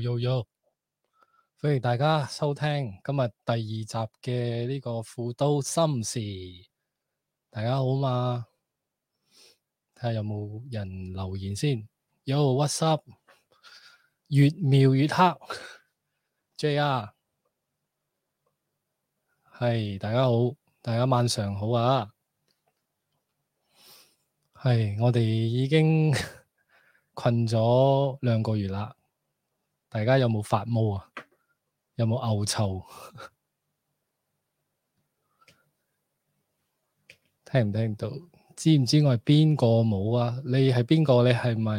Yo, yo，歡迎大家收聽今日第二集嘅呢個富都心事。大家好嘛？睇下有冇人留言先。Yo, what's up，越描越黑。JR，係大家好，大家晚上好啊。係我哋已經困咗兩個月啦。大家有冇發毛啊？有冇嘔臭？聽唔聽到？知唔知我係邊個冇啊？你係邊個？你係咪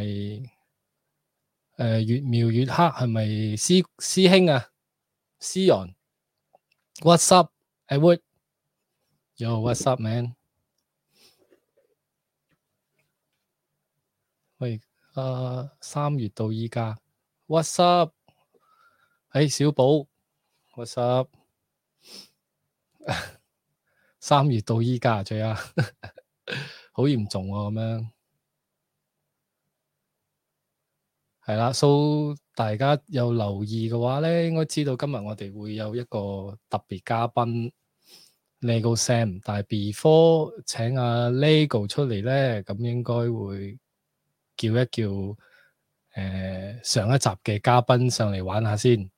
誒越描越黑？係咪師師兄啊？師揚，What's up？Edward，Yo，What's up，man？喂，誒，三月到而家。what's up？哎，小寶，what's up？ 三月到而家，最啊，好嚴重啊。咁樣。係啦，蘇、so，大家有留意嘅話咧，應該知道今日我哋會有一個特別嘉賓，legal Sam 但、啊。但係 before 請阿 legal 出嚟咧，咁應該會叫一叫。誒，上一集嘅嘉賓上嚟玩下先。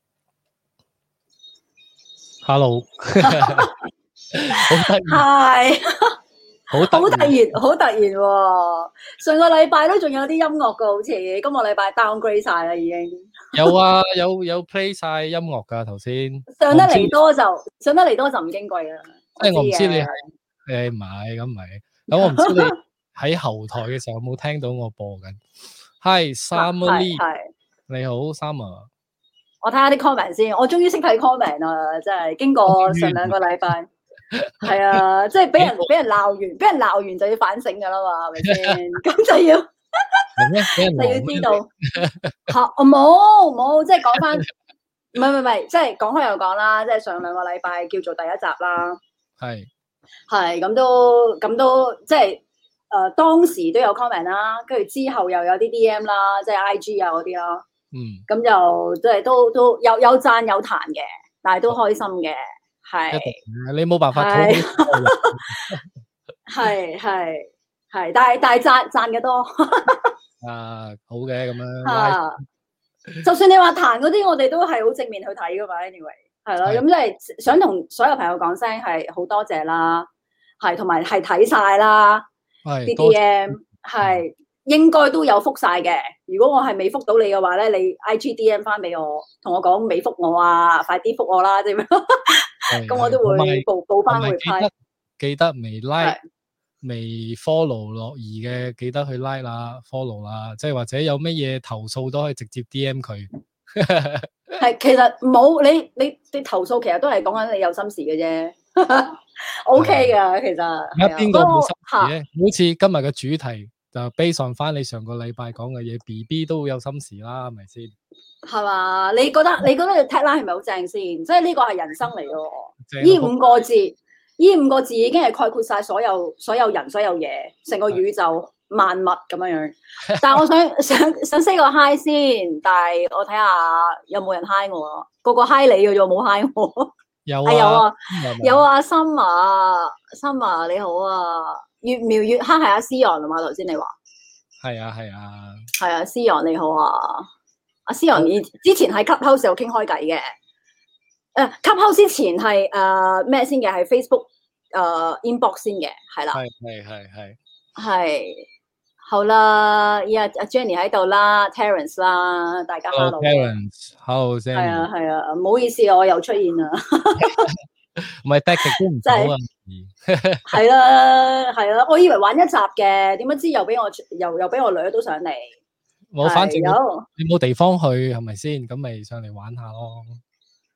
Hello，好突然，係，好突然，好突然。上個禮拜都仲有啲音樂噶，好似今個禮拜 downgrade 晒啦，已經。有啊，有有 play 晒音樂噶頭先。上得嚟多就上得嚟多就唔矜貴啦。誒，我唔知你係誒買咁唔係咁我唔知你喺後台嘅時候有冇聽到我播緊。Hi，Summer，係、ah，你好，Summer。我睇下啲 comment 先，我終於識睇 comment 啦，即係經過上兩個禮拜，係 啊，即係俾人俾人鬧完，俾人鬧完就要反省噶啦嘛，係咪先？咁就要 就要知道，吓冇冇，即係講返，唔係唔係，即係講開又講啦，即係上兩個禮拜叫做第一集啦，係係咁都咁都即係。誒、呃、當時都有 comment 啦、啊，跟住之後又有啲 DM 啦，即係 IG 啊嗰啲啦，嗯，咁就即係都都有有讚有彈嘅，但係都開心嘅，係、嗯啊、你冇辦法係，係係係，但係但係讚嘅多， 啊好嘅咁樣 係，就算你話彈嗰啲，我哋都係好正面去睇㗎嘛，anyway，係咯，咁即係想同所有朋友講聲係好多謝啦，係同埋係睇晒啦。係 D D M 係應該都有覆晒嘅。如果我係未覆到你嘅話咧，你 I G D M 翻俾我，同我講未覆我啊，快啲覆我啦，咁我都會報報翻去覆。記得，記得未 like 未 follow 樂兒嘅，記得去拉、like、啦 follow 啦。即係或者有乜嘢投訴都可以直接 D M 佢。係其實冇你你你投訴，其實，你你你投訴其實都係講緊你有心事嘅啫。O K 噶，其實而家邊個有心事？好似今日嘅主題就 base on 翻你上個禮拜講嘅嘢，B B 都會有心事啦，係咪先？係嘛？你覺得你覺得 tagline 係咪好正先？即係呢個係人生嚟咯，呢五個字，呢五個字已經係概括晒所有所有人所有嘢，成個宇宙萬物咁樣樣。但係我想 想想 say 個 high 先，但係我睇下有冇人 high 我，個個 high 你嘅啫，冇 high 我。有啊，啊，有啊，有啊 Summer 你好啊。越描越黑，係阿思洋啊嘛。頭先你話，係啊係啊，係啊，思洋，啊啊、你好啊，阿思洋，以、啊啊、之前喺 Cup House 有傾開偈嘅，誒、uh, Cup House 之前係誒咩先嘅？係 Facebook 誒、呃、inbox 先嘅？係啦，係係係係。是是是是好啦，依、yeah, 阿 Jenny 喺度啦，Terence 啦，大家哈嘍。Hello, Terence，哈嘍。係啊係啊，唔、啊、好意思，啊，我又出現啦。唔係 technical 唔好啊。係啦係啦，我以為玩一集嘅，點解知又俾我出，又又俾我女都上嚟。冇你好，你冇地方去係咪先？咁咪上嚟玩下咯。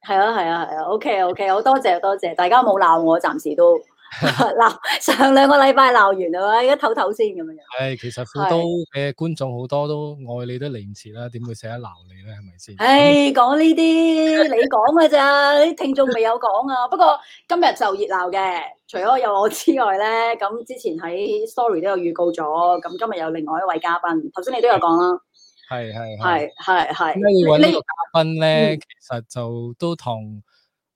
係啊係啊係啊，OK OK，好多謝多謝，大家冇鬧我，暫時都。嗱，上兩個禮拜鬧完啦，而家唞唞先咁樣。係，其實富都嘅觀眾好多都愛你都嚟唔切啦，點會捨得鬧你咧？係咪先？唉，講呢啲你講噶咋，啲聽眾未有講啊。不過今日就熱鬧嘅，除咗有我之外咧，咁之前喺 story 都有預告咗，咁今日有另外一位嘉賓，頭先你都有講啦。係係係係，係呢個嘉賓咧，其實就都同。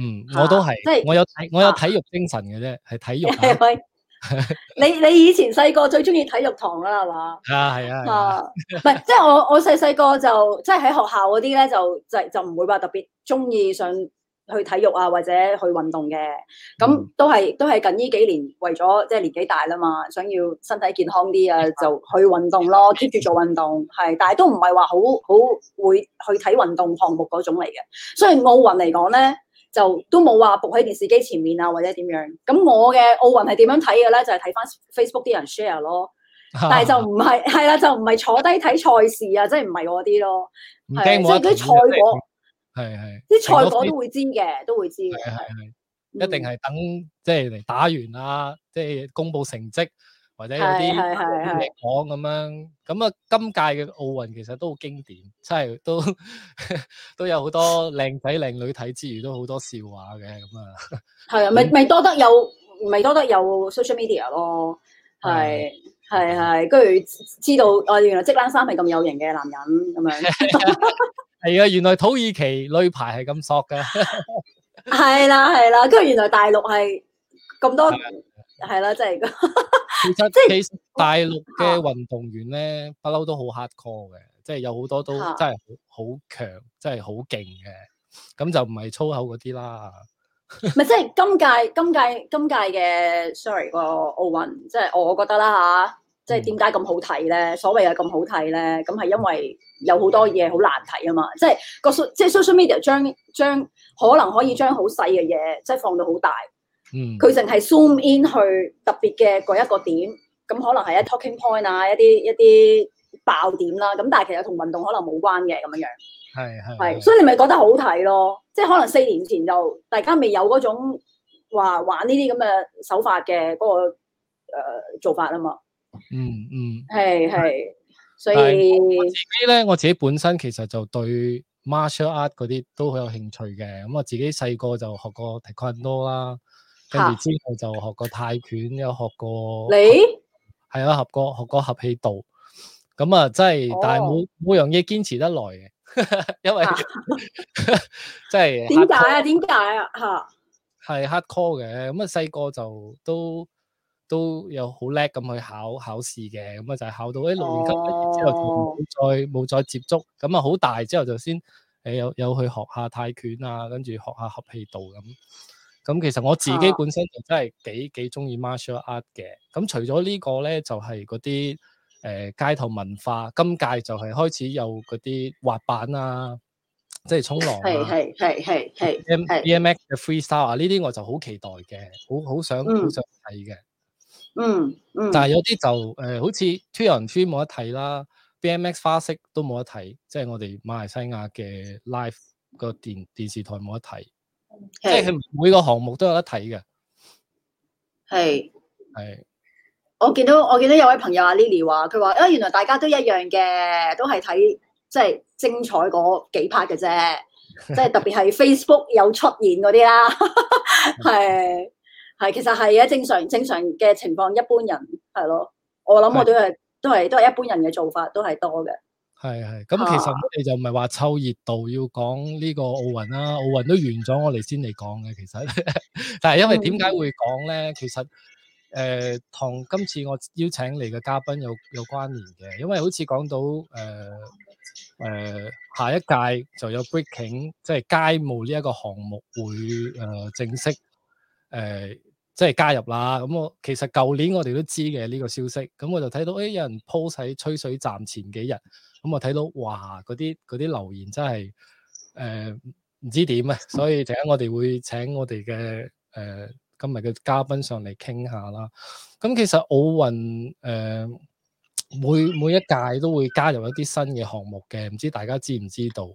嗯，我都係，即係、啊就是、我有體、啊，我有體育精神嘅啫，係體，體育。喂， 你你以前細個最中意體育堂啦，係嘛？啊，係啊。啊，唔係、啊，即係、啊就是、我我細細個就即係喺學校嗰啲咧，就就就唔會話特別中意上去體育啊或者去運動嘅。咁、啊、都係都係近呢幾年為咗即係年紀大啦嘛，想要身體健康啲啊，就去運動咯，keep 住做運動係，但係都唔係話好好會去睇運動項目嗰種嚟嘅。所以奧運嚟講咧。就都冇話伏喺電視機前面啊，或者點樣？咁我嘅奧運係點樣睇嘅咧？就係睇翻 Facebook 啲人 share 咯，但係就唔係，係 啊，就唔係坐低睇賽事啊，即係唔係嗰啲咯。唔係即係啲賽果，係係啲賽果都會知嘅，都會知嘅。係係一定係等即係嚟打完啊，即係公布成績。或者有啲嘢講咁樣，咁啊，今屆嘅奧運其實都好經典，真係都都有好多靚仔靚女睇，之餘都好多笑話嘅咁啊。係啊，咪咪多得有，咪多得有 social media 咯。係係係，跟住知道啊，原來積蘭三係咁有型嘅男人咁樣。係啊，原來土耳其女排係咁索㗎。係啦係啦，跟住原來大陸係咁多係啦，即係。其實即係其實大陸嘅運動員咧，不、啊、嬲都好 hard core 嘅，即、就、係、是、有好多都真係好好強，真係好勁嘅。咁就唔係粗口嗰啲啦。唔係即係今屆今屆今屆嘅 sorry 個奧運，即係、哦、我覺得啦吓、啊，即係點解咁好睇咧、嗯？所謂嘅咁好睇咧，咁係因為有好多嘢好難睇啊嘛。即係個即係 social media 將將可能可以將好細嘅嘢，即係放到好大。佢淨係 zoom in 去特別嘅嗰一個點，咁可能係一 talking point 啊，一啲一啲爆點啦。咁但係其實同運動可能冇關嘅咁樣樣。係係係，所以你咪覺得好睇咯。即係可能四年前就大家未有嗰種話玩呢啲咁嘅手法嘅嗰、嗰個、呃、做法啊嘛。嗯嗯，係係、嗯，所以自己咧，我自己本身其實就對 martial art 嗰啲都好有興趣嘅。咁我自己細個就學過跆拳道啦。跟住之後就學過泰拳，有學過，你係啊，合過學過合氣道。咁啊，即、哦、係，但係冇冇樣嘢堅持得耐嘅， 因為即係點解啊？點解啊？吓 ，係 hard core 嘅。咁啊，細個就都都有好叻咁去考考試嘅。咁啊，就係考到啲、欸、六年級之、哦、後，再冇再接觸。咁啊，好大之後就先誒、欸，有有去學下泰拳啊，跟住學下合氣道咁。咁其實我自己本身就真係幾幾中意 Martial Art 嘅。咁除咗呢個咧，就係嗰啲誒街頭文化。今屆就係開始有嗰啲滑板啊，即係衝浪啊，係係係係係。B M X 嘅 freestyle 啊，呢啲我就好期待嘅，好好想好想睇嘅。嗯嗯，嗯。但係有啲就誒、呃，好似 Three on Three 冇得睇啦，B M X 花式都冇得睇，即係我哋馬來西亞嘅 Live 個電電視台冇得睇。是即係佢每個項目都有得睇嘅，係係，我見到我見到有位朋友阿 Lily 話，佢話啊，原來大家都一樣嘅，都係睇即係精彩嗰幾拍嘅啫，即 係特別係 Facebook 有出現嗰啲啦，係 係，其實係嘅，正常正常嘅情況，一般人係咯，我諗我都係都係都係一般人嘅做法，都係多嘅。係係，咁其實我哋就唔係話湊熱度要講呢個奧運啦，奧運都完咗，我哋先嚟講嘅。其實，但係因為點解會講咧？其實誒，同、呃、今次我邀請嚟嘅嘉賓有有關聯嘅，因為好似講到誒誒、呃呃、下一屆就有 breaking，即係街舞呢一個項目會誒、呃、正式誒即係加入啦。咁、嗯、我其實舊年我哋都知嘅呢、這個消息，咁我就睇到誒、哎、有人 po 喺吹水站前幾日。咁、嗯、我睇到，哇！嗰啲留言真係誒唔、呃、知點所以，等下我哋會請我哋嘅、呃、今日嘅嘉賓上嚟傾下啦。咁、嗯、其實奧運、呃、每每一屆都會加入一啲新嘅項目嘅，唔知道大家知唔知道？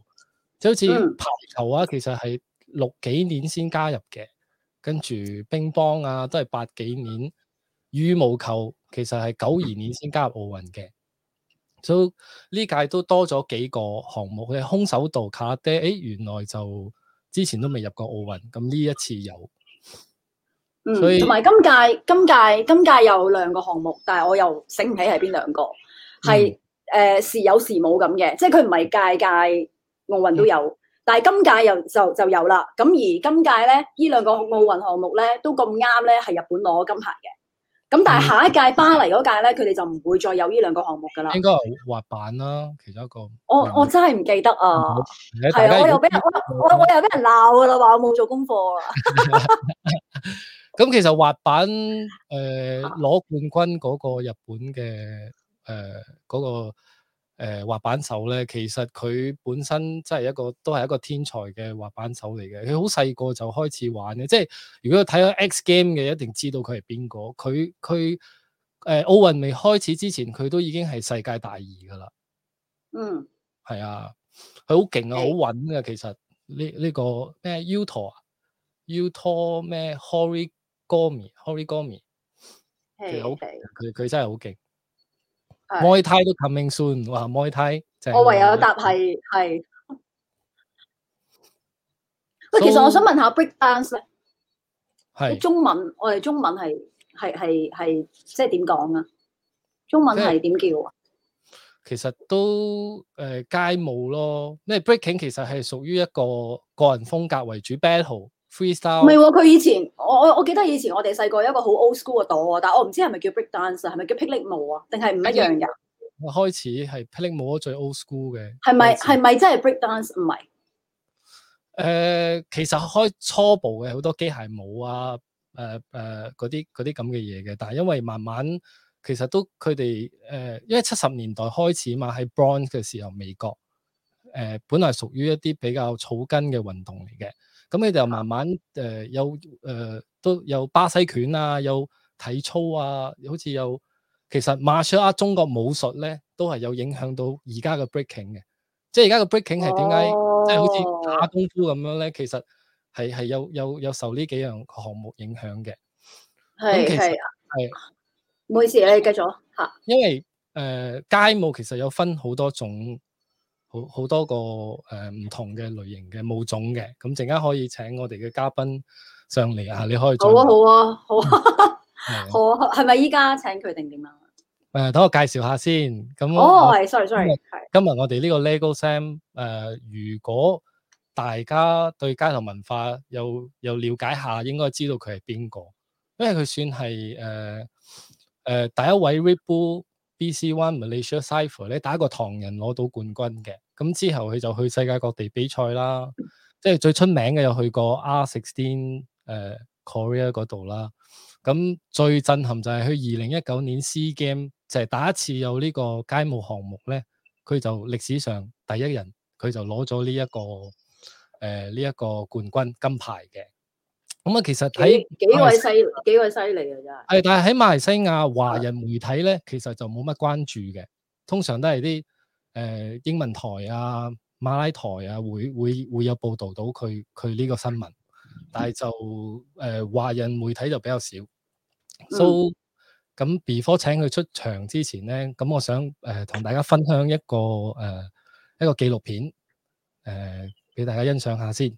即好似排球啊，其實係六幾年先加入嘅，跟住乒乓啊都係八幾年，羽毛球其實係九二年先加入奧運嘅。就呢屆都多咗幾個項目嘅空手道、卡爹，誒、哎，原來就之前都未入過奧運。咁呢一次有。嗯，同埋今屆，今屆今屆有兩個項目，但係我又醒唔起係邊兩個？係、嗯、誒、呃，時有時冇咁嘅，即係佢唔係屆屆奧運都有，嗯、但係今屆又就就，就有啦。咁而今屆咧，呢兩個奧運項目咧都咁啱咧，係日本攞金牌嘅。咁但係下一屆巴黎嗰屆咧，佢哋就唔會再有呢兩個項目噶啦。應該係滑板啦，其中一個。我我真係唔記得啊，係啊，我又俾人我我我又俾人鬧噶啦，話我冇做功課啊。咁其實滑板誒，攞冠軍嗰個日本嘅誒嗰個。誒、呃，滑板手咧，其實佢本身真係一個都係一個天才嘅滑板手嚟嘅。佢好細個就開始玩嘅，即係如果睇咗 X Game 嘅，一定知道佢係邊個。佢佢誒，奧運未開始之前，佢都已經係世界第二噶啦。嗯，係啊，佢好勁啊，好穩嘅。其實呢呢、呢個咩 Yuto Yuto 咩 Horigome Horigome，其實好，佢佢真係好勁。莫泰都 coming soon 哇！莫泰我唯有答係係喂，其實我想問下 break dance 咧，中文我哋中文係係係係即係點講啊？中文係點叫啊？其實都誒街舞咯，因為 breaking 其實係屬於一個個人風格為主 battle。唔係喎，佢以前我我我記得以前我哋細個有一個好 old school 嘅度啊，但係我唔知係咪叫 break dance，係咪叫 p i 霹靂舞啊，定係唔一樣嘅，嗯。開始係霹靂舞最 old school 嘅，係咪係咪真係 break dance？唔係誒，其實開初步嘅好多機械舞啊，誒誒嗰啲嗰啲咁嘅嘢嘅，但係因為慢慢其實都佢哋誒，因為七十年代開始嘛，喺 Bronx 嘅時候，美國誒、呃、本來屬於一啲比較草根嘅運動嚟嘅。咁你就慢慢誒有誒都有巴西拳啊，有體操啊，好似有其實 Martial Art 啊，中國武術咧都係有影響到而家嘅 breaking 嘅，即係而家嘅 breaking 係點解即係好似打功夫咁樣咧？其實係係有有有受呢幾樣項目影響嘅，係係係。唔好意思，你繼續嚇。因為誒街舞其實有分好多種，好好多個誒唔、呃、同嘅類型嘅舞種嘅，咁陣間可以請我哋嘅嘉賓上嚟啊！你可以做啊，好啊，好啊，好啊，係咪依家請佢定點樣啊？誒，等、呃、我介紹下先。咁、嗯、哦，係、oh，sorry，sorry，今日我哋呢個 Lego Sam 誒、呃，如果大家對街頭文化又又瞭解一下，應該知道佢係邊個，因為佢算係誒誒第一位 Ripple。DC One 唔係 Malaysia Cipher 咧，打個唐人攞到冠軍嘅，咁之後佢就去世界各地比賽啦，即係最出名嘅又去過 R Sixteen 誒 Korea 嗰度啦，咁最震撼就係去二零一九年 C.Game 就係第一次有呢個街舞項目咧，佢就歷史上第一人，佢就攞咗呢一個誒呢一個冠軍金牌嘅。咁啊，其實睇，幾位犀幾位犀利啊，真係。係，但係喺馬來西亞，來西亞華人媒體咧，其實就冇乜關注嘅。通常都係啲誒英文台啊、馬拉台啊，會會會有報道到佢佢呢個新聞。但係就誒、呃、華人媒體就比較少。嗯、so 咁，before 請佢出場之前咧，咁我想誒同、呃、大家分享一個誒、呃、一個紀錄片，誒、呃、俾大家欣賞一下先。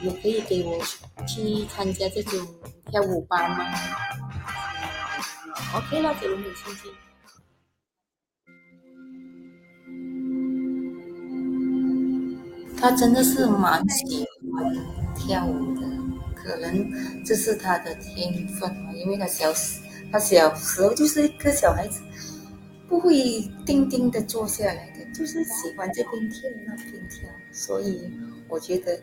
你可以給我去參加這種跳舞班嗎？OK，那姐我很開心。他真的是蠻喜歡跳舞的，可能這是他的天分嘛。因為他小，他小時候就是一個小孩子，不會定定的坐下來的，就是喜歡這邊跳那邊跳，所以我覺得。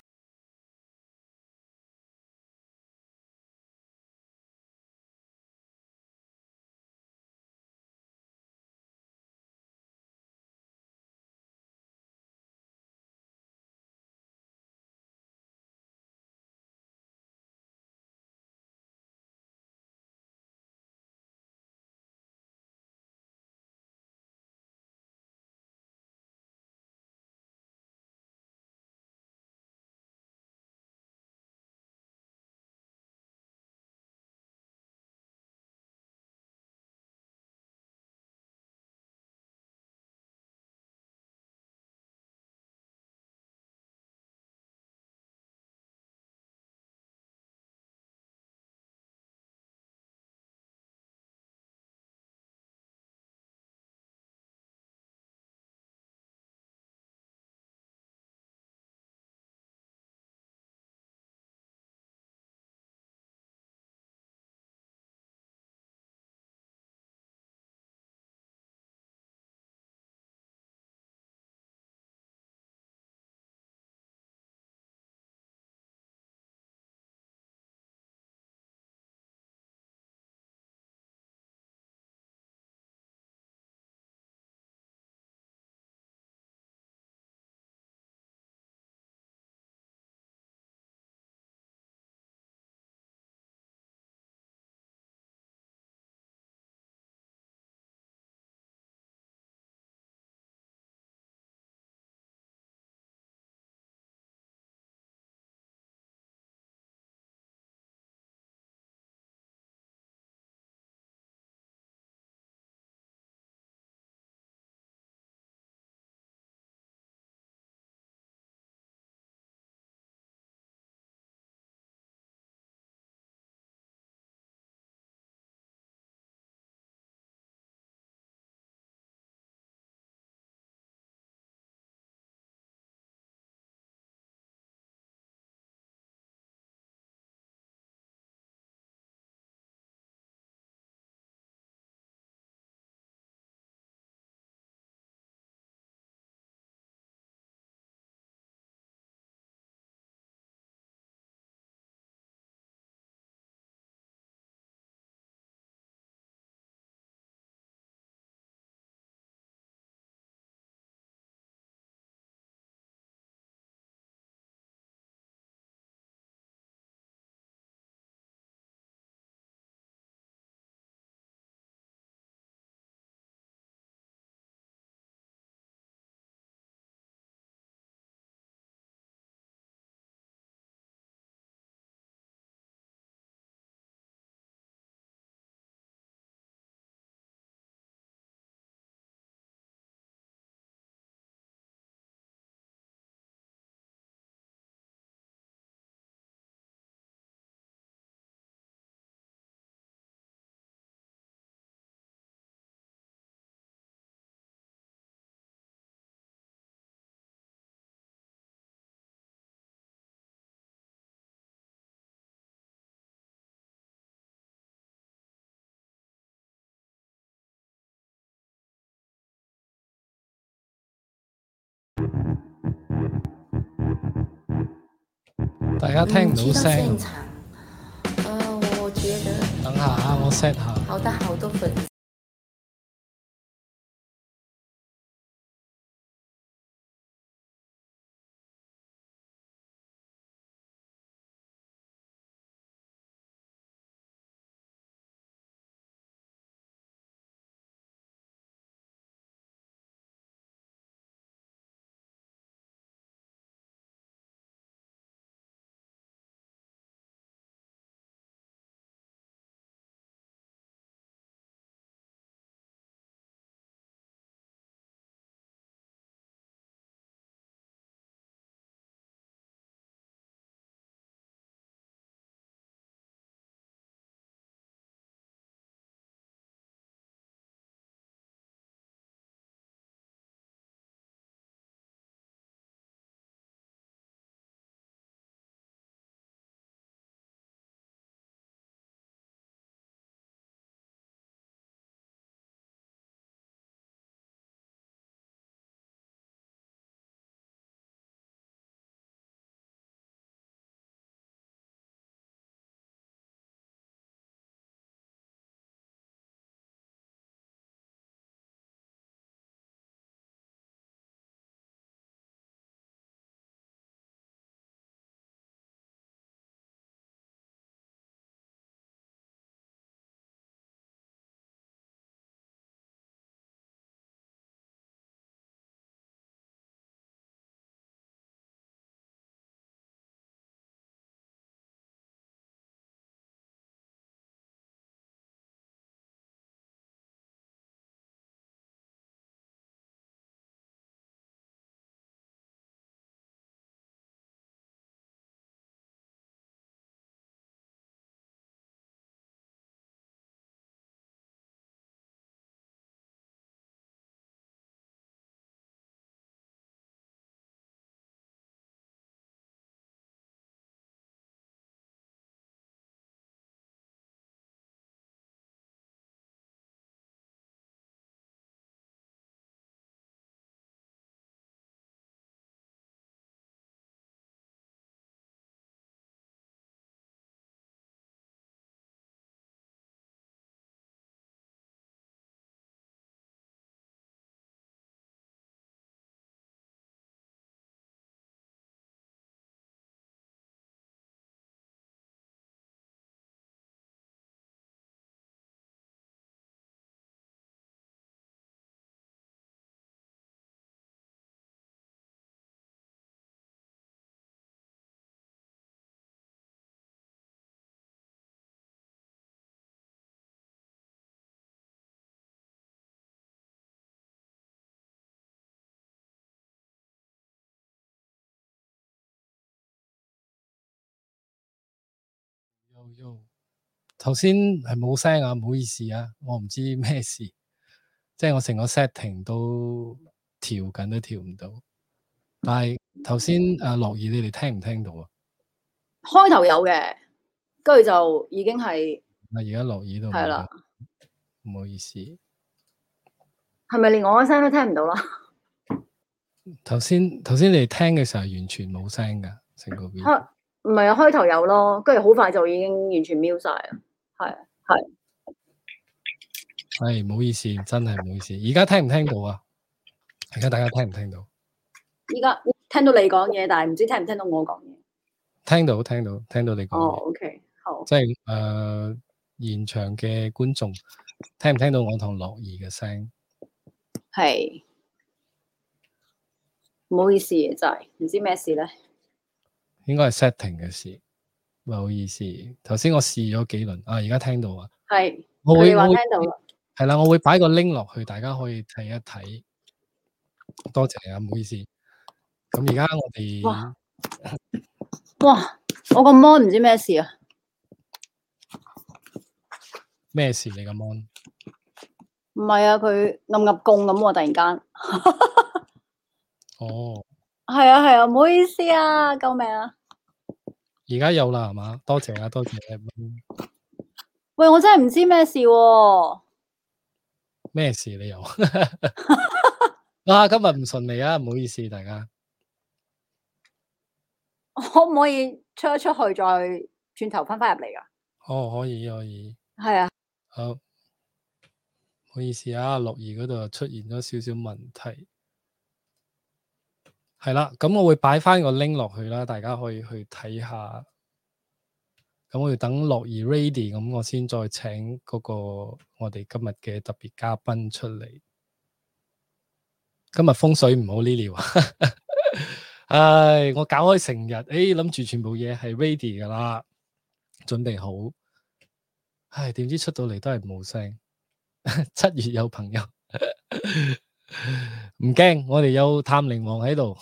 大家聽唔到聲音，嗯。呃，我覺得。等下我 set 下。好大好多粉。頭先係冇聲啊，唔好意思啊，我唔知咩事，即係我成個 setting 都調緊都調唔到。但係頭先誒落雨，你哋聽唔聽到啊？開頭有嘅，跟住就已經係。係而家落雨都係啦。唔好意思，係咪連我嘅聲都聽唔到啦？頭先頭先你哋聽嘅時候完全冇聲㗎，成個。啊唔係啊，開頭有咯，跟住好快就已經完全秒晒啦，係係係，唔、哎、唔好意思，真係唔好意思。而家聽唔聽到啊？而家大家聽唔聽到？依家聽到你講嘢，但係唔知聽唔聽到我講嘢。聽到聽到聽到你講嘢。哦，OK，好，okay。即係誒，現場嘅觀眾聽唔聽到我同樂兒嘅聲？係，唔好意思，就係唔知咩事咧。應該係 setting 嘅事，唔好意思。頭先我試咗幾輪，啊，而家聽到啊，係，我會聽到啦，係啦，我會擺個 link 落去，大家可以睇一睇。多謝你啊，唔好意思。咁而家我哋，哇，我個 mon 唔知咩事啊？咩事你個 mon？唔係啊，佢暗入公咁啊，突然間亂亂的。 哦。係啊，係啊，唔好意思啊，救命啊！而家有啦係嘛？多謝啊，多謝你。喂，我真係唔知咩事。咩事你又 啊？今日唔順利啊，唔好意思大家。可唔可以出一出去再轉頭翻返入嚟噶？哦，可以可以。係啊。好，唔好意思啊，六二嗰度出現咗少少問題。係啦，咁我會擺翻個 link 落去啦，大家可以去睇下。咁我要等樂兒 ready，咁我先再請嗰個我哋今日嘅特別嘉賓出嚟。今日風水唔好，Lily 話。唉、 哎，我搞開成日，誒諗住全部嘢係 ready 噶啦，準備好。唉、哎，點知出到嚟都係冇聲。 七月有朋友。 唔驚，我哋有探靈王喺度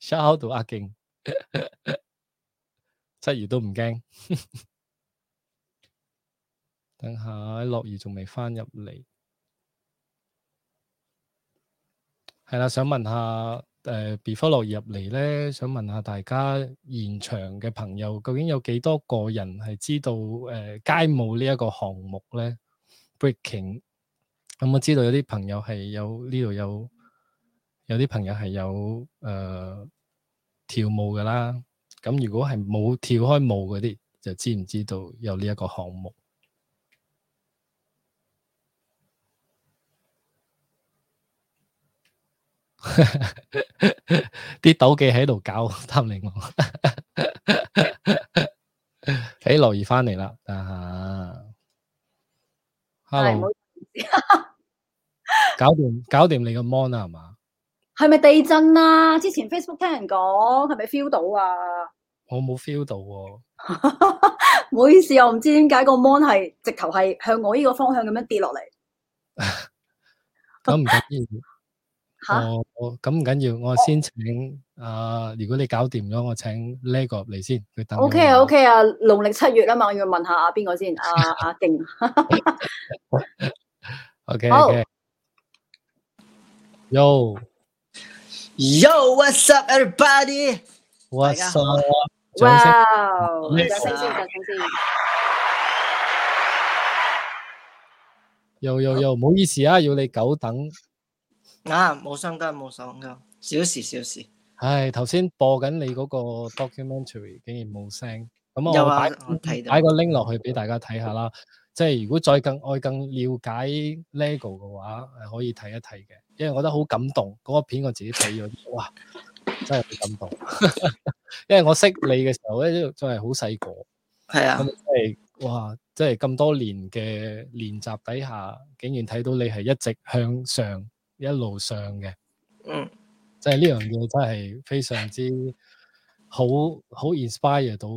，shout out 阿勁，七月都唔驚。等下樂兒仲未返入嚟，係啦。想問下，誒、呃，before 樂兒入嚟咧，想問下大家現場嘅朋友，究竟有幾多個人係知道誒、呃，街舞呢一個項目咧？breaking。咁我知道有啲朋友係有呢度有有啲朋友係有誒跳舞噶啦，咁如果係冇跳開舞嗰啲，就知唔知道有呢一個項目？啲賭技喺度搞貪靚，誒留意返嚟啦，阿霞，Hello。搞掂，搞掂你個 mon 啊嘛？係咪地震啊？之前 Facebook 聽人講，係咪 feel 到啊？我冇 feel 到、啊，唔 好意思，我唔知點解、個 mon 係直頭係向我呢個方向咁樣跌落嚟。咁 唔緊要，吓， 咁唔緊要，我先請我啊，如果你搞掂咗，我請呢個嚟先，佢等。O K O K 啊，農曆七月啊嘛，我要問下阿邊個先 啊，啊，阿勁。O K O K Yo，Yo，What's up，everybody？What's up？哇 up？wow！有聲線，有聲線。又又又，唔好意思啊，要你久等。啊、ah，冇聲㗎，冇聲㗎，小事小事。唉，頭先播緊你嗰個 documentary，竟然冇聲，咁我擺擺、啊、個拎落去俾大家睇下啦。即係如果再更愛更了解 Lego 嘅話，係可以睇一睇嘅，因為我覺得好感動。嗰、那個片我自己睇咗，哇，真係好感動。因為我識你嘅時候咧，真係好細個。係啊。咁真係哇，真係咁多年嘅練習底下，竟然睇到你係一直向上，一路上嘅。嗯。即係呢樣嘢真係非常之好好 inspire 到。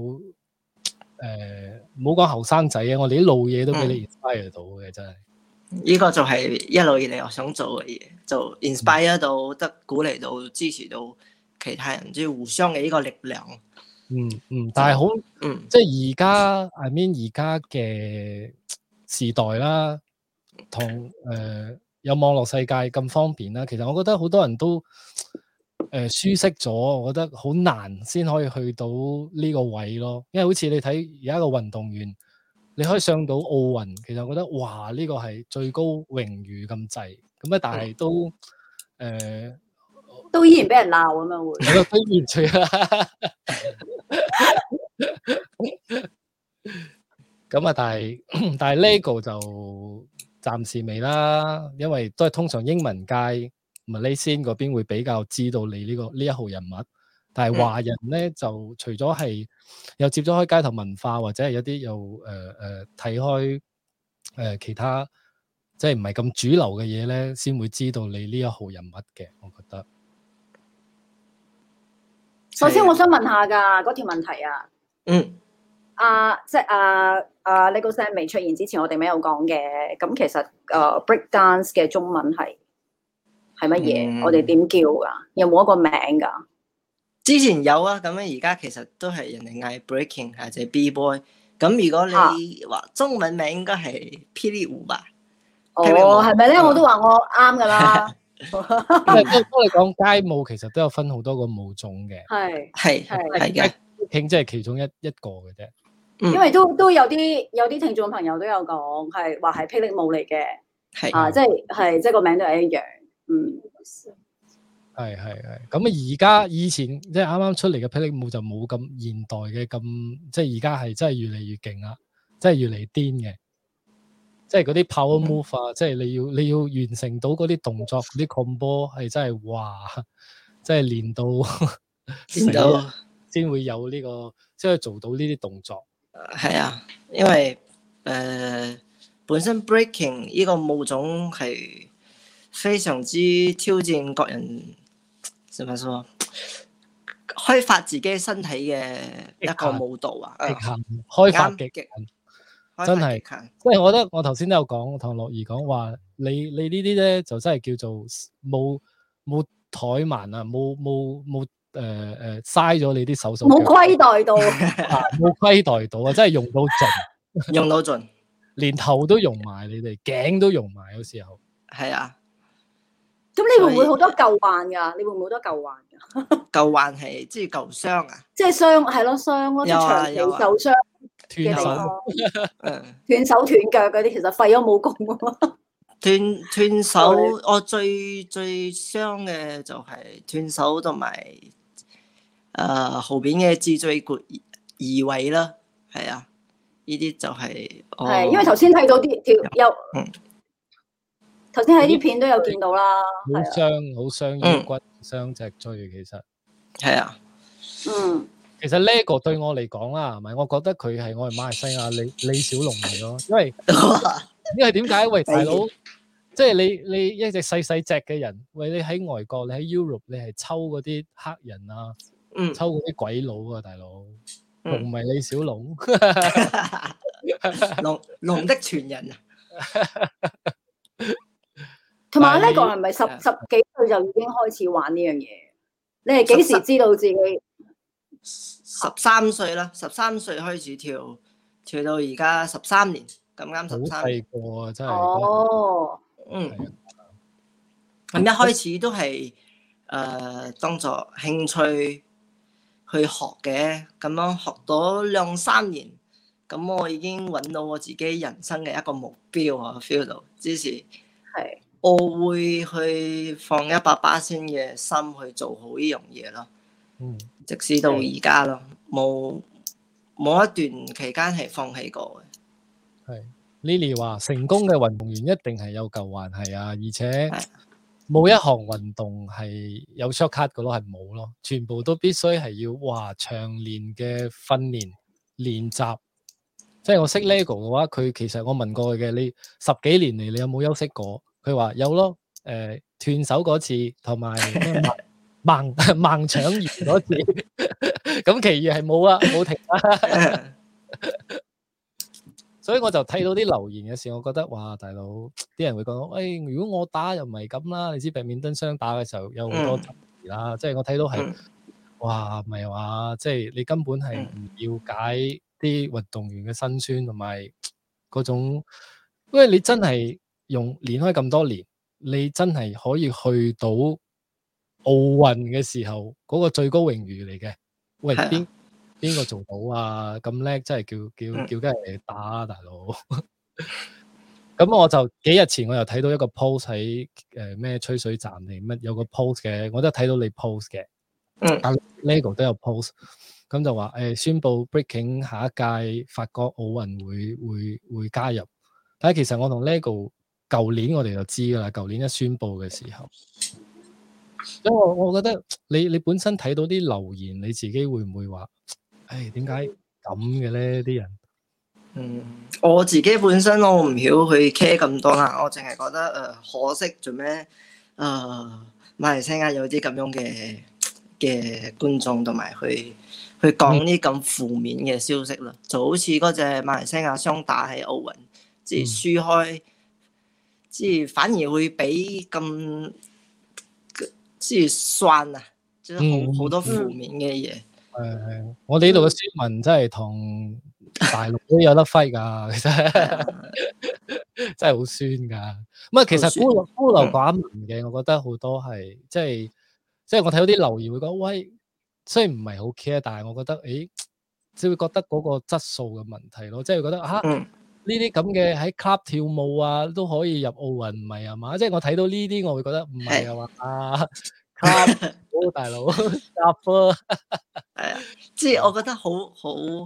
誒、呃，唔好講後生仔啊，我哋啲老嘢都俾你 inspire 到嘅、嗯，真係。呢、這個就係一路以嚟我想做嘅嘢，就 inspire 得到、嗯，得鼓勵到，支持到其他人，即係互相嘅呢個力量。嗯嗯，但係好、嗯，即係而家，I mean 而家嘅時代啦，同誒、呃、有網絡世界咁方便啦，其實我覺得好多人都。誒、呃，舒適咗，我覺得好難先可以去到呢個位咯。因為好似你睇而家個運動員，你可以上到奧運，其實我覺得哇，呢、呢個係最高榮譽咁滯咁咧，但係都誒、嗯呃，都依然俾人鬧咁樣會。咁 啊完全， 但係但係呢個就暫時未啦，因為都係通常英文界。馬來西亞嗰邊會比較知道你呢、這個呢一號人物，但係華人咧就除咗係又接咗開街頭文化，或者係有啲又誒誒睇開誒、呃、其他，即係唔係咁主流嘅嘢咧，先會知道你呢一號人物嘅。我覺得首先我想問下㗎嗰條問題啊。嗯。啊，即係啊，阿、啊、呢、這個 s e n 未出現之前我，我哋咩有講嘅？咁其實誒、啊、break dance 嘅中文係。係乜嘢？我哋點叫噶？有冇一個名噶？之前有啊，咁樣而家其實都係人哋嗌 breaking 或者 b boy。咁如果你話中文名應該係霹靂舞吧？哦，係咪咧？我都話我啱噶啦。咁嚟講街舞其實都有分好多個舞種嘅。係係係係嘅 breaking 即係其中一一個嘅啫。因為都都有啲有啲聽眾朋友都有講，係話係霹靂舞嚟嘅。係啊，即係係即係個名都係一樣。嗯，係係係，咁啊，而家以前即係啱啱出嚟嘅霹靂舞就冇咁現代嘅咁，即係而家係真係越嚟越勁啦，真係越嚟癲嘅，即係嗰啲 Power Move，啊，嗯、即係你要你要完成到嗰啲動作，嗰啲 Combo 係真係哇，即係練到練到先會有呢、這個，即可、這個、做到呢啲動作。係啊，啊，因為誒、呃、本身 Breaking 呢個舞種係。.非常之挑戰各人，係咪話，開發自己身體嘅一個舞蹈啊！極限、嗯、開發極限，限，限，真係，即係我覺得我頭先都有講，唐樂儀講話，你你呢啲咧就真係叫做冇冇怠慢啊，冇冇冇誒誒嘥咗你啲手數，冇虧待到，冇 虧待到啊！ 真係用到盡，用到盡， 到盡 連頭都用埋你哋，頸都用埋有時候。係啊。咁你會唔會好多舊患噶？你會唔會好多舊患噶？舊患係即係舊傷啊！即 係傷係咯，傷咯，長期受傷嘅地方，斷手斷，手 斷手斷腳嗰啲，其實廢咗冇功咯、啊。斷斷手，我、 哦、最最傷嘅就係斷手同埋誒後邊嘅脊椎骨移位啦，係啊，呢啲就係、是。係、哦，因為頭先睇到啲條有。頭先喺啲片都有見到啦，好、嗯、傷，好傷腰骨，傷脊椎，其實係啊，嗯，其實呢個對我嚟講啦，係咪？我覺得佢係我哋馬來西亞李李小龍嚟咯，因為 因為點解？喂，大佬，即 係你你一隻細細隻嘅人，喂，你喺外國，你喺 Europe，你係抽嗰啲黑人啊，嗯、抽嗰啲鬼佬啊，大佬，龍、嗯、咪李小 龍，龍龍的傳人啊！ 同埋呢個係咪十十幾歲就已經開始玩呢樣嘢？你係幾時知道自己十三歲啦？十三歲開始跳，跳到而家十三年咁啱十三。好細個、啊、真係哦，嗯。咁一開始都係誒、呃、當作興趣去學嘅，咁樣學到兩三年，咁我已經揾到我自己人生嘅一個目標啊！feel 到之前係。我會去放一百巴仙嘅心去做好呢樣嘢咯。嗯，直至到而家咯，冇冇一段期間係放棄過嘅。係 Lily 話，成功嘅運動員一定係有舊患係啊，而且冇、啊、一項運動係有 short cut 嘅咯，係冇咯，全部都必須係要哇長年嘅訓練練習。即係我識 Lego 嘅話，佢其實我問過佢嘅，你十幾年嚟你有冇休息過？佢話有咯，誒、呃、斷手嗰次，同埋盲盲腸炎嗰次，咁 其餘係冇啊，冇停啊， 所以我就睇到啲留言嘅時候，我覺得哇，大佬啲人會講，誒、哎、如果我打又唔係咁啦，你知避免單雙打嘅時候有好多啦，即、嗯、係、就是、我睇到係、嗯，哇唔係話即係你根本係唔了解啲運動員嘅辛酸，同埋嗰種，因為你真係。用連開咁多年，你真係可以去到奧運嘅時候嗰、嗰個最高榮譽嚟嘅。喂，邊邊個做到啊？咁叻，真係叫叫叫，畀人哋打、啊、大佬。咁 我就幾日前我又睇到一個 post 喺誒咩吹水站嚟乜，有個 post 嘅，我都睇到你 post 嘅。嗯。阿 Lego 都有 post，咁就話誒、呃、宣布 breaking 下一屆法國奧運會會會加入。但係其實我同 Lego。舊年我哋就知噶啦，舊年一宣佈嘅時候，所以我我覺得你你本身睇到啲留言，你自己會唔會話，誒點解咁嘅咧？啲人嗯，我自己本身我唔曉去 care 咁多啦，我淨係覺得誒、呃、可惜做咩誒、呃、馬來西亞有啲咁樣嘅嘅觀眾同埋去去講啲咁負面嘅消息啦、嗯，就好似嗰隻馬來西亞雙打喺奧運即係輸開。即係反而會俾咁，即係酸啊，即係好多負面嘅嘢。係、嗯、我哋呢度嘅宣文真係同大陸都有得揮噶，其 實是的 真係好酸噶。咁啊，其實孤陋孤陋寡聞嘅、嗯，我覺得好多係，即係即係我睇到啲留言會講喂，雖然唔係好 care，但係我覺得，誒、欸，就會覺得嗰個質素嘅問題咯，即、就、係、是、覺得吓。啊嗯呢啲咁嘅喺 club 跳舞啊都可以入奧運唔係啊嘛？即係、就是、我睇到呢啲，我會覺得唔係啊嘛！club 大佬，club 係啊，即 係 我覺得好好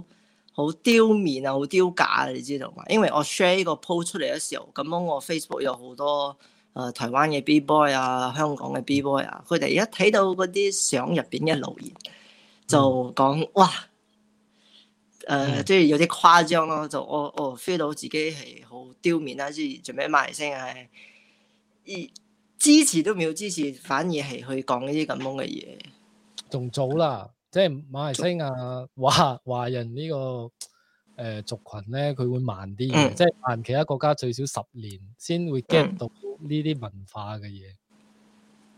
好丟面啊，好丟架啊，你知道嘛？因為我 share 呢個 post 出嚟嘅時候，咁我 Facebook 有好多誒、呃、台灣嘅 b boy 啊，香港嘅 b boy 啊，佢哋一睇到嗰啲相入邊嘅留言，就講、嗯、哇～誒即係有啲誇張咯，就我我 feel 到自己係好丟面啦，即係做咩？馬來西亞，支持都冇支持，反而係去講呢啲咁樣嘅嘢。仲早啦，即、就、係、是、馬來西亞華華人呢、這個誒、呃、族群咧，佢會慢啲、嗯，即係慢其他國家最少十年先會 get 到呢啲文化嘅嘢、嗯，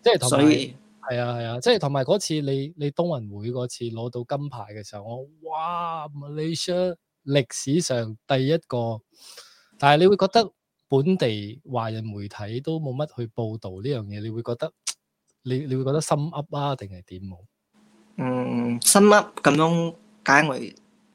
即係同埋。係啊係啊，即係同埋嗰次你你東運會嗰次攞到金牌嘅時候，我哇，Malaysia 歷史上第一個，但係你會覺得本地華人媒體都冇乜去報道呢樣嘢，你會覺得你你會覺得心噏啊，定係點冇？嗯，心噏咁樣解外，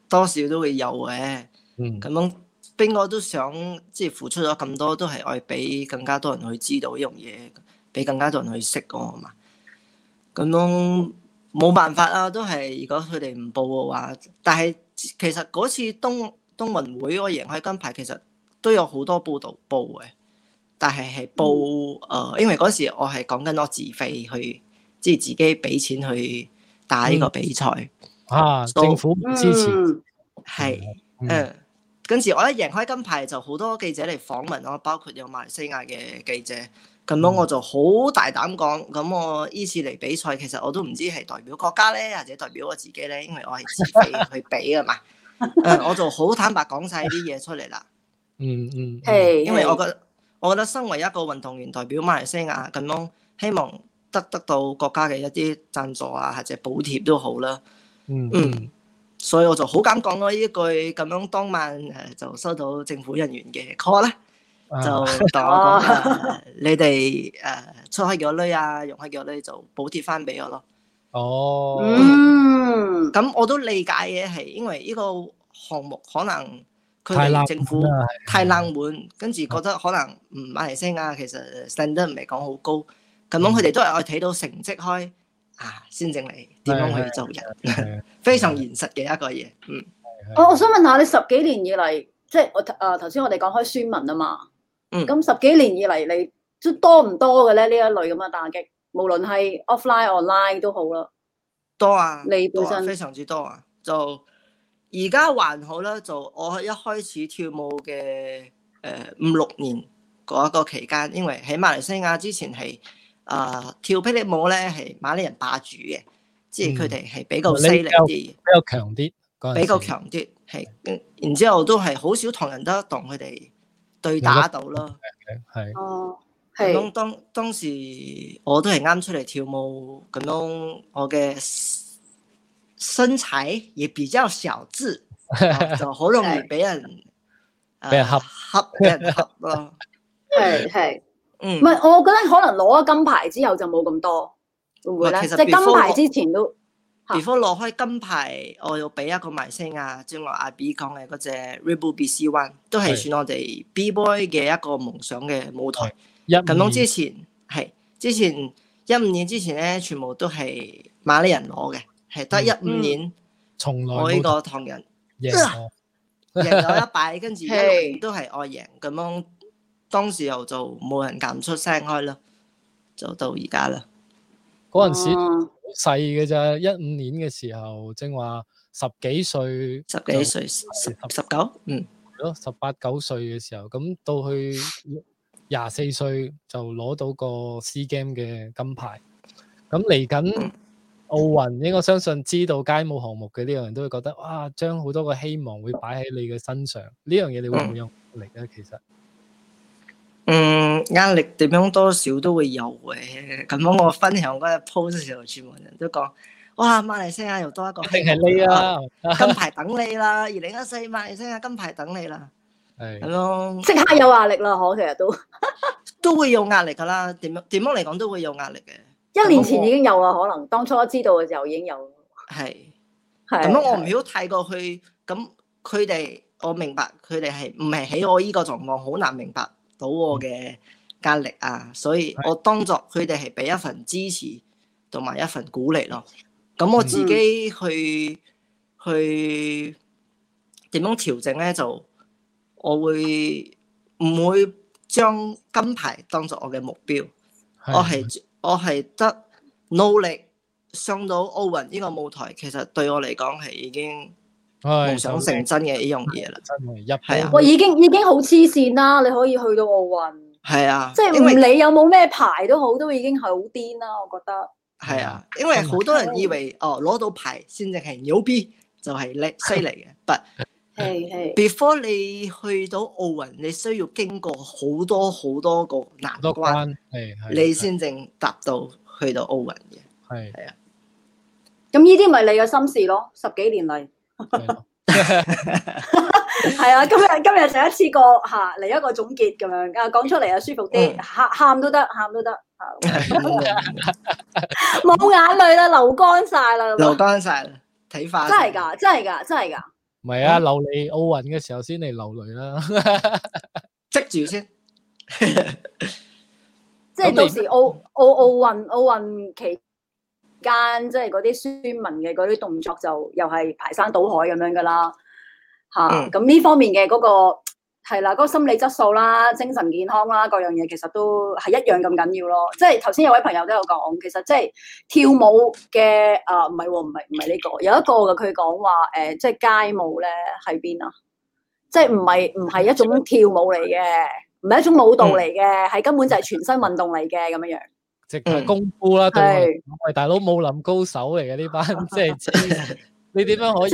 多少都會有嘅。嗯，咁樣邊個都想即係付出咗咁多，都係愛俾更加多人去知道呢樣嘢，俾更加多人去識我嘛。咁、嗯、咯，冇辦法啊，都係如果佢哋唔報嘅話，但係其實嗰次東東運會我贏開金牌，其實都有好多報道報嘅，但係係報誒、嗯呃，因為嗰時我係講緊我自費去，即係自己俾錢去打呢個比賽啊，政府唔支持，係、嗯呃，嗯，跟住我一贏開金牌就好多記者嚟訪問咯，包括有馬來西亞嘅記者。咁樣我就好大膽講，咁我依次嚟比賽，其實我都唔知係代表國家咧，或者代表我自己咧，因為我係自費去比啊嘛。誒、 嗯，我就好坦白講曬啲嘢出嚟啦。嗯嗯，係，因為我覺得，我覺得身為一個運動員，代表馬來西亞，咁樣希望得得到國家嘅一啲贊助啊，或者補貼都好啦。嗯嗯， 所以我就好敢講咯，依句咁樣當晚誒就收到政府人員嘅 call 啦。就同我講，你哋誒出開幾多鐳啊？用開幾多鐳就補貼翻俾我咯。哦，嗯，咁我都理解嘅，係因為呢個項目可能佢哋政府太冷門，跟住覺得可能唔賣升啊。其實升得唔係講好高，咁樣佢哋都係睇到成績開啊，先正嚟點樣去做人，非常現實嘅一個嘢。嗯，我我想問下你十幾年以嚟，即係我誒頭先我哋講開宣文啊嘛。咁、嗯、十幾年以嚟，你都多唔多嘅咧？呢一類咁嘅打擊，無論係 offline、online 都好啦，多啊，你本身、啊啊、非常之多啊。就而家還好啦，就我一開始跳舞嘅誒、呃、五六年嗰一個期間，因為喺馬來西亞之前係啊跳霹靂舞咧，係馬來人霸主嘅，即係佢哋係比較犀利啲，比較強啲，比較強啲，係、嗯、然之後都係好少唐人得當佢哋。對打到咯，係，哦，咁當當時我都係啱出嚟跳舞，咁樣我嘅身材亦比較小致， 就好容易俾人，俾、呃、人恰，俾人恰 咯，係係，嗯，唔係，我覺得可能攞咗金牌之後就冇咁多，會唔會咧？其實即係金牌之前都。before 攞開金牌，我要俾一個埋聲啊！正話阿 B 講嘅嗰隻 Red Bull BC One 都係算我哋 B Boy 嘅一個夢想嘅舞台。咁樣之前係之前一五年之前咧，全部都係馬來人攞嘅，係得一五年從來我呢個唐人贏、呃、贏咗一擺， 跟住都係愛贏咁樣，當時候就冇人夾唔出聲開啦，就到而家啦。嗰陣時細嘅咋，一、啊、五年嘅時候正話十,十幾歲，十幾歲十十,十九，嗯，咯，十八九歲嘅時候，咁到去廿四歲就攞到個 C Game 嘅金牌。咁嚟緊奧運，應該我相信知道街舞項目嘅呢樣人都會覺得哇，將好多個希望會擺喺你嘅身上。呢樣嘢你會唔會用力咧、嗯？其實？嗯，壓力點樣多少都會有嘅。咁樣我分享嗰隻 post 嘅時候，全部人都講，哇，馬來西亞又多一個，係你啊，金牌等你啦！二零一四，馬來西亞金牌等你啦，係，係咯，即刻有壓力啦，嗬，其實都 都會有壓力噶啦。點樣點樣嚟講，都會有壓力嘅。一年前已經有啦，可能當初知道嘅時候已經有。係，係咁樣我唔曉睇過去，咁佢哋我明白佢哋係唔係喺我依個狀況，好難明白。到我嘅壓力啊，所以我當作佢哋係俾一份支持同埋一份鼓勵咯。咁我自己去去點樣調整咧？就我會唔會將金牌當作我嘅目標？我係我係得努力上到奧運呢個舞台，其實對我嚟講係已經。夢想成真嘅呢樣嘢啦，真係一係啊，我、嗯、已經已經好黐線啦！你可以去到奧運，係啊，即係唔理有冇咩牌都好，都已經係好癲啦！我覺得係啊，因為好多人以為、oh、God, 哦，攞到牌先至係牛逼，就係叻犀利嘅，but 係係，before 你去到奧運，你需要經過好多好多個難關，係係，你先正達到去到奧運嘅，係係啊。咁呢啲咪你嘅心事咯，十幾年嚟。係 啊，今日今日就一次過吓嚟，啊、一個總結咁樣啊，講出嚟啊舒服啲，喊、嗯、喊都得，喊都得，冇、啊、 眼淚啦，流乾晒啦，流乾晒，睇法真係噶，真係噶，真係噶，唔係啊，嗯、流嚟奧運嘅時候先嚟流淚啦，積住先， 即係到時奧 奧奧，奧運奧運期。間即係嗰啲宣文嘅嗰啲動作就又係排山倒海咁樣噶啦，吓咁呢方面嘅嗰、嗰個係啦，嗰、嗰個心理質素啦、精神健康啦，各樣嘢其實都係一樣咁緊要咯。即係頭先有位朋友都有講，其實即係跳舞嘅誒，唔、啊、係，唔係、哦，唔係呢個，有一個噶，佢講話誒，即係街舞咧喺邊啊，即係唔係唔係一種跳舞嚟嘅，唔係一種舞蹈嚟嘅，係、嗯、根本就係全身運動嚟嘅咁樣樣。即係功夫啦、嗯，對唔係大佬武林高手嚟嘅呢班，即係 你點樣可以？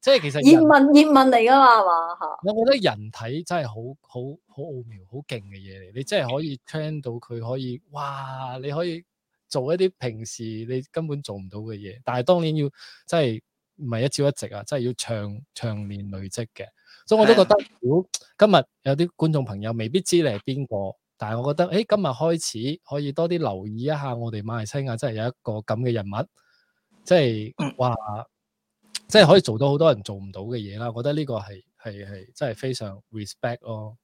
即係其實葉問葉問嚟噶嘛？係嘛吓？我覺得人體真係好好好奧妙、好勁嘅嘢嚟，你真係可以聽到佢可以哇！你可以做一啲平時你根本做唔到嘅嘢，但係當然要真係唔係一朝一夕啊，真係要長長年累積嘅。所以我都覺得、嗯，如果今日有啲觀眾朋友未必知你係邊個。但係我覺得，誒、欸，今日開始可以多啲留意一下我哋馬來西亞，真係有一個咁嘅人物，即係話，即係可以做到好多人做唔到嘅嘢啦。我覺得呢個係係係真係非常 respect 咯、哦。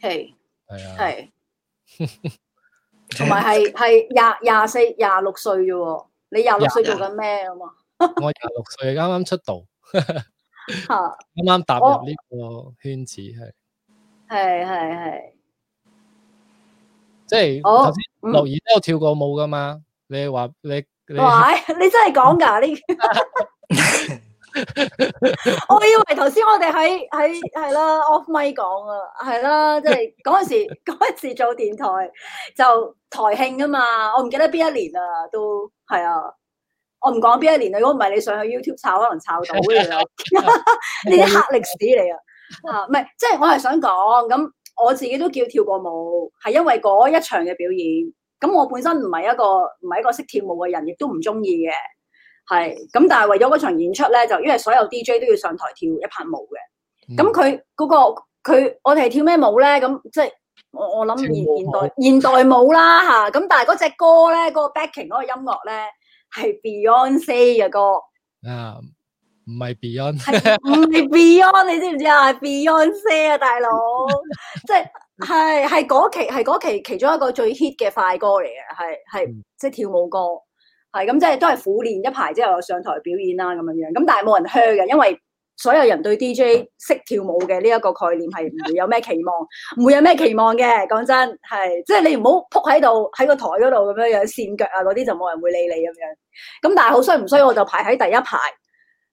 係係，同埋係係廿廿四廿六歲啫喎，你廿六歲做緊咩啊嘛？ 我廿六歲啱啱出道，啱 啱踏入呢個圈子，係係係係。即係我頭先落雨都有跳過舞噶嘛？你話你你，你，你真係講噶？呢？ 我以為頭先我哋喺喺係啦 off mic 講啊，係啦，即係嗰陣時嗰陣時做電台就台慶啊嘛。我唔記得邊一年啊，都係啊。我唔講邊一年啊。如果唔係你上去 YouTube 炒，可能炒到嘅。呢 啲 黑歷史嚟啊！啊，唔係，即係我係想講咁。我自己都叫跳過舞，係因為嗰一場嘅表演。咁我本身唔係一個唔係一個識跳舞嘅人，亦都唔鍾意嘅。係咁，但係為咗嗰場演出咧，就因為所有 DJ 都要上台跳一拍舞嘅。咁佢嗰個佢我哋係跳咩舞咧？咁即係我我諗現現代現代舞啦吓，咁但係嗰隻歌咧，嗰、嗰個 backing 嗰個音樂咧係 Beyonce 嘅歌。嗯唔係 Beyond，唔 係 Beyond，你知唔知啊？Beyond 聲啊， 是 Beyonce，大佬，即係係嗰期係嗰期其中一個最 hit 嘅快歌嚟嘅，係係即係跳舞歌，係咁即係都係苦練一排之後上台表演啦咁樣樣，咁但係冇人 hug 嘅，因為所有人對 DJ 識跳舞嘅呢一個概念係唔會有咩期望，唔 會有咩期望嘅，講真係，即係、就是、你唔好撲喺度喺個台嗰度咁樣樣扇腳啊嗰啲就冇人會理你咁樣，咁但係好衰唔衰我就排喺第一排。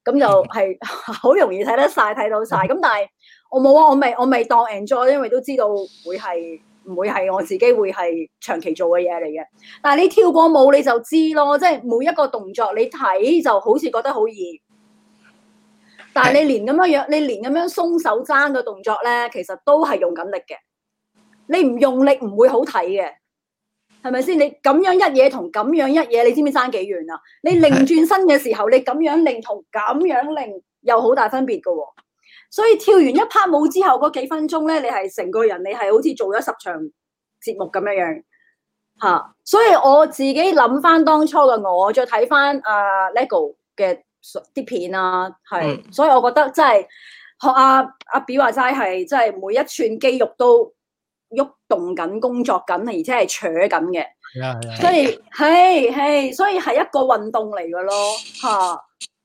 咁就係好容易睇得曬、睇到曬。咁但係我冇啊，我未我未當 enjoy，因為都知道會係唔會係我自己會係長期做嘅嘢嚟嘅。但係你跳過舞你就知咯，即係每一個動作你睇就好似覺得好易。但係你連咁樣樣，你連咁樣鬆手踭嘅動作咧，其實都係用緊力嘅。你唔用力唔會好睇嘅。係咪先？你咁樣一嘢同咁樣一嘢，你知唔知爭幾遠啊？你擰轉身嘅時候，你咁樣擰同咁樣擰有好大分別噶、哦。所以跳完一 part 舞之後嗰幾分鐘咧，你係成個人，你係好似做咗十場節目咁樣樣。吓、啊，所以我自己諗翻當初嘅我，我再睇翻啊 Lego 嘅啲片啊，係、嗯，所以我覺得真係學阿阿 B 話齋係，真係每一寸肌肉都。動緊工作緊，而且係扯緊嘅，啊，所以係係，所以係一個運動嚟噶咯，吓，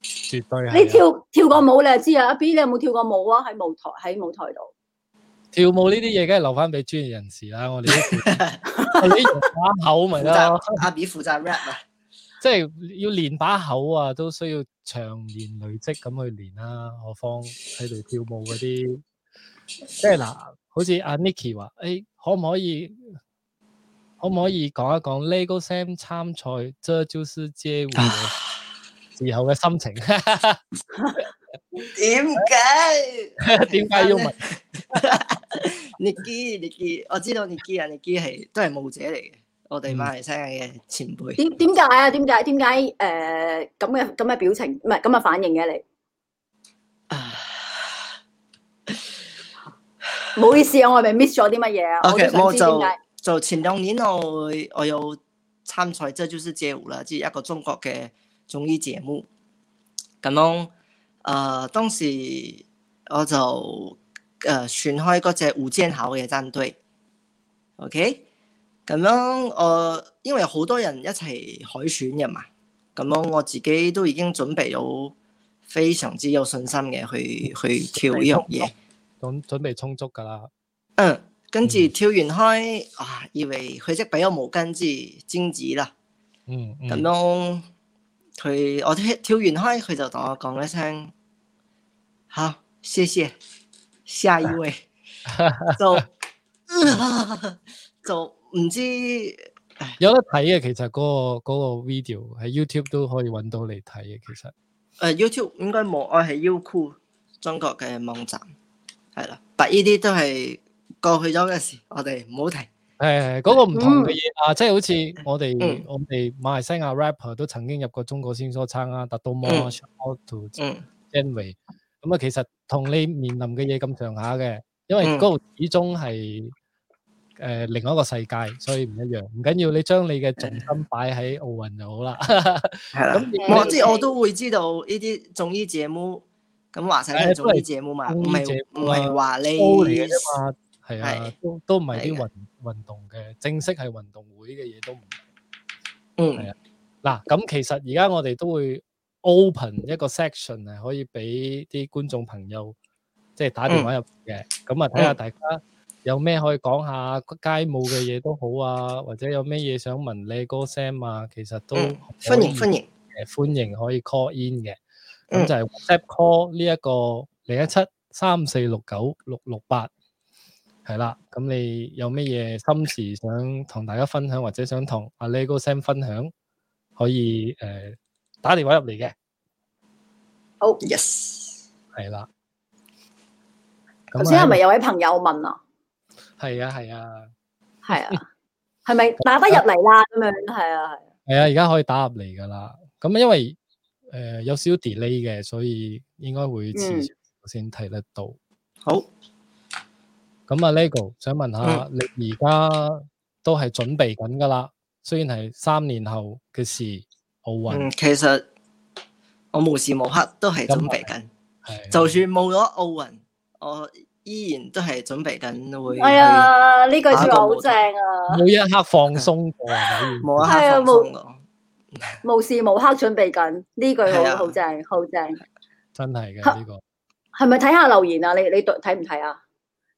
絕對係。你跳跳過舞你就知啊。阿 B 你有冇跳過舞啊？喺舞台喺舞台度跳舞呢啲嘢，梗係留翻俾專業人士啦。我哋呢把口咪咯，阿 B 負責 rap 啊，即係要練把口啊，都需要長年累積咁去練啦、啊。何況喺度跳舞嗰啲，即係嗱，好似阿 Niki 話誒。可唔可以可唔可以講一講呢個 Sam 參賽，這就是借回時候嘅心情？點解？點解要問？日基日基，我知我日基啊，日基係都係舞者嚟嘅，我哋馬來西亞嘅前輩。點點解啊？點解？點解？誒，咁嘅咁嘅表情，唔係咁嘅反應嘅你。唔好意思啊，我係咪 miss 咗啲乜嘢啊？我好想知點解。就前兩年我我有參賽《這就是街舞》啦，即係一個中國嘅綜藝節目。咁樣，誒、呃，當時我就誒、呃、選開嗰隻吳建豪嘅戰隊。OK，咁樣我因為有好多人一齊海選嘅嘛，咁樣我自己都已經準備到非常之有信心嘅去去跳呢樣嘢。咁準備充足㗎啦。嗯，跟住跳完開，哇、嗯啊！以為佢即俾我毛巾至巾子啦。嗯，咁樣佢我跳完開，佢就同我講一聲好，謝謝下一位、啊、就 就唔知、哎、有得睇嘅。其實嗰、嗰個嗰個 video 喺 YouTube 都可以揾到你睇嘅。其實誒、呃、YouTube 應該冇，我係優酷中國嘅網站。係啦，但呢啲都係過去咗嘅事，我哋唔好提。誒，嗰個唔同嘅嘢啊，即係好似我哋我哋馬來西亞 rapper 都曾經入過中國先所撐啊，達到 March 到 January。咁啊，其實同你面臨嘅嘢咁上下嘅，因為嗰度始終係誒另外一個世界，所以唔一樣。唔緊要，你將你嘅重心擺喺奧運就好啦。係啦，咁我即係我都會知道呢啲綜藝節目。咁話曬咧，做啲嘢冇埋，唔係唔係話你，係啊，都都唔係啲運運動嘅，正式係運動會嘅嘢都唔係。嗯，係啊。嗱，咁其實而家我哋都會 open 一個 section，係可以俾啲觀眾朋友，即係打電話入嘅。咁啊，睇下大家有咩可以講下街舞嘅嘢都好啊，或者有咩嘢想問你個 Sam 啊，其實都歡迎歡迎，誒歡迎可以 call in 嘅。咁就係 WhatsApp call 呢一個零一七三四六九六六八，係啦。咁你有乜嘢心事想同大家分享，或者想同阿 Lego Sam 分享，可以誒打電話入嚟嘅。哦，Yes，係啦。頭先係咪有位朋友問啊？係啊，係啊，係啊，係咪打翻入嚟啦？咁樣係啊，係啊，係啊，而家可以打入嚟噶啦。咁因為誒，有少 delay 嘅，所以應該會遲先睇得到。好，咁啊，Lego，想問下你而家都係準備緊噶啦，雖然係三年後嘅事，奧運。其實我無時無刻都係準備緊，就算冇咗奧運，我依然都係準備緊會。哎呀，呢句說話好正啊！每一刻放鬆過，係啊，冇。無時無刻準備緊呢句好好正，好正，真係嘅。呢個係咪睇下留言啊？你你讀睇唔睇啊？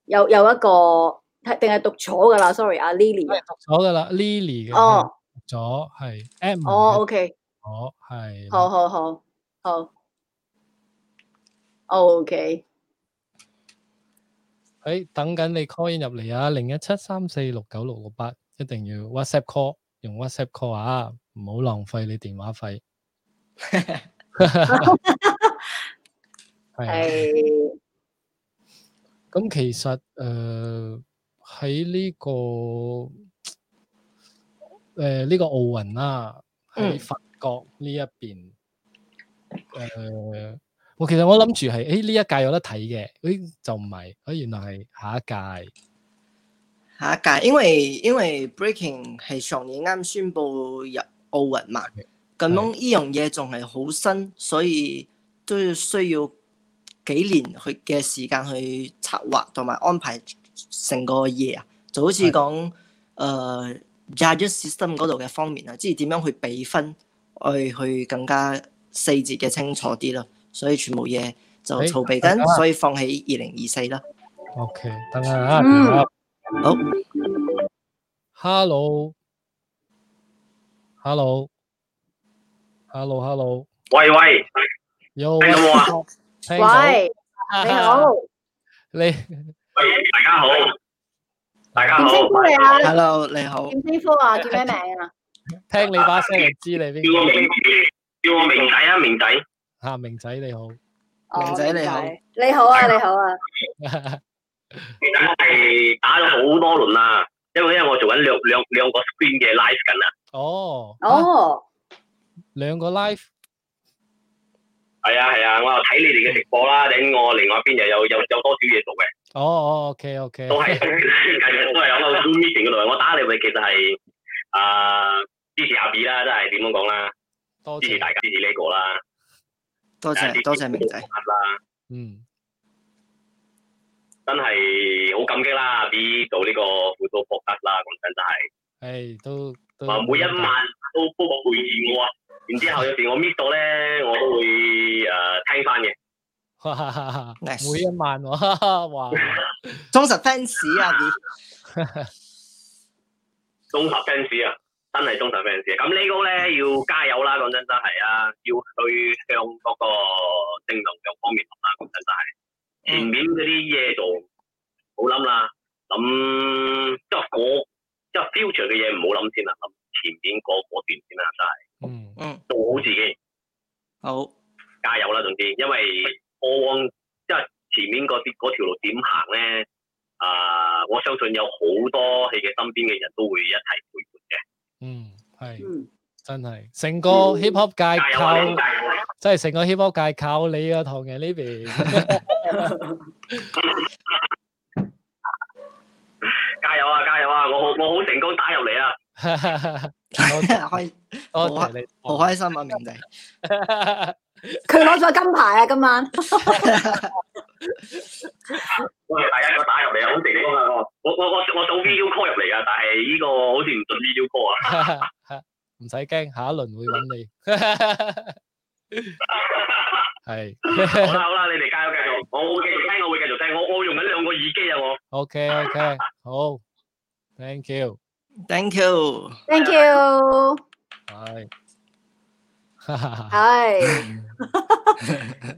有有一個定係讀錯㗎喇，sorry，阿 Lily 讀錯㗎喇，Lily 嘅錯係誒，哦，OK，錯係，好好好好，OK，誒，等緊你 call 入嚟啊，零一七三四六九六六八，一定要 WhatsApp call，用 WhatsApp call 啊。唔好浪費你電話費。係。 咁、uh, 其實誒喺呢個誒呢、呃這個奧運啦喺法國呢一邊誒我、嗯呃、其實我諗住係誒呢一屆有得睇嘅誒就唔係誒原來係下一屆下一屆因為因為 breaking 係上年啱宣佈入。奧運嘛，咁樣呢樣嘢仲係好新，所以都要需要幾年去嘅時間去策劃同埋安排成個嘢啊，就好似講誒 just system 嗰度嘅方面啊，即係點樣去比分，去去更加細節嘅清楚啲囉，所以全部嘢就籌備緊，哎哎，所以放喺二零二四啦。OK，等下等下、嗯、好，Hello。hello，hello，hello，喂喂，你好啊？喂，你好，你喂，大家好，大家好，點稱呼你啊？hello，你好，點稱呼啊？叫咩名啊？聽你把聲就知你邊個名，叫我明仔啊，明仔啊，明仔你好，明仔你好，你好啊，你好啊，係打咗好多輪啦，因為因為我做緊兩兩兩個 screen 嘅 live 緊啊。哦，哦，兩個 live，係啊係啊，我又睇你哋嘅直播啦，等我另外邊又有有有多少嘢做嘅。哦，OK OK，都係，其實都係有咁搣住嘅來，我打你，其實係啊支持阿 B 啦，真係點樣講啦，支持大家支持呢個啦，多謝多謝明仔，嗯，真係好感激啦，阿 B 做呢個輔導獲得啦，講真真係，誒都。啊、每一晚都煲個會我啊。然之後有時我搣到咧，我都會誒、呃、聽翻嘅。每一晚哇，哇 忠實 fans 啊，忠實 fans 啊，真係忠實 fans。咁呢個咧要加油啦，講真真係啊，要去向嗰個正能量方面行啦。講真真係、嗯、前面嗰啲嘢就唔好諗啦。咁即係我。這個即係 future 嘅嘢唔好諗先啦，諗前面嗰嗰段先啦，真係。嗯嗯，做好自己，好加油啦！總之，因為往即係前面嗰啲嗰條路點行咧？啊，我相信有好多你嘅身邊嘅人都會一齊陪伴嘅。嗯，係。嗯，真係成個 hip hop 界靠，真係成個 hip hop 界靠你啊！唐人呢邊。加油啊！加油啊！我好我好成功打入嚟啊！好 開很害，好 開心啊！明仔，佢攞咗金牌啊！今晚，我哋第一個打入嚟啊！好成功啊！我我我我做 VU call 入嚟啊，但係呢個好似唔准 VU call 啊！唔使驚，下一輪會揾你。 係 好啦，你哋加油繼續，我繼續聽，我會繼續聽。我我用緊兩個耳機啊，我、okay, okay。O K O K，好，Thank you，Thank you，Thank you, Thank you. Thank you. h 係。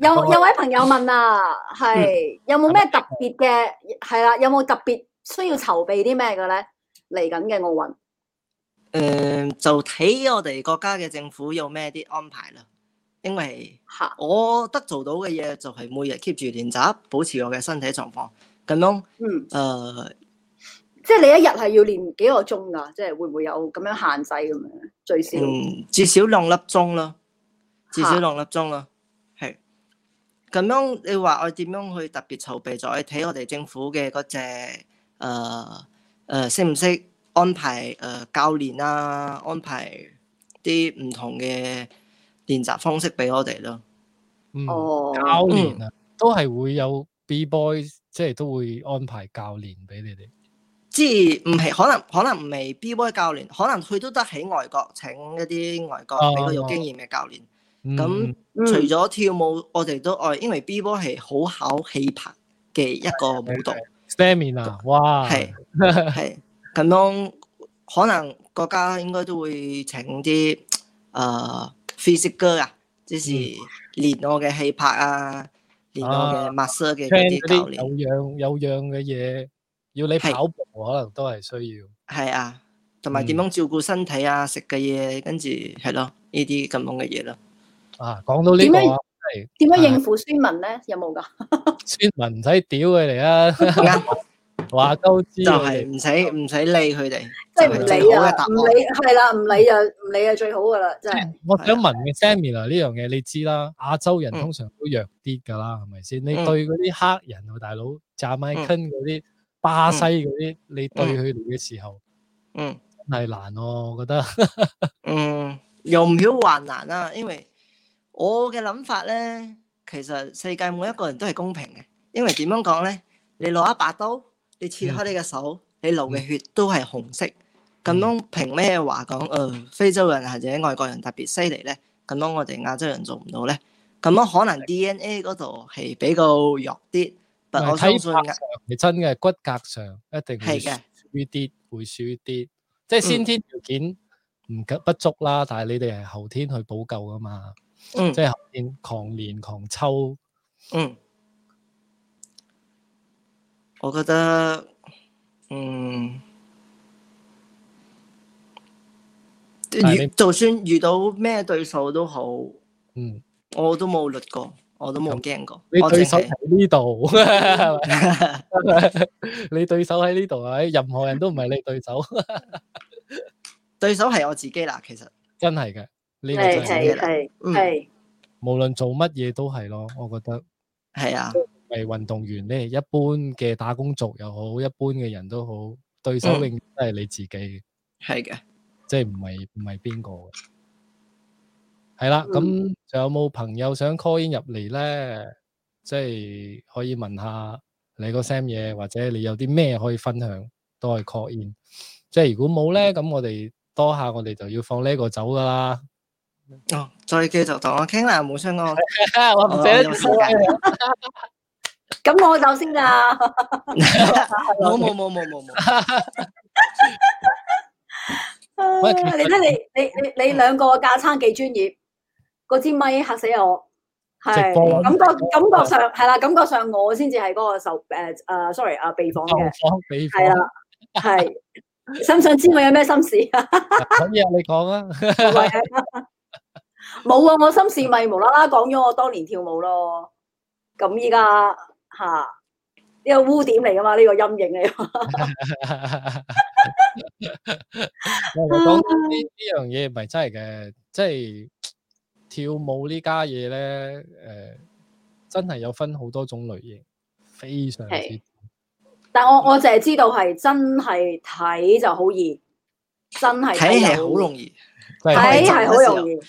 有有位朋友問啊，係有冇咩特別嘅係啦？有冇特別、啊、需要籌備啲咩嘅咧？嚟緊嘅奧運。誒、呃，就睇我哋國家嘅政府有咩啲安排啦。因為我得做到嘅嘢就係每日 keep 住練習，保持我嘅身體狀況咁樣。嗯，誒、呃，即係你一日係要練幾個鐘噶即係會唔會有咁樣限制咁樣？最少至少兩粒鐘啦，至少兩粒鐘啦。係咁、啊、樣，你話我點樣去特別籌備？再睇我哋政府嘅嗰隻誒誒，識唔識安排誒、呃、教練啊？安排啲唔同嘅。練習方式俾我哋咯，嗯，教練啊，嗯、都係會有 B boy，s 即係都會安排教練俾你哋。即係唔係可能可能唔係 B boy 教練，可能佢都得喺外國請一啲外國比較有經驗嘅教練。咁、哦哦嗯嗯、除咗跳舞，我哋都愛，因為 B boy 係好考氣魄嘅一個舞蹈。Stamina，哇，係係咁樣，可能國家應該都會請啲誒。呃 physical 啊，即是練我嘅氣魄啊，練我嘅 muscle 嘅嗰啲教練。聽嗰啲有氧有氧嘅嘢，要你跑步可能都係需要。係啊，同埋點樣照顧身體啊，食嘅嘢，跟住係咯呢啲咁樣嘅嘢咯。啊，講到呢個，係點樣應付孫文咧？有冇噶？孫文唔使屌佢嚟啊！話都知，就係唔使唔使理佢哋，即係唔理啊，唔理係啦，唔理就唔理就最好噶啦，即係我想問 Sammy 啦，呢樣嘢你知啦，亞洲人通常都弱啲噶啦，係咪先？你對嗰啲黑人啊，大佬，Jamaican 嗰啲，巴西嗰啲，你對佢哋嘅時候，嗯，係難，我覺得，嗯，又唔好話難啊，因為我嘅諗法咧，其實世界每一個人都係公平嘅，因為點樣講咧，你攞一把刀。你切開你嘅手，嗯，你流嘅血都係紅色。咁、嗯、樣憑咩話講？誒、呃，非洲人或者外國人特別犀利咧？咁樣我哋亞洲人做唔到咧？咁樣可能 D N A 嗰度係比較弱啲。但我相信，骨格，係真嘅，骨骼上一定係嘅，輸啲會輸啲。即係先天條件唔夠不足啦，嗯、但係你哋係後天去補救噶嘛。嗯，即係後天狂練狂抽。嗯。我覺得，嗯，遇就算遇到咩對手都好，嗯，我都冇慮過，我都冇驚過。你對手喺呢度，你對手喺呢度啊！任何人都唔係你對手，對手係我自己啦。其實真係嘅，你係係係，無論做乜嘢都係咯，我覺得係啊。係運動員咧，一般嘅打工族又好，一般嘅人都好，對手永遠都係你自己嘅。係、嗯、嘅，即係唔係唔係邊個嘅，係啦。咁仲、嗯、有冇朋友想 call in 入嚟咧？即係可以問下你個 sam 嘢，或者你有啲咩可以分享都係 call in。即係如果冇咧，咁我哋多下，我哋就要放呢個走噶啦。哦，再繼續同我傾啦，冇 信想過 我，或 時間 咁我就先啊！ 冇冇冇冇冇冇。你睇你你你兩個架撐幾專業？個支咪嚇死我，係感覺感覺上係啦，感覺上我先至係嗰個受誒誒、呃，sorry，阿被訪嘅被訪係啦，係想唔想知我有咩心事啊？咁 嘢 你講說啦吧，冇 啊！我心事咪無啦啦講咗我當年跳舞咯，咁依家。吓，呢個污點嚟噶嘛？呢個陰影嚟噶嘛 到。我講呢呢樣嘢唔係真係嘅，即係跳舞家呢家嘢咧，誒、呃，真係有分好多種類型，非常之。但我我淨係知道係真係睇就好易，易，真係睇係好容易，睇係好容易。就是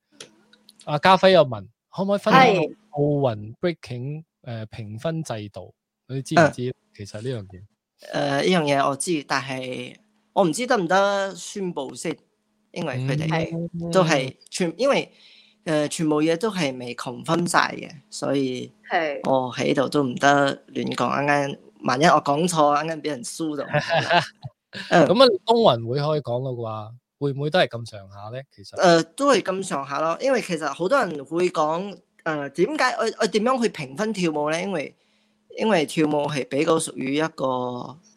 阿嘉輝又問，可唔可以分享奧運 breaking 誒評分制度？你知唔知？其實呢樣嘢誒，呢樣嘢我知，但係我唔知得唔得宣布先，因為佢哋都係全因為誒、呃、全部嘢都係未窮分晒嘅，所以我喺度都唔得亂講，啱啱萬一我講錯，啱啱俾人輸到。嗯」咁 啊，冬運會可以講嘅啩？會唔會都係咁上下咧？其實誒，都係咁上下咯。因為其實好多人會講誒，點解我我點樣去評分跳舞咧？因為因為跳舞係比較屬於一個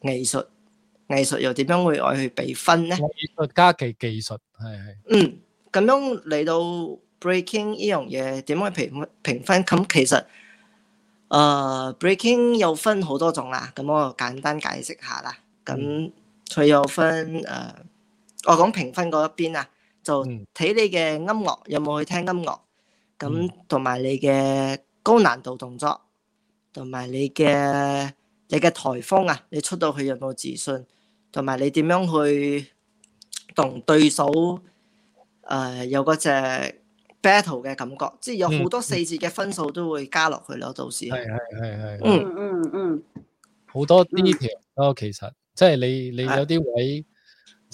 藝術，藝術又點樣會愛去俾分咧？加技技術係係嗯，咁樣嚟到 breaking 呢樣嘢點樣去評分評分？咁其實誒，breaking 又分好多種啦。咁我簡單解釋下啦。咁佢又分誒。我講評分嗰一邊啊，就睇你嘅音樂有冇去聽音樂，咁同埋你嘅高難度動作，同埋你嘅你嘅颱風啊，你出到去有冇自信，同埋你點樣去同對手誒、呃、有嗰隻 battle 嘅感覺，即係有好多四節嘅分數都會加落去咯，嗯、到時。係係係係。嗯嗯嗯，好、嗯、多 detail 咯，其實即係你你有啲位。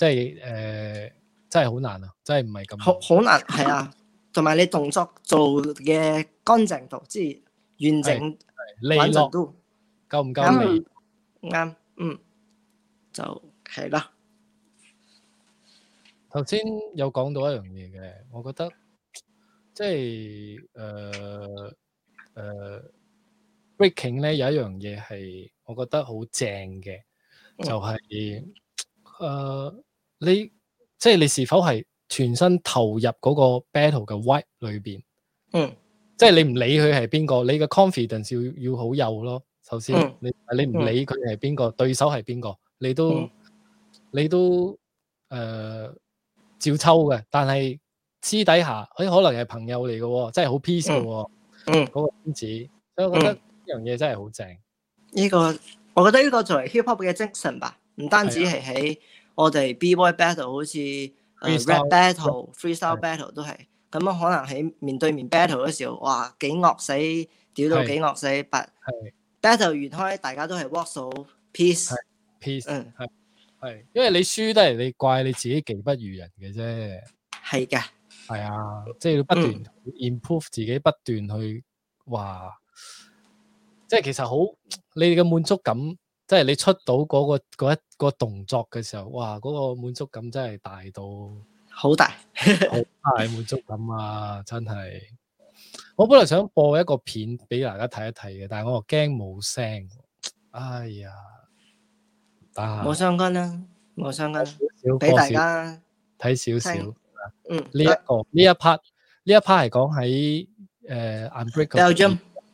即係誒、呃，真係好難，是是難，難啊！真係唔係咁好好難，係啊，同埋你動作做嘅乾淨度，即、就、係、是、完整、穩度，夠唔夠味、嗯，啱，嗯，就係啦。頭先、啊、有講到一樣嘢嘅，我覺得即係誒誒，Breaking 咧有一樣嘢係，我覺得好正嘅，就係、是、誒。嗯呃你即係你是否係全身投入嗰個 battle 嘅 white 裏邊？嗯，即係你唔理佢係邊個，你嘅 confidence 要要好幼咯。首先，嗯、你你唔理佢係邊個，對手係邊個，你都、嗯、你都誒、呃、照抽嘅。但係私底下，佢可能係朋友嚟嘅，真係好 peace 嘅。嗯，嗰、嗯嗰個圈子，所以我覺得呢樣嘢真係好正、嗯。呢、嗯嗯呢個我覺得呢個作為 hip hop 嘅精神吧，唔單止係喺、啊。我哋 B-boy battle 好似誒 rap battle、freestyle battle 都係咁啊，可能喺面對面 battle 嘅時候，哇幾惡死，屌到幾惡死，但係 battle 完開大家都係握手 peace，peace，嗯，係因為你輸都係你怪你自己技不如人嘅啫，係嘅，係啊，即係要不斷 improve 自己，不斷去話，即係其實好你哋嘅滿足感。即係你出到嗰、那個嗰一個動作嘅時候，哇！嗰、那個滿足感真係大到好大，好 大滿足感啊！真係。我本來想播一個片俾大家睇一睇嘅，但係我驚冇聲。哎呀，等下我相干啦，冇相干，少少俾大家睇少少。少少嗯，呢、這個嗯、一個呢一 part 呢一 part 係講喺誒 unbreakable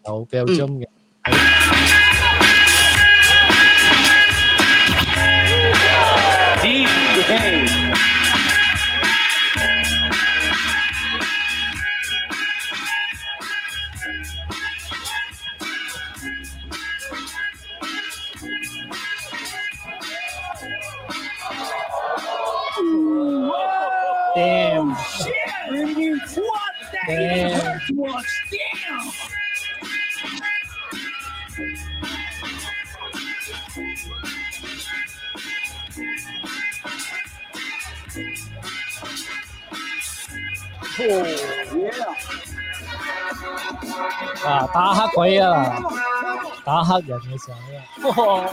有 Belgium 嘅。呃啊！打黑鬼啊！打黑人嘅時候啊！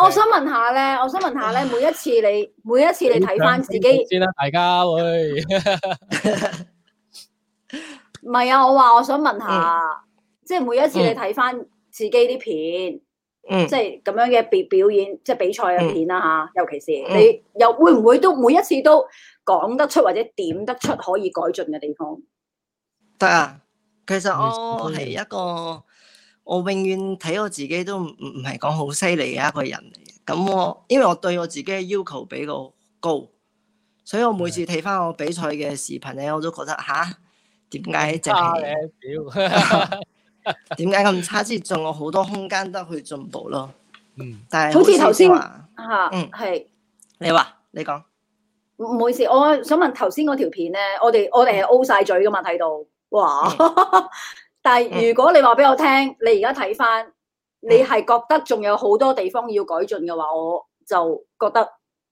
我想問下咧，我想問下咧，每一次你 每一次你睇翻自己聽聽先啦，啊，大家會唔係 啊？我話我想問下，嗯，即係每一次你睇翻自己啲片，嗯，即係咁樣嘅表表演，即係比賽嘅片啦吓，嗯，尤其是，嗯，你又會唔會都每一次都講得出或者點得出可以改進嘅地方？得啊，其實我係一個。我永遠睇我自己都唔唔係講好犀利嘅一個人嚟，咁我因為我對我自己嘅要求比較高，所以我每次睇翻我比賽嘅視頻咧，我都覺得吓，點解淨係，點解咁差？先仲有好多空間得去進步咯。嗯，但係好似頭先吓，嗯係，你話你講，唔好意思，我想問頭先嗰條片咧，我哋我哋係 O 晒、嗯、嘴噶嘛？睇到，哇！嗯但係如果你話俾我聽、嗯，你而家睇返，你係覺得仲有好多地方要改進嘅話，我就覺得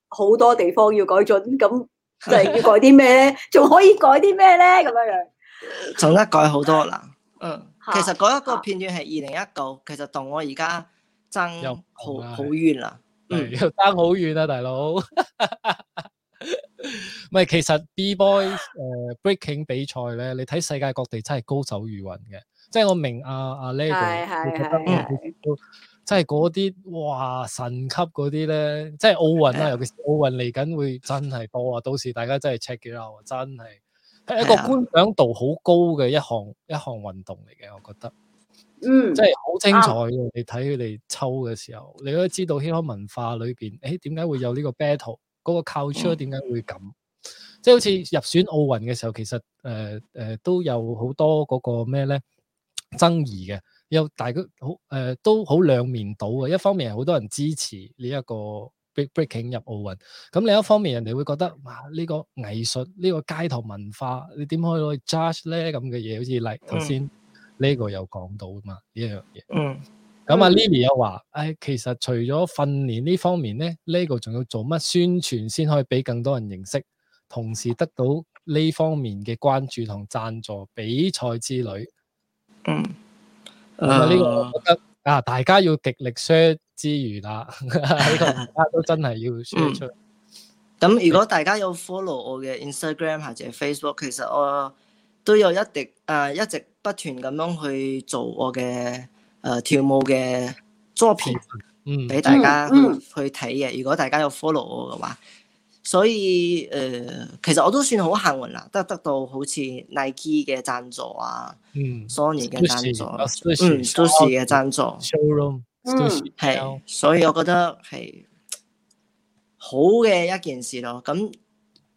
好多地方要改進，咁就係要改啲咩？仲 可以改啲咩咧？咁樣樣，就得改好多啦。嗯，其實嗰一個片段係二零一九，其實同我而家爭好好遠啦。嗯，又爭好遠啊，大佬。 唔係，其實 B Boys 誒、uh, Breaking 比賽咧，你睇世界各地真係高手如雲嘅。即係我明阿阿 Level，我覺得我每次都即係嗰啲哇神級嗰啲咧，即係奧運啊，尤其是奧運嚟緊會真係多啊。到時大家真係 check 佢啦，真係係一個觀賞度好高嘅一項、啊、一項運動嚟嘅，我覺得。嗯，即係好精彩嘅、啊。你睇佢哋抽嘅時候，你都知道 hip hop 文化裏邊誒，點解會有呢個 battle。嗰、那個文化點解會咁、嗯？即係好似入選奧運嘅時候，其實誒誒、呃呃、都有好多嗰個咩咧爭議嘅，又但係好誒都好兩面倒嘅。一方面係好多人支持呢一個 breaking 入奧運，咁另一方面人哋會覺得哇呢、這個藝術呢、這個街頭文化，你點可以去 judge 咧咁嘅嘢？好似例頭先呢個有講到㗎嘛呢樣嘢。這個咁啊，Lily 又話，誒、哎，其實除咗訓練呢方面咧，呢個仲要做乜宣傳先可以俾更多人認識，同時得到呢方面嘅關注同贊助，比賽之旅。嗯，我覺得、嗯、啊，大家要極力 share 之餘啦，呢 個大家都真係要 share 出。咁、嗯、如果大家有 follow 我嘅 Instagram 或者 Facebook，其實我都有一滴，誒、啊、一直不斷咁樣去做我嘅。誒、呃、跳舞嘅作品，嗯，俾大家去睇嘅、嗯。如果大家有 follow 我嘅話，所以誒、呃，其實我都算好幸運啦，得得到好似 Nike 嘅贊助啊，Sony 嘅贊助，嗯，都市嘅贊助係、嗯，所以我覺得係好嘅一件事咯。咁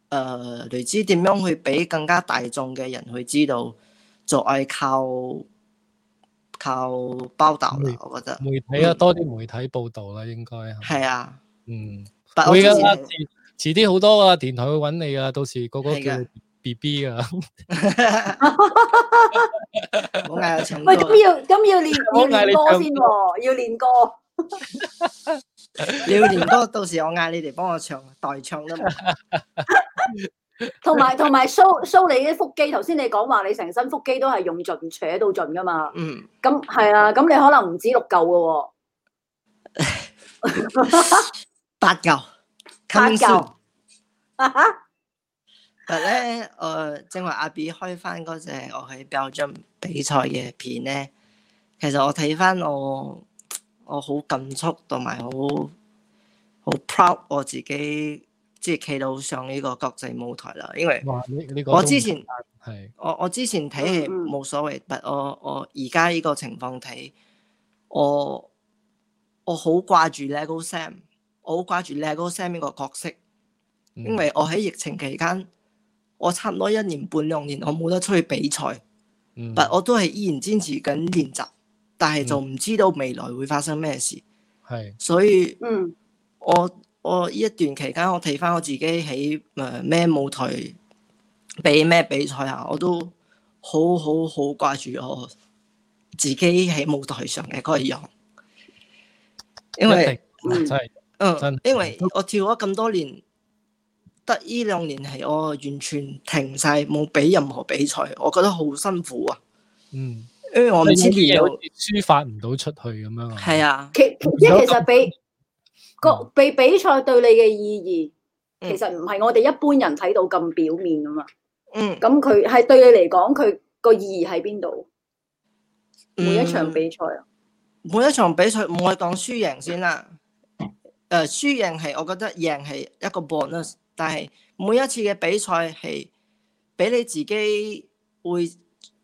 誒，未知點樣去俾更加大眾嘅人去知道，做愛靠。靠報道啦，我覺得媒體啊、嗯、多啲媒體報道啦，應該係啊，嗯，會啊，遲啲好多啊。電台會揾你啊，到時個個叫 B B 啊，的 我嗌你唱，喂，咁要咁要練練 歌先喎、哦， 要練歌， 你要練歌，到時我嗌你哋幫我唱，代唱都。 同埋同埋 show show 你啲腹肌，頭先你講話你成身腹肌都係用盡扯到盡噶嘛，咁係啊，咁你可能唔止六嚿噶喎，八嚿，八嚿，啊哈，但係咧，誒，正話阿 B 開翻嗰隻我喺裱張比賽嘅片咧，其實我睇翻我我好感觸，同埋好好 proud 我自己。即係企到上呢個國際舞台啦，因為我之前係我、這個這個、我之前睇係冇所謂，嗯、但我我而家呢個情況睇，我我好掛住 Lego Sam，我好掛住 Lego Sam 呢個角色，嗯、因為我喺疫情期間，我差唔多一年半兩年，我冇得出去比賽，嗯、但我都係依然堅持緊練習，但係就唔知道未來會發生咩事，係、嗯、所以、嗯、我。我呢一段期間，我睇翻我自己喺誒咩舞台畀咩比賽啊，我都好好好掛住我自己喺舞台上嘅嗰樣，因為嗱、啊、嗯，嗯，因為我跳咗咁多年，得依兩年係我完全停晒，冇畀任何比賽，我覺得好辛苦啊。嗯，因為我唔知練到抒發唔到出去咁樣。係啊，其即其實比。個、嗯、比比賽對你嘅意義，其實唔係我哋一般人睇到咁表面噶嘛。嗯，咁佢係對你嚟講，佢個意義喺邊度？每一場比賽啊、嗯，每一場比賽，唔會講輸贏先啦。誒、呃，輸贏係，我覺得贏係一個 bonus，但係每一次嘅比賽係俾你自己會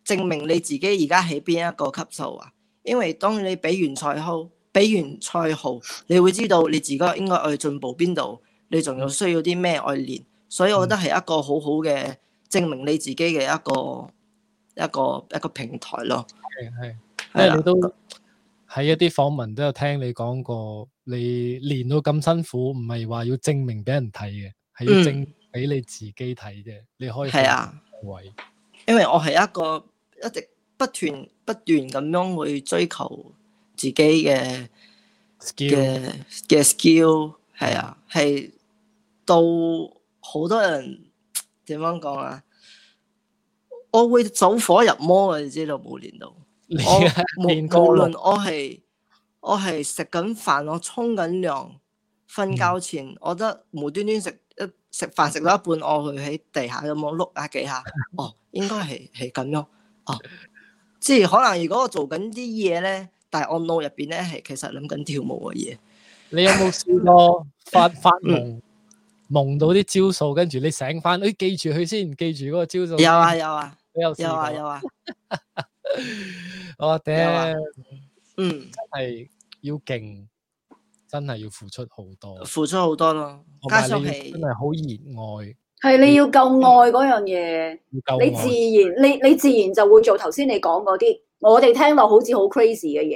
證明你自己而家喺邊一個級數啊。因為當你比完賽後。比完賽後，你會知道你自己應該去進步邊度，你仲有需要啲咩嚟練，所以我覺得係一個好好嘅證明你自己嘅一個、嗯、一個、嗯、一個、嗯、一個平台咯。係係，係你都喺一啲訪問都有聽你講過，你練到咁辛苦，唔係話要證明俾人睇嘅，係、嗯、要證明俾你自己睇嘅，你可以。係啊，喂！因為我係一個一直不斷不斷咁樣去追求。自己嘅嘅嘅 skill 係啊，係到好多人點樣講啊？我會走火入魔，你知道冇練到，無論我係我係食緊飯，我沖緊涼，瞓覺前、嗯，我得無端端食一食飯食到一半，我去喺地下咁樣碌下幾下 哦，應該係係咁樣哦， 即係可能如果我做緊啲嘢咧。但係我腦入邊咧，係其實諗緊跳舞嘅嘢。你有冇試過發發夢，夢到啲招數，跟住你醒翻，誒，記住佢先，記住嗰個招數？有啊有啊，有啊有啊。我頂，嗯，真係要勁，真係要付出好多，付出好多咯。加上你真係好熱愛，係你要夠愛嗰樣嘢，你自然，你你自然就會做頭先你講嗰啲。我哋聽落好似好 crazy 嘅嘢，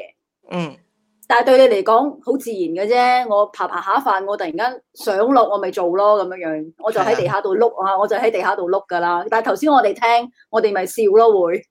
嗯，但係對你嚟講好自然嘅啫。我爬爬下飯，我突然間想落，我咪做咯咁樣樣。我就喺地下度碌啊，我就喺地下度碌㗎喇。但係頭先我哋聽，我哋咪笑咯，會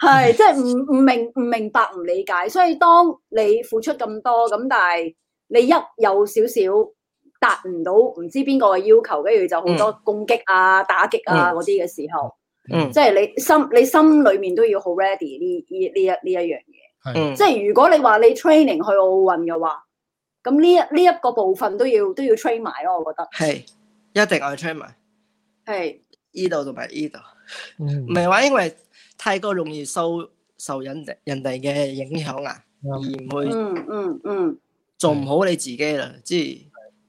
係即係唔唔明唔明白唔理解。所以當你付出咁多咁，但係你一有少少達唔到唔知邊個嘅要求，跟住就好多攻擊啊、打擊啊嗰啲嘅時候。嗯，即係你心你心裏面都要好 ready 呢呢呢一呢一樣嘢。嗯，即係如果你話你 training 去奧運嘅話，咁呢一呢一個部分都要都要 train 埋、啊、咯，我覺得。係，一定要 train 埋。係，依度同埋依度，唔係話因為太過容易受受人哋人哋嘅影響啊，嗯、而唔去，嗯嗯嗯，做唔好你自己啦。即、嗯、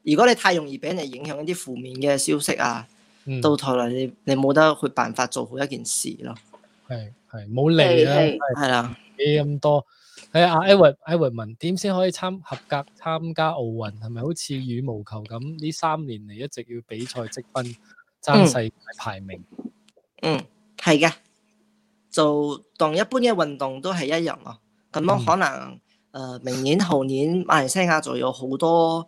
係如果你太容易俾人影響一啲負面嘅消息啊。嗯、到頭嚟，你你冇得去辦法做好一件事咯。係係冇力啦，係啦，幾咁、哎、多。誒、哎，阿 Edward，Edward 問點先可以參合格參加奧運？係咪好似羽毛球咁？呢三年嚟一直要比賽積分爭世界排名。嗯，係、嗯、嘅，就當一般嘅運動都係一樣咯、啊。咁樣可能誒、嗯呃，明年後年馬來西亞就有好多誒積、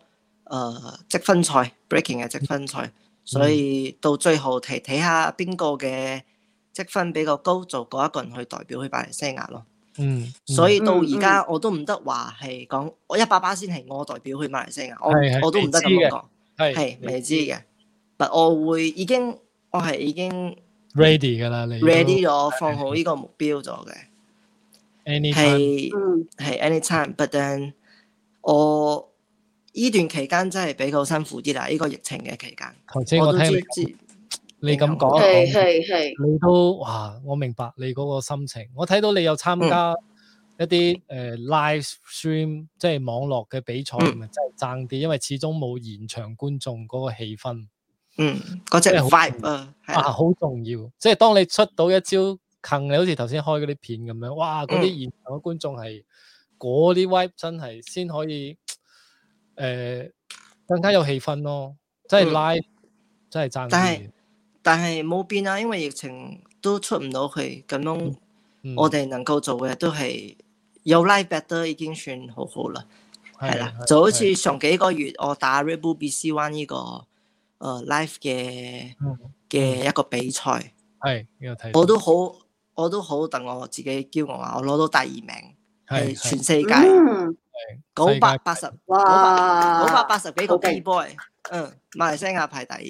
呃、分賽，breaking 嘅積分賽。嗯所以到最後，睇睇下邊個嘅積分比較高，就嗰一個人去代表去馬來西亞咯、嗯。嗯。所以到而家、嗯嗯、我都唔得話係講，我一百巴仙係我代表去馬來西亞，我我都唔得咁樣講，係未知嘅。不，but、我會已經我係已經 ready 噶啦，你 ready 咗放好呢個目標咗嘅。係 係 anytime，but any then 我。呢段期間真係比較辛苦啲啦，呢、這個疫情嘅期間。頭先我聽你咁講，係係係。你都哇，我明白你嗰個心情。我睇到你有參加一啲誒、嗯呃、live stream，即係網絡嘅比賽，咪真係爭啲，因為始終冇現場觀眾嗰個氣氛。嗯，嗰隻 vibe 啊，好重要。啊、重要係即係當你出到一招，近你好似頭先開嗰啲片咁樣，哇！嗰啲現場嘅觀眾係嗰啲 vibe 真係先可以。誒、呃、更加有氣氛咯，即係 live，真係爭。但係但係冇變啦，因為疫情都出唔到去咁樣，我哋能夠做嘅都係、嗯、有 live better 已經算好好啦，係啦。就好似上幾個月我打 Red Bull BC One 呢、呢個誒、呃、live 嘅嘅、嗯、一個比賽，係、嗯、我都好，我都好戥我自己驕傲啊！我攞到第二名係全世界。嗯九百八,八十，哇！九百八,八十幾個 B-boy，嗯，馬來西亞排第二，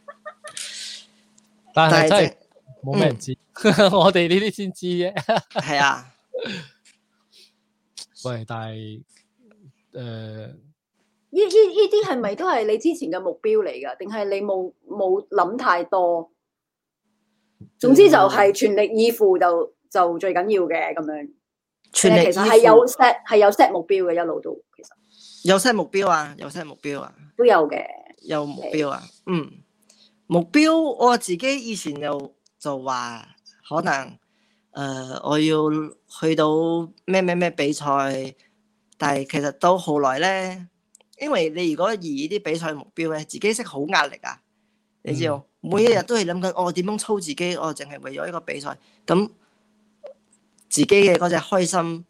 但係真係冇咩人知，嗯、 我哋呢啲先知啫，係 啊。喂，但係誒，呢呢呢啲係咪都係你之前嘅目標嚟㗎？定係你冇冇諗太多、嗯？總之就係全力以赴就就最緊要嘅咁樣。其實係有 set 係有 set 目標嘅，一路都其實有 set 目標啊，有 set 目標啊，都有嘅，有目標啊。嗯，目標我自己以前就就話可能誒、呃、我要去到咩咩咩比賽，但係其實到後來咧，因為你如果以啲比賽目標咧，自己識好壓力啊、嗯、你知道，每一日都係諗緊我點樣操自己，我淨係為咗一個比賽咁。嗯自己嘅嗰隻開心，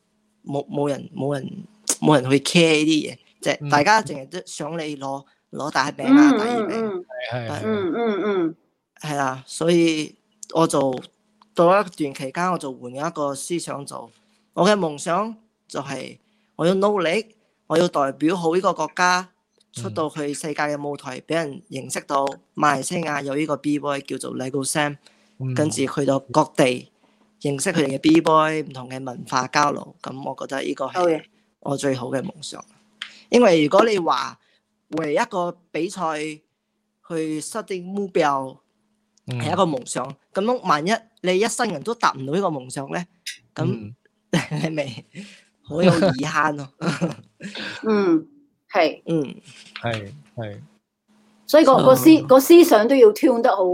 冇冇人冇人冇人去 care 呢啲嘢，即係大家淨係都想你攞攞大名啊二名。係係，嗯嗯嗯，係啊，所以我就到一段期間，我就換咗一個思想做。我嘅夢想就係我要努力，我要代表好呢個國家出到去世界嘅舞台，俾、嗯、人認識到馬來西亞有呢個 B boy 叫做 Lego Sam，跟住去到各地。嗯嗯認識佢哋嘅 B-boy 唔同嘅文化交流，咁我覺得呢個係我最好嘅夢想。因為如果你話為一個比賽去設定目標係一個夢想，咁樣萬一你一生人都達唔到呢個夢想咧，咁係咪好有遺憾咯？嗯，係，嗯，係係，所以個個思個思想都要 tune 得好，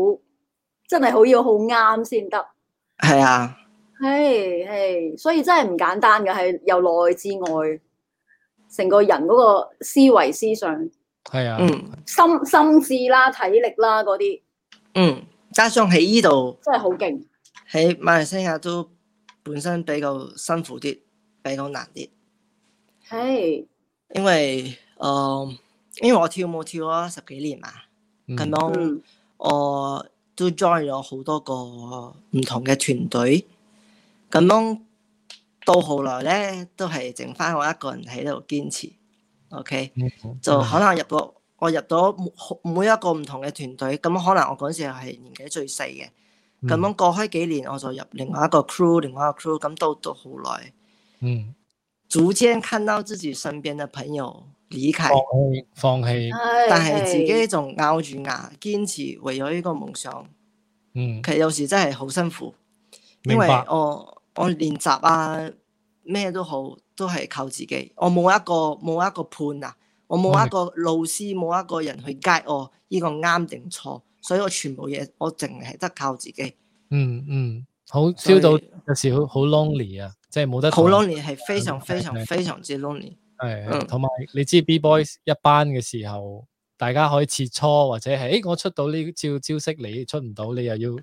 真係好要好啱先得。係啊，係係，所以真係唔簡單嘅，係由內至外，成個人嗰個思維思想係啊，嗯，心心智啦，體力啦嗰啲，嗯，加上喺呢度真係好勁，喺馬來西亞都本身比較辛苦啲，比較難啲，係、係，因為，嗯、呃，因為我跳舞跳咗十幾年啊，咁樣，嗯，我。嗯我都 join 咗好多個唔同嘅團隊，咁樣到後來咧，都係剩翻我一個人喺度堅持。OK？Mm-hmm. 就可能入到我入到每一個唔同嘅團隊，咁可能我嗰時係年紀最細嘅，咁樣過去幾年，我就入另外一個 crew，另外一個 crew，咁到到後來，嗯，逐漸看到自己身邊嘅朋友。理解放棄放棄，但係自己仲咬住牙堅持，為咗呢個夢想。嗯，其實有時真係好辛苦，因為我我練習啊咩都好，都係靠自己。我冇一個冇一個判啊，我冇一個老師，冇一個人去 guide 我呢個啱定錯，所以我全部嘢我淨係得靠自己。嗯嗯，好，燒到有時好好 lonely 啊，即係冇得好 lonely，係非常非常非常之 lonely。誒，同埋你知 Bboys 一班嘅時候，嗯，大家可以切磋，或者係誒、欸、我出到呢招招式，你出唔到，你又要誒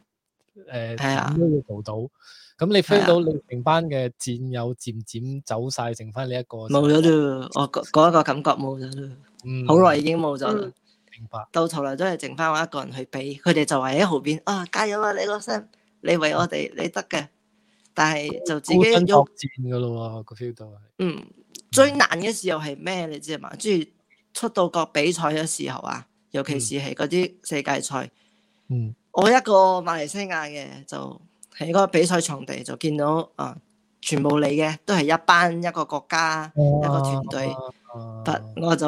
點樣做到？咁、呃、你 feel 到你成班嘅戰友漸漸走晒，剩翻你一個冇咗咯，我講一個感覺冇咗咯，好、嗯、耐已經冇咗啦。明白。到頭來都係剩翻我一個人去比，佢哋就話喺後邊啊，加油啊，你個聲你為我哋，你得嘅，但係就自己作戰噶咯，個 feel 到係。嗯。最難嘅時候係咩？你知嘛？即係出到國比賽嘅時候啊，尤其是係嗰啲世界賽、嗯。嗯，我一個馬來西亞嘅就喺嗰個比賽場地就見到啊、呃，全部你嘅都係一班一個國家一個團隊。不、啊，啊、我就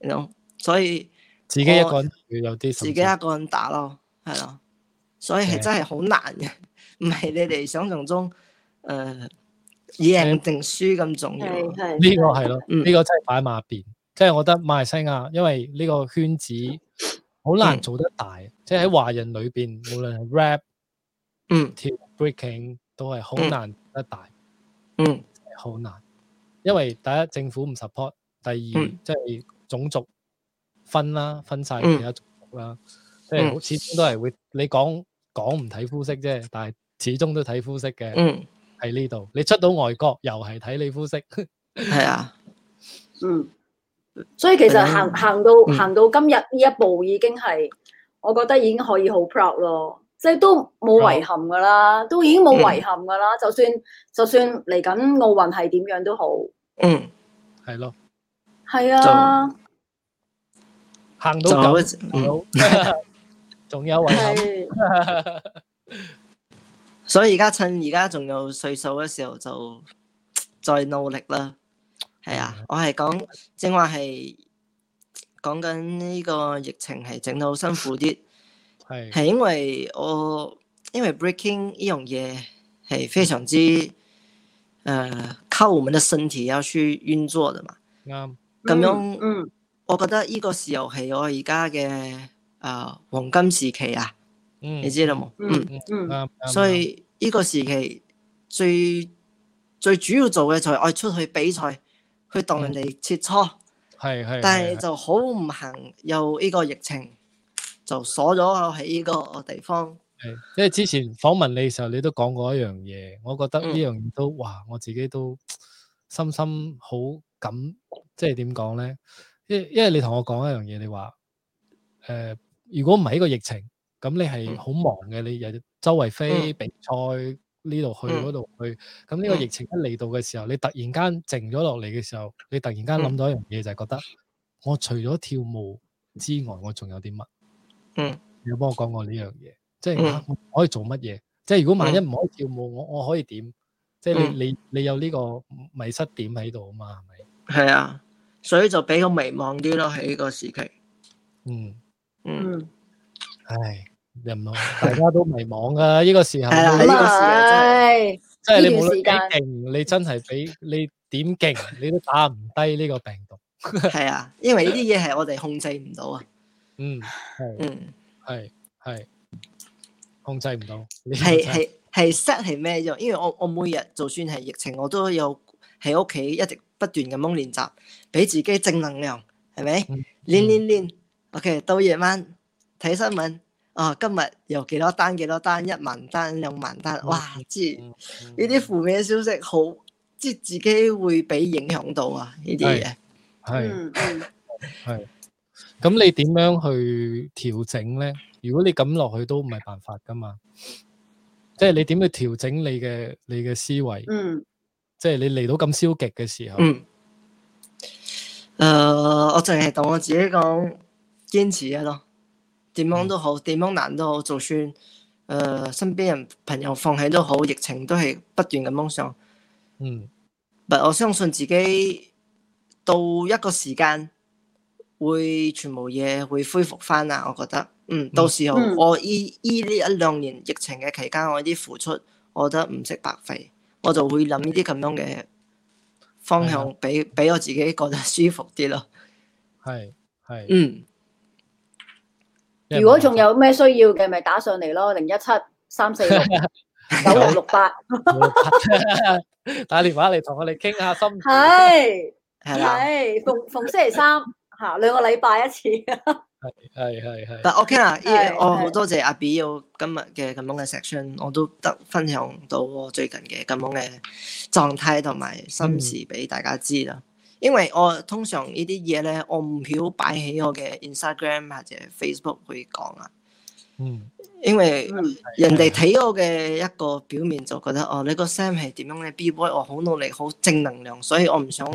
，you know? 所以我自己一個人要我自己一個人打咯，係咯，所以係真係好難嘅，唔係你哋想象中，誒、呃。以贏定輸咁重要，呢、嗯這個係咯，呢、嗯這個真係擺埋一邊。即、嗯、係、就是、我覺得馬來西亞，因為呢個圈子好難做得大，即係喺華人裏邊，無論係 rap 嗯、嗯跳 breaking 都係好難做得大，嗯好、就是、難。因為第一政府唔 support，第二即係、嗯就是、種族分啦，分晒，分其他種族啦，即、嗯、係、就是、始終都係會你講講唔睇膚色啫，但係始終都睇膚色嘅。嗯喺呢度，你出到外國又係睇你膚色，係啊，嗯，所以其實行行到行到今日呢一步，已經係、嗯，我覺得已經可以好 proud 咯，即係都冇遺憾噶啦、嗯，都已經冇遺憾噶啦，就算就算嚟緊奧運係點樣都好，嗯，係咯，係啊，行到九仲、嗯、 有遺憾。 所以而家趁而家仲有歲數嘅時候，就再努力啦。係啊，我係講正話係講緊呢個疫情係整到好辛苦啲。係。係因為我因為 breaking 呢樣嘢係非常之誒、呃、靠我們嘅身體要去運作嘅嘛。啱、嗯。咁樣。我覺得呢個時候係我而家嘅誒黃金時期啊。嗯，你知道冇？嗯嗯，嗯，嗯，所以呢個時期最、嗯、最主要做嘅就係愛出去比賽、嗯，去同人哋切磋。係係，但係就好唔幸，有呢個疫情就鎖咗我喺呢個地方。係，因為之前訪問你嘅時候，你都講過一樣嘢，我覺得呢樣嘢都、嗯、哇，我自己都深深好感，即係點講咧？因因為你同我講一樣嘢，你話誒、呃，如果唔係呢個疫情。咁你係好忙嘅、嗯，你又周圍飛、嗯、比賽呢度去嗰度去，咁呢個疫情一嚟到嘅時、嗯、時候，你突然間靜咗落嚟嘅時候，你突然間諗到一樣嘢，就係覺得、嗯、我除咗跳舞之外，我仲有啲乜？嗯，你有幫我講過呢樣嘢，即、就、係、是、可以做乜嘢、嗯？即係如果萬一唔可以跳舞，我我可以點？即、嗯、係、就是、你你你有呢個迷失點喺度啊嘛？係咪？係啊，所以就比較迷茫啲咯，喺呢個時期。嗯。嗯。唉。唔咯，大家都迷茫噶，呢個時候。係啊，係呢段時間，即係你無論幾勁，你真係俾你點勁，你都打唔低呢個病毒。係啊，因為呢啲嘢係我哋控制唔到啊。嗯，係，嗯，係，係，控制唔到。係係係 set 係咩啫？因為我我每日就算係疫情，我都有喺屋企一直不斷咁練習，俾自己正能量，係咪？練練練，OK，到夜晚睇新聞。啊，今日又幾多單，幾多單，一萬單、兩萬單，哇！即係呢啲負面嘅消息，好即係自己會俾影響到啊！呢啲嘢係，係，咁 你點樣去調整咧？如果你咁落去都唔係辦法噶嘛，即係你點去調整你嘅你嘅思維？嗯，即係你嚟到咁消極嘅時候，誒、嗯呃，我淨係當我自己講堅持嘅咯。點樣都好，點、嗯、樣難都好，就算，誒、呃，身邊人朋友放棄都好，疫情都係不斷咁蒙上。嗯，但係我相信自己，到一個時間，會全部嘢，會恢復翻啦。我覺得，嗯，嗯到時候我依依呢一兩年疫情嘅期間我啲付出，我覺得唔識白費，我就會諗呢啲咁樣嘅方向，俾俾我自己覺得舒服啲咯。係，係，嗯。如果仲有咩需要嘅，咪打上嚟咯，零一七三四六九六六八， 打電話嚟同我哋傾下心事。係係逢逢星期三，下 兩個禮拜一次。係係係係。嗱，OK 啦，我好多謝阿 B 今日嘅咁樣嘅 section，我都得分享到我最近嘅咁樣嘅狀態同埋心事俾、嗯、大家知啦。因為我通常呢啲嘢咧，我唔曉擺喺我嘅 Instagram 或者 Facebook 去講啊。嗯，因為人哋睇我嘅一個表面就覺得哦，你個 Sam 係點樣咧？B-boy，我好努力，好正能量，所以我唔想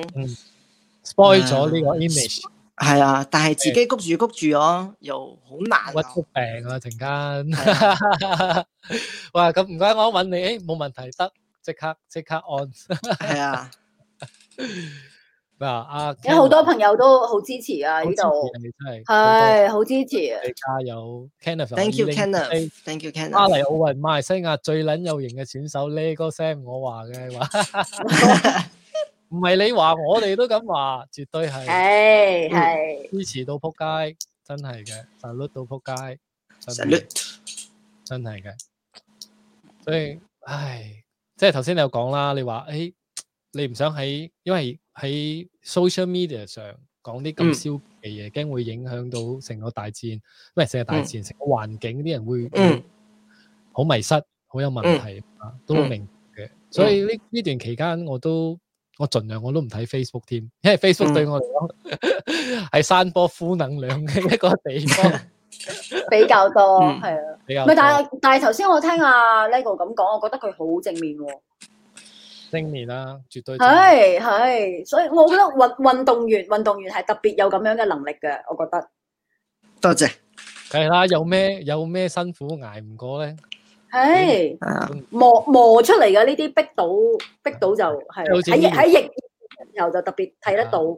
spy 咗呢個 image。係啊，但係自己谷住谷住哦，又好難。屈出病啊！陣間哇，咁唔該，我搵你，冇問題得，即刻即刻按。係啊。啊！有好多朋友都好支持啊！呢度你真係，係好支持啊！加油，Kenneth！Thank you，Kenneth！Thank you，Kenneth！巴黎奧運馬來西亞最撚有型嘅選手，呢個 Sam 我話嘅話，唔係你話，我哋都咁話，絕對係係支持到撲街，真係嘅，salute 到撲街，salute 真係嘅。所以，唉，即係頭先你有講啦，你話，唉。你唔想喺，因為喺 social media 上講啲咁消極嘅嘢，驚、嗯、會影響到成個大戰，唔係成個大戰，成、嗯、個環境啲人會好迷失，好、嗯、有問題，嗯、都明嘅、嗯。所以呢呢段期間，我都我盡量我都唔睇 Facebook 添，因為 Facebook 對我嚟講係散播負能量嘅一個地方比較多，係、嗯、啊，唔係。但係但係頭先我聽阿 Lego 咁講，我覺得佢好正面喎。星爺啦，絕對係係，所以我覺得運運動員運動員係特別有咁樣嘅能力嘅，我覺得。多謝。係啦，有咩有咩辛苦挨唔過咧？係磨磨出嚟嘅呢啲逼到逼到就係喺喺逆境嘅時候就特別睇得到。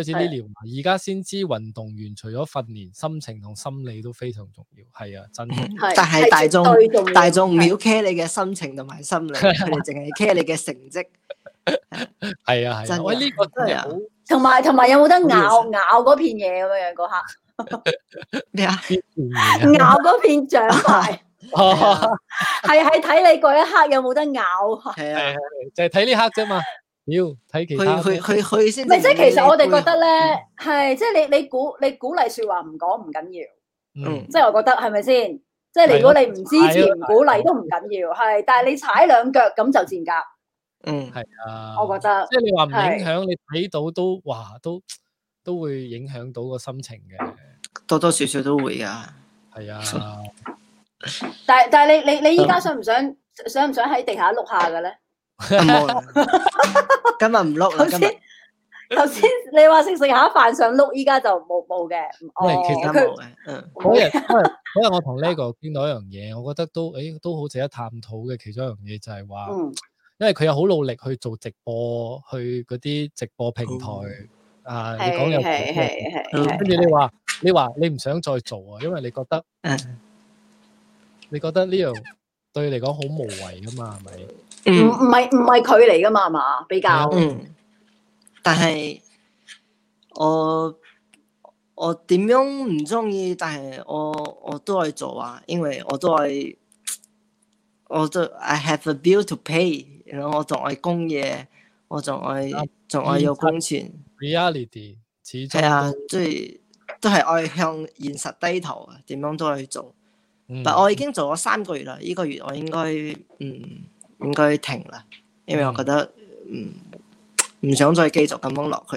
即好似啲聊，而家先知運動員除咗訓練，心情同心理都非常重要。係啊，真係。但係大眾大眾唔會 care 你嘅心情同埋心理，佢哋淨係 care 你嘅成績。係啊，啊，啊，真。我呢、啊這個真係同埋同埋有冇得咬咬嗰片嘢，咁樣樣嗰刻？咩 麼啊？ 咬嗰片獎牌。係係睇你嗰一刻有冇得咬？係啊，就係睇呢刻啫嘛。要睇其他，去去去去先。咪即係其實我哋覺得咧，係即係你你鼓你鼓勵說話唔講唔緊要，嗯，即係我覺得係咪先？即係如果你唔支持唔鼓勵都唔緊要，係，但係你踩兩腳咁就賤格。嗯，係啊，我覺得即係你話唔影響，你睇到都話都都會影響到個心情嘅，多多少少都會噶，係啊。但係但係你你你依家想唔想想唔想喺地下碌下嘅咧？ 今日今日唔碌啦。頭先頭先你話食食下飯想碌，依家就冇冇嘅。哦，他其實冇嘅。嗰日日我同呢個見到一樣嘢，我覺得都誒、哎、都好值得探討嘅。其中一樣嘢就係話、嗯，因為佢又好努力去做直播，去嗰啲直播平台、嗯、啊。係係係係。跟住、嗯、你話、嗯、你話你唔想再做啊？因為你覺得，嗯，你覺得呢樣對你嚟講好無謂噶嘛？係咪？唔唔係唔係佢嚟噶嘛，係嘛？比較。嗯。但係我我點樣唔中意？但係我我都去做啊，因為我都係我都 I have a bill to pay，然後我仲愛供嘢，我仲愛仲愛有工錢。Reality 始終係啊，即係都係愛、啊、向現實低頭啊！點樣都去做、嗯。但我已經做咗三個月啦，呢、呢個月我應該嗯。應該停啦，因為我覺得唔唔、嗯嗯、想再繼續咁樣落去。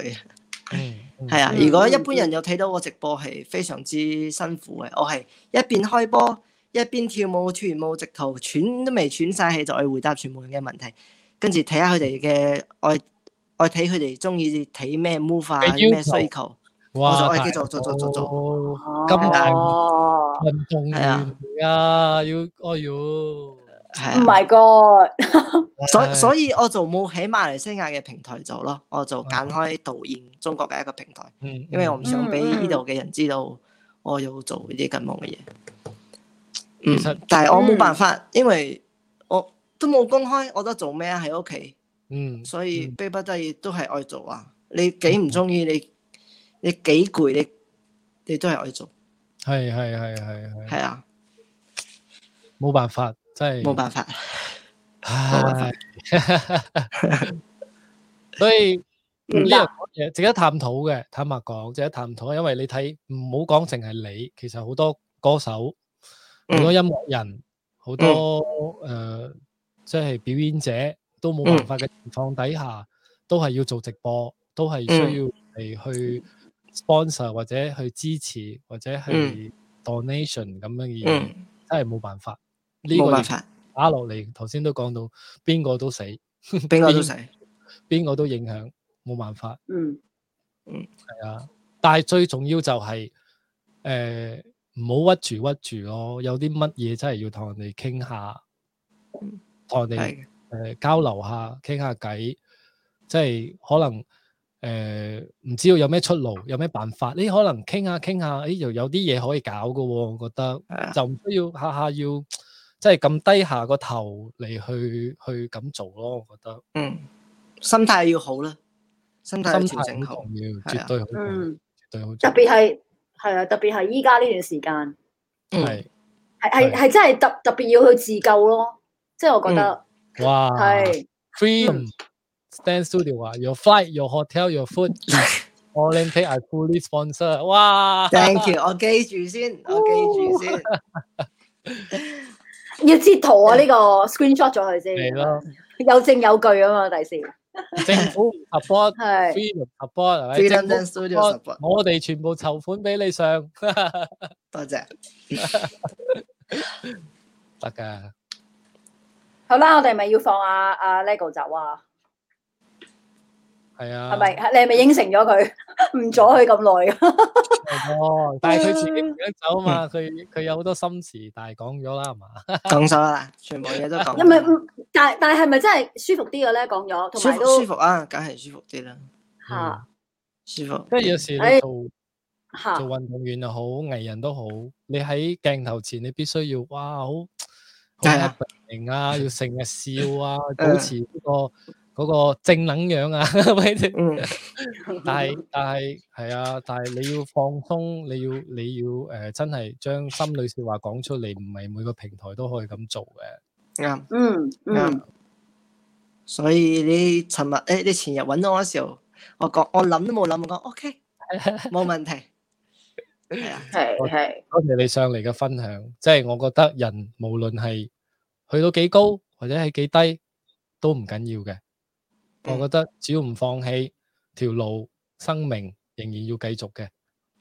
係、嗯、啊，如果一般人有睇到我直播係非常之辛苦嘅，我係一邊開波一邊跳舞，跳完舞直頭喘都未喘晒氣，就去回答全部人嘅問題，跟住睇下佢哋嘅愛愛睇佢哋中意睇咩 move 啊，咩需求。哇！咁大運動員嚟㗎，要哎呦～唔係個，oh、 所以所以我就冇喺馬來西亞嘅平台做咯，我就揀開導演中國嘅一個平台，嗯、因為我唔想俾呢度嘅人知道我要做呢啲咁忙嘅嘢。唔、嗯嗯嗯、但係我冇辦法、嗯，因為我都冇公開，我都做咩啊？喺屋企，嗯，所以迫不得已都係愛做啊！你幾唔中意你，你幾攰，你你都係愛做。係係係係係。係啊，冇辦法。真係冇辦法，冇辦法。 所以呢樣嘢值得探討嘅，坦白講，值得探討。因為你睇唔好講淨係你，其實好多歌手、好、嗯、多音樂人、好多誒，即、嗯、係、呃即係、表演者都冇辦法嘅情況底下，嗯、都係要做直播，都係需要嚟去 sponsor、嗯、或者去支持或者去 donation 咁、嗯、樣嘅嘢。真係冇辦法。呢、這、冇、個、辦法打落嚟，頭先都講到邊個都死，邊個都死，邊個都影響，冇辦法。嗯，嗯，係啊。但係最重要就係誒唔好屈住屈住咯。有啲乜嘢真係要同人哋傾下，同、嗯、人哋誒、呃、交流下，傾下偈。即、就、係、是、可能誒唔、呃、知道有咩出路，有咩辦法？你可能傾下傾下，誒又有啲嘢可以搞嘅喎、哦。我覺得就唔需要下下要。即係咁低下個頭嚟去去咁做咯，我覺得。嗯，心態要好啦，心態要調整好，心態要、啊、絕對好,好,、嗯絕對好。特別係係啊，特別係依家呢段時間，係係係真係特特別要去自救咯，嗯、即係我覺得。哇！係。Freedom、um, stand studio 啊，your flight, your hotel, your food Olympic I fully sponsor 哇 you。 哇！Thank you，我記住先，我記住先。要截圖啊！呢、呢個 Screenshot 咗佢先，係咯，有證有據啊嘛，第時 政府 support 係，studio s u 我哋全部籌款俾你上，多 謝，得㗎。好啦，我哋咪要放阿、啊、阿、啊、LEGO 走啊！係啊，係咪你係咪應承咗佢唔阻佢咁耐噶？哦，但係佢自己唔想走啊嘛，佢佢有好多心事，但係講咗啦，係嘛？講晒啦，全部嘢都講。唔係唔，但係但係，係咪真係舒服啲嘅咧？講咗，同埋都舒服啊，梗係舒服啲啦。吓舒服，即係有時你做做運動員又好，藝人都好，你喺鏡頭前你必須要哇好好和平啊，要成日笑啊，保持呢個。嗰個正能量啊，但係但係係啊，但係你要放鬆，你要你要誒，真係將心裏説話講出嚟，唔係每個平台都可以咁做嘅。啱，嗯，啱。所以你尋日誒，你前日揾我嗰時候，我講我諗都冇諗過，我講 OK，冇問題。係啊，係，多謝你上嚟嘅分享。即係我覺得人無論係去到幾高或者係幾低，都唔緊要嘅。我覺得只要唔放棄，條路、生命仍然要繼續嘅，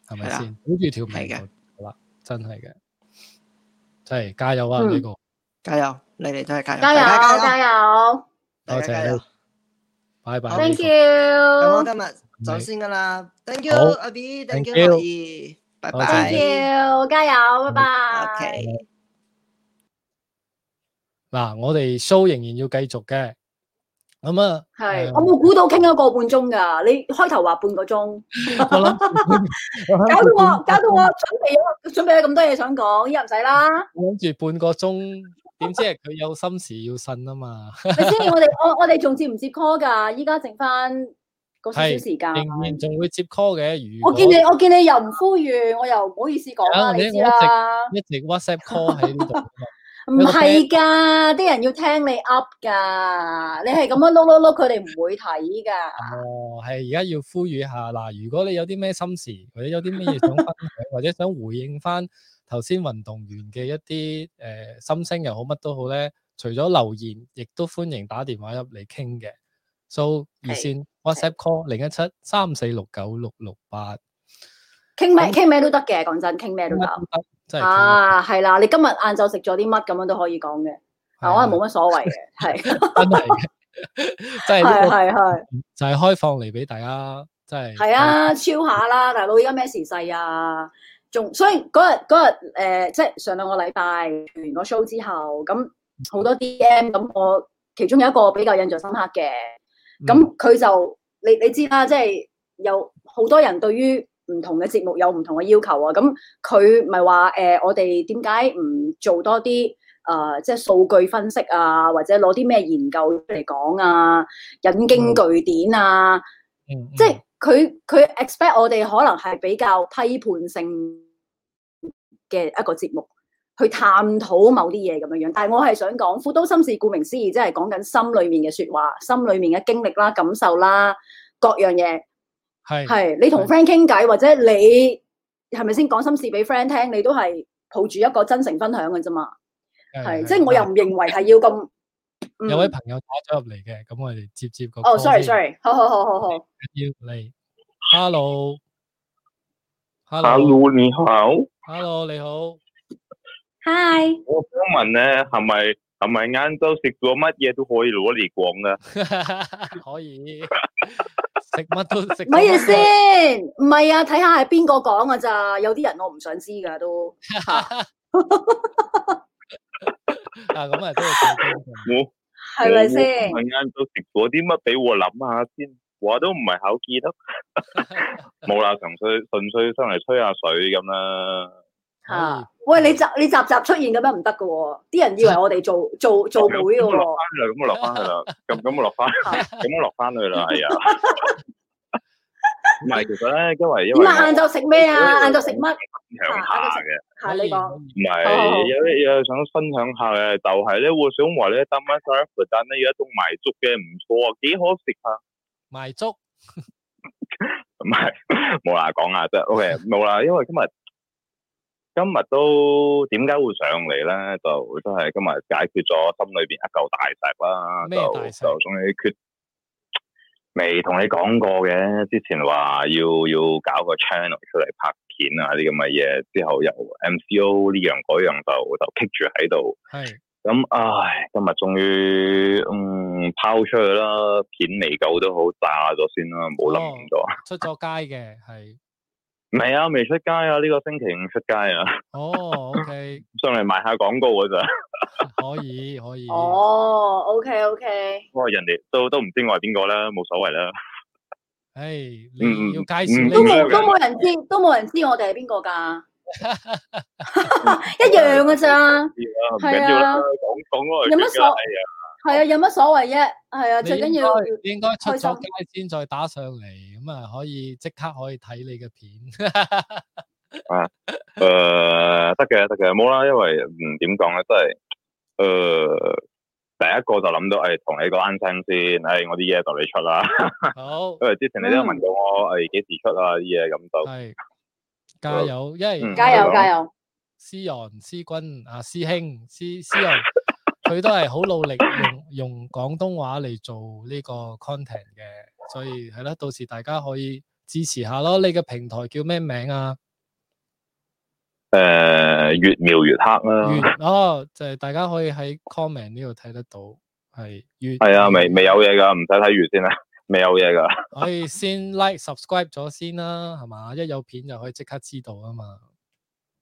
係咪先？保住條命，好啦，真係嘅，真係加油啊！呢個加油，你哋都係加油，加油，加油！多謝，拜拜。Thank you。咁我今日走先噶啦。Thank you，阿 B，Thank you，阿 B，拜拜。Thank you，加油，拜拜。OK。嗱，我哋 show 仍然要繼續嘅。咁啊，係我冇估到傾咗個半鐘噶，你開頭話半個鐘， 搞到我搞到我準備咗準備咁多嘢想講，依家唔使啦。諗住半個鐘，點知係佢有心事要呻啊嘛？ 你知唔知我哋我我哋仲接唔接 call 噶？依家剩翻個少少時間，仍然仲會接 call 嘅。我見你我見你又唔呼籲，我又唔好意思講啦，你知啦。一直 WhatsApp call 喺呢度。 唔係噶，啲人要聽你 up 噶，你係咁樣碌碌碌，佢哋唔會睇噶。哦，係而家要呼籲下嗱，如果你有啲咩心事，或者有啲咩嘢想分享， 或者想回應翻頭先運動員嘅一啲誒、呃、心聲又好乜都好咧，除咗留言，亦都歡迎打電話入嚟傾嘅。So 熱線 WhatsApp call 零一七三四六九六六八。傾咩傾咩都得嘅，講真，傾咩都得。啊，係啦，你今日晏晝食咗啲乜咁樣都可以講嘅，啊，我係冇乜所謂嘅，係 ，真係、這個，真係，係係係就係、是、開放嚟俾大家，即係。係、嗯、啊，超下啦，大佬，而家咩時勢啊？仲所以嗰日嗰日誒，即係上兩個禮拜完個 show 之後，咁好多 DM，咁我其中有一個比較印象深刻嘅，咁佢就你你知啦，即係有好多人對於。唔同嘅節目有唔同嘅要求啊，咁佢咪係話誒，我哋點解唔做多啲誒、呃，即係數據分析啊，或者攞啲咩研究嚟講啊，引經據典啊，嗯嗯、即係佢佢 expect 我哋可能係比較批判性嘅一個節目，去探討某啲嘢咁樣樣。但係我係想講《苦都心事》，顧名思義，即係講緊心裏面嘅說話，心裏面嘅經歷啦、感受啦，各樣嘢。係，你同 friend 傾偈，或者你係咪先講心事俾 friend 聽，你都係抱住一個真誠分享嘅啫嘛。係，即係我又唔認為係要咁。有位朋友打咗入嚟嘅，咁我哋接接個。哦，sorry，sorry，好好好好好。要嚟，hello，hello，你好，hello，你好，hi。我想問咧，係咪？係咪晏晝食咗乜嘢都可以攞嚟講噶？可以食乜都食乜嘢先？唔係啊，睇下係邊個講噶咋？有啲人我唔想知噶都。啊咁啊，都係咁樣。係咪先？係晏晝食咗啲乜俾我諗下先？我都唔係好記得。冇啦，純粹純粹出嚟吹下水咁啦。啊！喂，你集你集集出現咁樣唔得噶，啲人以為我哋做做做會喎。落翻啦，咁我落翻去啦。咁咁我落翻，咁我落翻去啦。係啊。唔係、啊 啊 啊啊，其實咧，今日因為晏晝食咩啊？晏晝食乜？強、嗯、下嘅。係你講。唔、嗯、係、嗯，有啲嘢想分享下嘅，就係、是、咧，我想話咧得 a m a 但係咧有一種米粥嘅，唔錯，幾好食啊。米粥。唔 係， 冇啦，講下啫。OK，冇啦，因為今日。今日都點解會上嚟咧？就真係今日解決咗心裏邊一嚿大石啦。就就終於決未同你講過嘅，之前話要要搞個 channel 出嚟拍片啊啲咁嘅嘢，之後由 MCO 呢樣嗰樣就就 kick 住喺度。係咁、嗯、唉，今日終於嗯拋出去啦，片未夠都好炸咗先啦，冇諗咁多。哦、出咗街嘅係。未啊，未出街啊！呢、這個星期五出街啊！哦、oh,，OK， 上嚟賣下廣告噶咋 可以可以。哦、oh,，OK OK。都不過人哋都都唔知我係邊個啦，冇所謂啦。唉、hey,，嗯，要介紹都冇都冇人知，都冇人知我哋係邊個噶， 一樣噶而咋？係 啊。講講，有乜所謂啊？係啊，有乜所謂啫？係啊，最緊要應該出咗街先再打上嚟，咁啊可以即刻可以睇你嘅片 啊。誒、呃，得嘅，得嘅，冇啦。因為唔點講咧，即係誒，第一個就諗到係同、哎、你講聲先，誒、哎，我啲嘢就你出啦。 好，因為之前你都問到我，係、嗯、幾時出啊？啲嘢咁就係加油，一係加油加油。思、嗯、揚、思君、啊，師兄、師師揚。 佢都係好努力用用廣東話嚟做呢個 content 嘅，所以係啦，到時大家可以支持下咯。你嘅平台叫咩名啊？誒、呃，越描越黑啦、啊！哦，就係、是、大家可以喺 comment 呢度睇得到，係越係啊，未未有嘢㗎，唔使睇完先啦，未有嘢㗎。可以先 like subscribe 咗先啦、啊，係嘛？一有片就可以即刻知道啊嘛。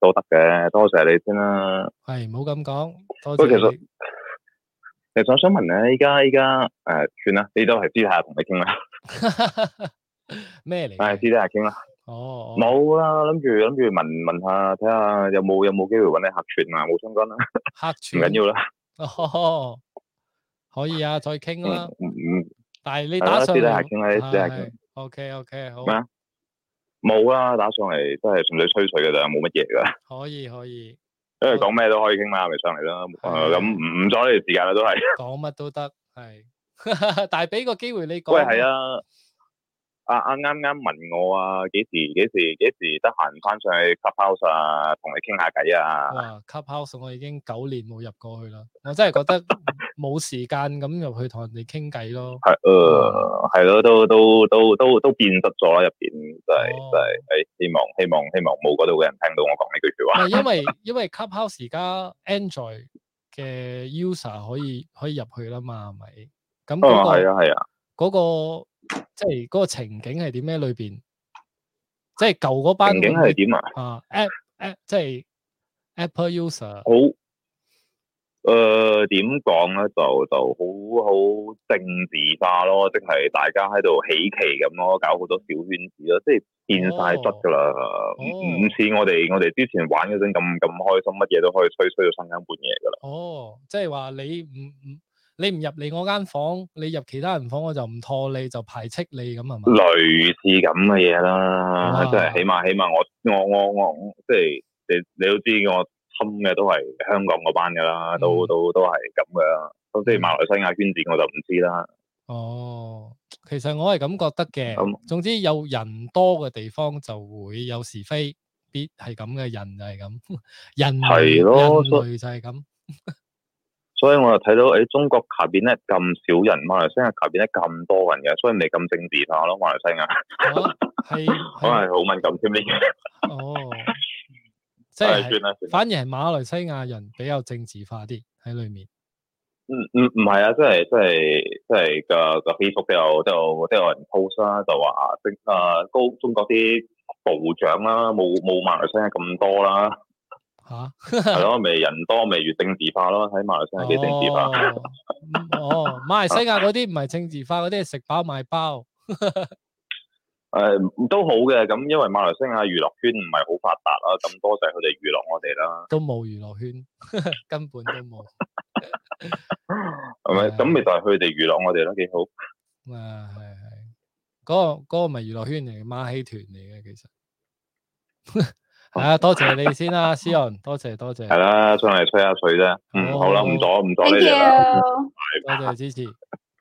都得嘅，多謝你先啦。係，唔好咁講。多謝其實，其實我想問咧，依家依家誒，算啦，你都係私底下同你傾啦。咩嚟？係私底下傾啦。哦。冇啦，諗住諗住問問下，睇下有冇有冇機會搵你客串啊？冇相干啦。客串唔緊要啦。哦。可以啊，再傾啦。嗯嗯。但係你打算私底下傾啦，係。OK，OK，好。冇啦，打上嚟真係純粹吹水嘅咋，冇乜嘢噶。可以可以，因為講咩都可以傾啦，咪上嚟啦。誒，咁唔唔阻你時間啦，都係講乜都得，係。但係俾個機會你講。喂，係啊。啊！啱啱問我啊，幾時幾時幾時得閒翻上去 Clubhouse 啊，同你傾下偈啊！啊，Clubhouse 我已經九年冇入過去啦， 我真係覺得冇時間咁入去同人哋傾偈咯。係誒，係、哦、咯，都都都都都，都變得咗入邊，就係就係誒，希望希望希望冇嗰度嘅人聽到我講呢句說話。因為 因為 Clubhouse 而家 Android 嘅 user 可以可以入去啦嘛，係咪？咁、那個、哦，係啊，係啊，嗰個。即係嗰個情景係點咧？裏邊即係舊嗰班，情景係點啊？啊，App App，即係 Apple User。好，誒，點講咧？就就好好政治化咯，即係大家喺度喜氣咁咯，搞好多小圈子咯，即係變晒質噶啦，唔唔似我哋我哋之前玩嗰陣咁咁開心，乜嘢都可以吹，吹到三更半夜噶啦。哦，即係話你唔唔？你唔入嚟我間房，你入其他人房，我就唔妥你，就排斥你咁係嘛？類似咁嘅嘢啦，即係起碼起碼我我我我即係你你都知我親嘅都係香港嗰班噶啦，都都都係咁噶啦，即係馬來西亞圈子我就唔知啦。哦，其實我係咁覺得嘅。咁、嗯、總之有人多嘅地方就會有是非，必係咁嘅人就係咁人係咯，人類就係咁。 所以我就睇到，誒中國下邊咧咁少人，馬來西亞下邊咧咁多人嘅，所以咪咁政治化咯，馬來西亞，我係可能好敏感添嘅。哦，即係算啦，反而係馬來西亞人比較政治化啲喺裏面。唔唔唔係啊，即係即係即係個個 Facebook 都有，都有即係有人 post 啦，就話政啊高中國啲部長啦，冇冇馬來西亞咁多啦。吓，係 咯，咪人多咪越政治化咯？睇馬來西亞幾政治化。哦， 哦，馬來西亞嗰啲唔係政治化，嗰啲係食飽賣包。誒、 哎，都好嘅，咁因為馬來西亞娛樂圈唔係好發達啦，咁多謝佢哋娛樂我哋啦。都冇娛樂圈，根本都冇。係 咪？咁咪就係佢哋娛樂我哋啦，幾好。啊、哎，係係，嗰、那個嗰、那個唔係娛樂圈嚟，馬戲團嚟嘅其實。 係啊，多謝你先啦，思恒，多謝多謝。係啦，上嚟吹下水啫。嗯，好啦，唔阻唔阻你哋。多謝支持。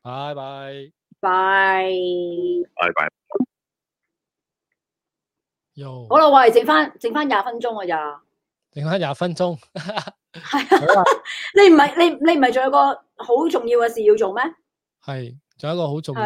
拜拜拜拜拜。好啦，喂，剩翻剩翻廿分鐘啊，咋？剩翻廿分鐘。係。你唔係你你唔係仲有個好重要嘅事要做咩？係，仲有一個好重要。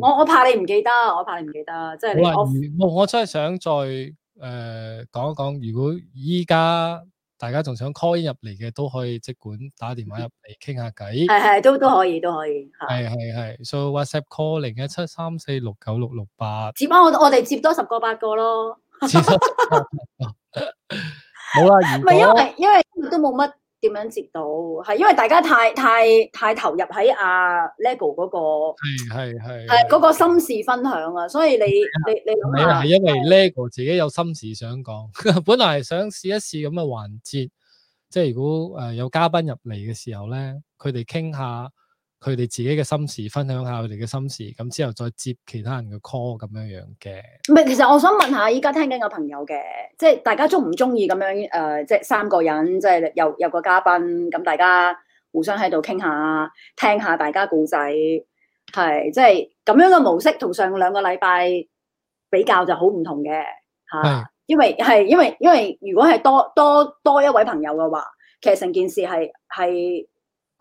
我我怕你唔記得，我怕你唔記得，即係你我我真係想再。誒、呃，講一講，如果依家大家仲想 call in 入嚟嘅，都可以即管打電話入嚟傾下偈。係 係，都都可、嗯、都可以，都可以。係係係，So WhatsApp call 零一七三四六九六六八。只不過，我我哋接多十個八個咯。接多十個八個 冇啦。唔係因為因為都冇乜。點樣接到？係因為大家太太太投入喺阿、啊、Lego 嗰、那個係、啊那個、心事分享啊！所以你你你係因為 Lego 自己有心事想講， 本來係想試一試咁嘅環節，即係如果誒、呃、有嘉賓入嚟嘅時候咧，佢哋傾下。佢哋自己嘅心事，分享下佢哋嘅心事，咁之後再接其他人嘅 call 咁樣樣嘅。唔係，其實我想問下，依家聽緊個朋友嘅、呃，即係大家鍾唔鍾意咁樣誒？即係三個人，即係有有個嘉賓，咁大家互相喺度傾下、聽下大家故仔，係即係咁樣嘅模式，同上兩個禮拜比較就好唔同嘅嚇、啊。因為係因為因為如果係多多多一位朋友嘅話，其實成件事係係。是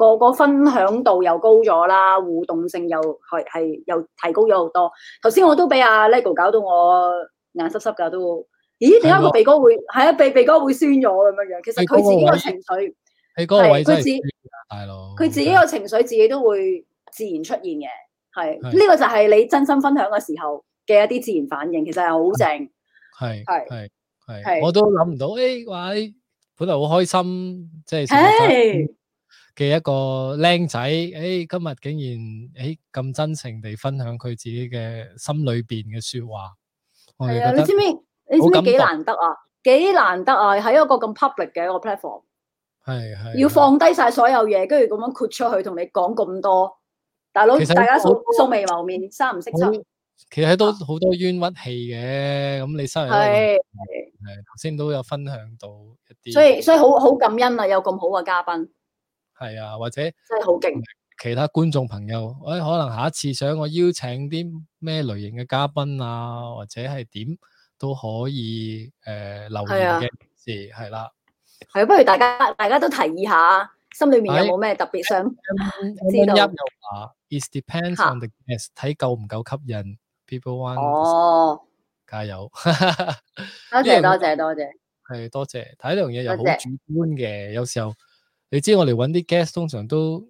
個個分享度又高咗啦，互動性又係係又提高咗好多。頭先我都俾阿 Lego 搞到我眼濕濕噶都，咦點解個鼻哥會係啊鼻鼻哥會酸咗咁樣樣？其實佢自己個情緒、係嗰個位置，佢自己係咯，佢、那個、自己個情緒自己都會自然出現嘅，係呢、呢個就係你真心分享嘅時候嘅一啲自然反應，其實係好正，係係係，我都諗唔到，哎喂，本嚟好開心，即係。嘅一個靚仔，誒、哎、今日竟然誒咁、哎、真誠地分享佢自己嘅心裏邊嘅説話，我哋你知唔知？你知唔知幾難得啊？幾難得啊！喺一個咁 public 嘅一個 platform，係係要放低晒所有嘢，跟住咁樣豁出去同你講咁多，大佬大家素未謀面，三唔識七很，其實都好多冤屈氣嘅。咁、啊、你三人係係頭先都有分享到一啲，所以所以好好感恩啊！有咁好嘅嘉賓。係啊，或者真係好勁。其他觀眾朋友，誒、哎，可能下一次想我邀請啲咩類型嘅嘉賓啊，或者係點都可以誒留言嘅事係啦。係啊，不如大家大家都提議下，心裏面有冇咩特別想知道？啊，It depends on the guest，睇夠唔夠吸引，people want。哦，加油！多謝多謝多謝。係多謝，睇呢樣嘢又好主觀嘅，有時候。你知我哋揾啲 guest 通常都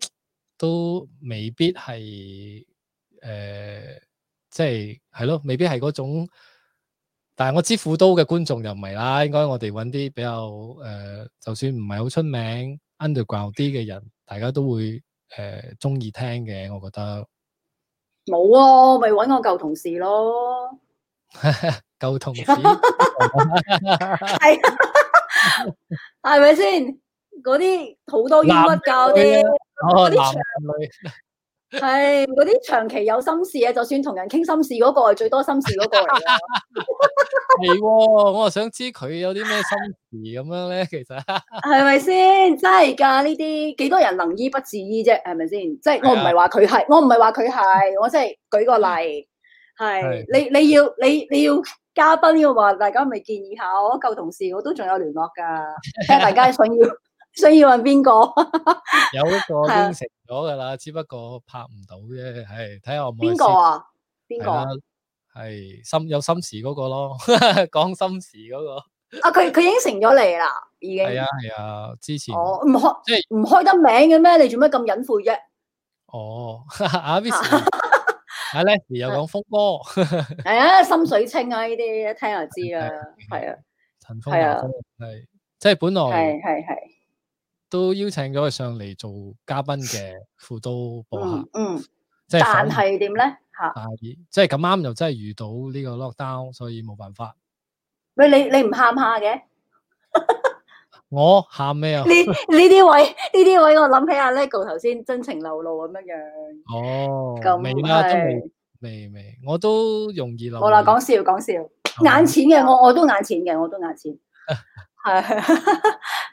都未必係誒、呃，即係係咯，未必係嗰種。但係我知富都嘅觀眾又唔係啦，應該我哋揾啲比較誒、呃，就算唔係好出名 underground 啲嘅人，大家都會誒中意聽嘅，我覺得。冇啊，我咪揾我舊同事咯。舊 同事係咪先？ 是嗰啲好多冤屈教啲，嗰啲長係嗰啲長期有心事嘅，就算同人傾心事嗰個，係最多心事嗰個嚟。係，我啊想知佢有啲咩心事咁樣咧？其實係咪先真係噶？呢啲幾多人能醫不自醫啫？係咪先？即係我唔係話佢係，我唔係話佢係，我即係舉個例，係你你要你你要嘉賓嘅話，大家咪建議下我舊同事，我都仲有聯絡噶，睇下大家想要。需要問邊個？有一個應承咗噶啦，只不過拍唔到啫。係睇下邊個啊？邊個係心有心事嗰個咯？講心事嗰個啊？佢佢應承咗你啦，已經係啊係啊，之前哦唔開即係唔開得名嘅咩？你做咩咁隱晦啫？哦，阿 Vince、阿 Leslie 又講風波，係啊，心水清啊！呢啲一聽就知啦，係啊，陳峰啊，係即係本來係係係。都邀請咗佢上嚟做嘉賓嘅輔導播客，嗯，即係但係點咧？吓？即係咁啱又真係遇到呢個 lock down，所以冇辦法。喂，你你唔喊下嘅？ 我喊咩啊？呢呢啲位呢啲位，我諗起阿 Lego 頭先真情流露咁樣樣。哦，未 啊，都未未我都容易流。好啦，講笑講笑， 眼淺嘅我我都眼淺嘅，我都眼淺，係。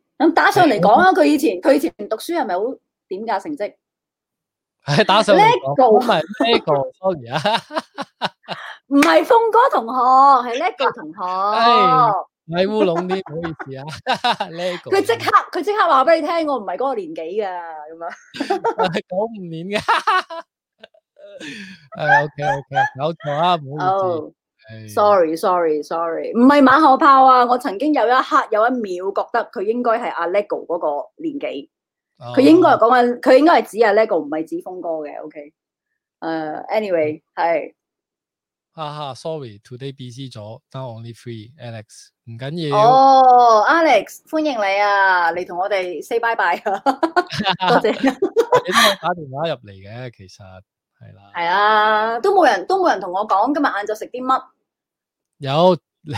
咁打上嚟講啊，佢以前佢以前唔讀書係咪好點噶成績很很？係打上嚟講，唔係 sorry 啊！唔係 風哥同學，係叻哥同學。係、哎、烏龍啲，唔好意思啊。叻哥，佢即刻佢即刻話俾你聽，我唔係嗰個年紀噶咁啊，係九五年嘅。誒，OK OK，搞錯啊，唔好意思。 年 Sorry, sorry, sorry，唔係馬後炮啊！我曾經有一刻有一秒覺得佢應該係阿 Lego 嗰個年紀，佢、oh. 應該係講緊，佢應該係指阿 Lego，唔係指峰哥嘅。OK，誒、uh,，Anyway，係、嗯，哈哈，Sorry，today B C 咗，now only f r e e Alex，唔緊要。哦、oh,，Alex，歡迎你啊！你同我哋 say bye bye，多、啊、謝。 你都打電話入嚟嘅，其實係啦，係啊，都冇人都冇人同我講今日晏晝食啲乜。有你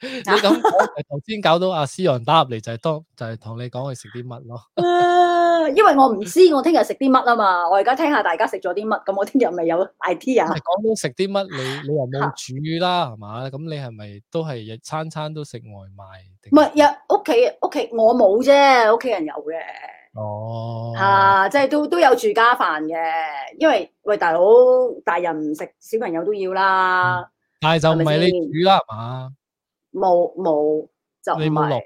你咁頭先搞到阿思洋打入嚟，就係當就係同你講去食啲乜咯。啊，因為我唔知我聽日食啲乜啊嘛，我而家聽下大家食咗啲乜，咁我聽日咪有 idea。講到食啲乜，你你又冇煮啦，係嘛？咁你係咪都係日餐餐都食外賣？定唔係，日屋企屋企我冇啫，屋企人有嘅。哦，吓，即係都都有住家飯嘅，因為喂大佬大人唔食，小朋友都要啦。但係就唔係你煮啦，係嘛？冇冇就冇落。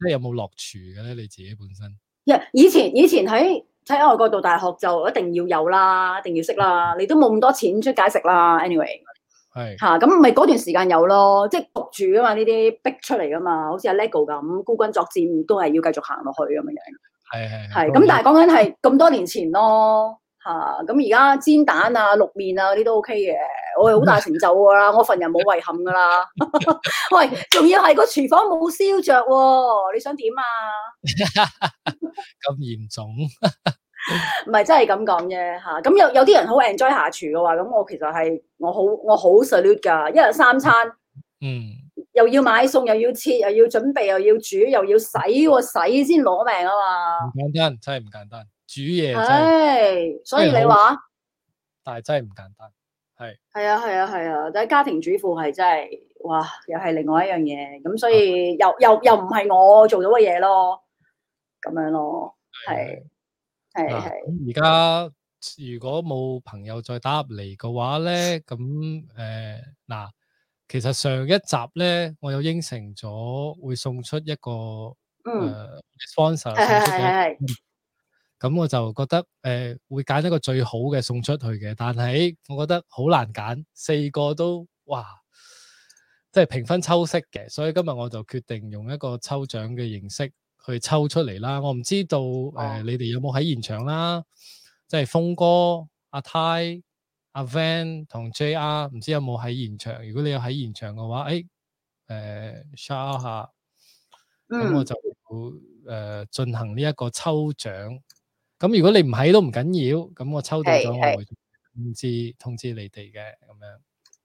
即係有冇落廚嘅咧？你自己本身？一、yeah, 以前以前喺喺外國讀大學就一定要有啦，一定要識啦。你都冇咁多錢出街食啦。Anyway，係吓咁咪嗰段時間有咯，即係焗住吖嘛，呢啲逼出嚟噶嘛，好似阿 Lego 咁孤軍作戰都係要繼續行落去咁嘅樣。係係係咁，但係講緊係咁多年前咯。 吓咁而家煎蛋啊、碌麵啊嗰啲都 OK 嘅，我哋好大成就噶啦， 我份人冇遺憾噶啦。 喂，仲要係個廚房冇燒着，你想點啊？咁 嚴嚴重？唔係真係咁講啫吓，咁、就是啊、有有啲人好 enjoy 下廚嘅話，咁我其實係我好我好 salute 噶，一日三餐，嗯，又要買餸，又要切，又要準備，又要煮，又要洗，哦、洗先攞命啊嘛。唔簡單，真係唔簡單。煮嘢，唉，所以你話，但係真係唔簡單，係。係啊係啊係啊，但係、啊啊啊、家庭主婦係真係，哇，又係另外一樣嘢，咁所以又、啊、又又唔係我做到嘅嘢咯，咁樣咯，係係係。而家、啊、如果冇朋友再打入嚟嘅話咧，咁誒嗱，其實上一集咧，我有應承咗會送出一個，嗯，sponsor，係係係。呃咁我就覺得誒、呃、會揀一個最好嘅送出去嘅，但係我覺得好難揀，四個都哇，即係平分秋色嘅，所以今日我就決定用一個抽獎嘅形式去抽出嚟啦。我唔知道、呃啊、你哋有冇喺現場啦，即係峰哥、阿泰、阿 Van 同 JR，唔知有冇喺現場？如果你有喺現場嘅話，哎，呃 share 下，咁我就誒進、呃、行呢一個抽獎。咁如果你唔喺都唔緊要，咁我抽到咗我會通知通知你哋嘅，咁樣。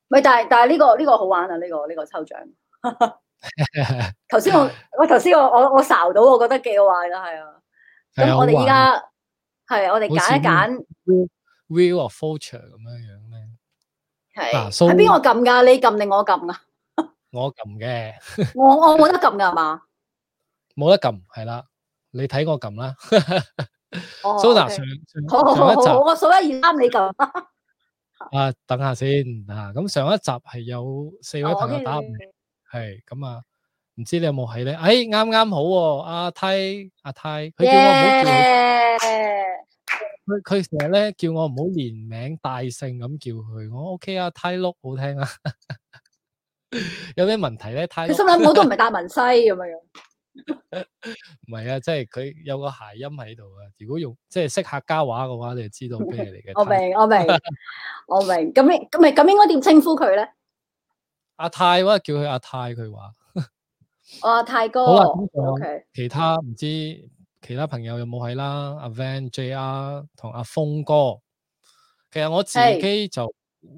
咪但係但係、這、呢個呢、這個好玩啊！呢、這個呢、這個抽獎。頭 先 才我 我頭先我我我睄到，我覺得幾好玩啊，係 啊。咁我哋依家係我哋揀一揀，real or future 咁樣樣咧。係。係邊個撳噶？你撳定我撳啊 按的 我撳嘅。我我冇得撳噶係嘛？冇得撳係啦，你睇我撳啦。 蘇達上上一集，我、oh, 數、okay. 一二啱你就啊，等下先啊。咁上一集係有四位朋友答，係、oh, 咁、okay. 啊，唔知你有冇喺咧？哎，啱啱好阿泰阿泰，佢、啊、叫我唔好叫佢，佢成日咧叫我唔好連名帶姓咁叫佢，我 OK 阿、啊、泰碌好聽啊。 有咩問題咧？泰佢心諗我都唔係達文西咁樣樣。 唔 係啊，即係佢有個諧音喺度啊。如果用即係識客家話嘅話，你就知道咩嚟嘅。我明，我明， 我明，我明。咁應，唔係咁應該點稱呼佢咧？阿泰，我叫佢阿泰，佢話我阿泰哥。好啦，Okay，其他唔知其他朋友有冇喺啦？阿 Van、J.R 同阿峰哥。其實我自己就、hey.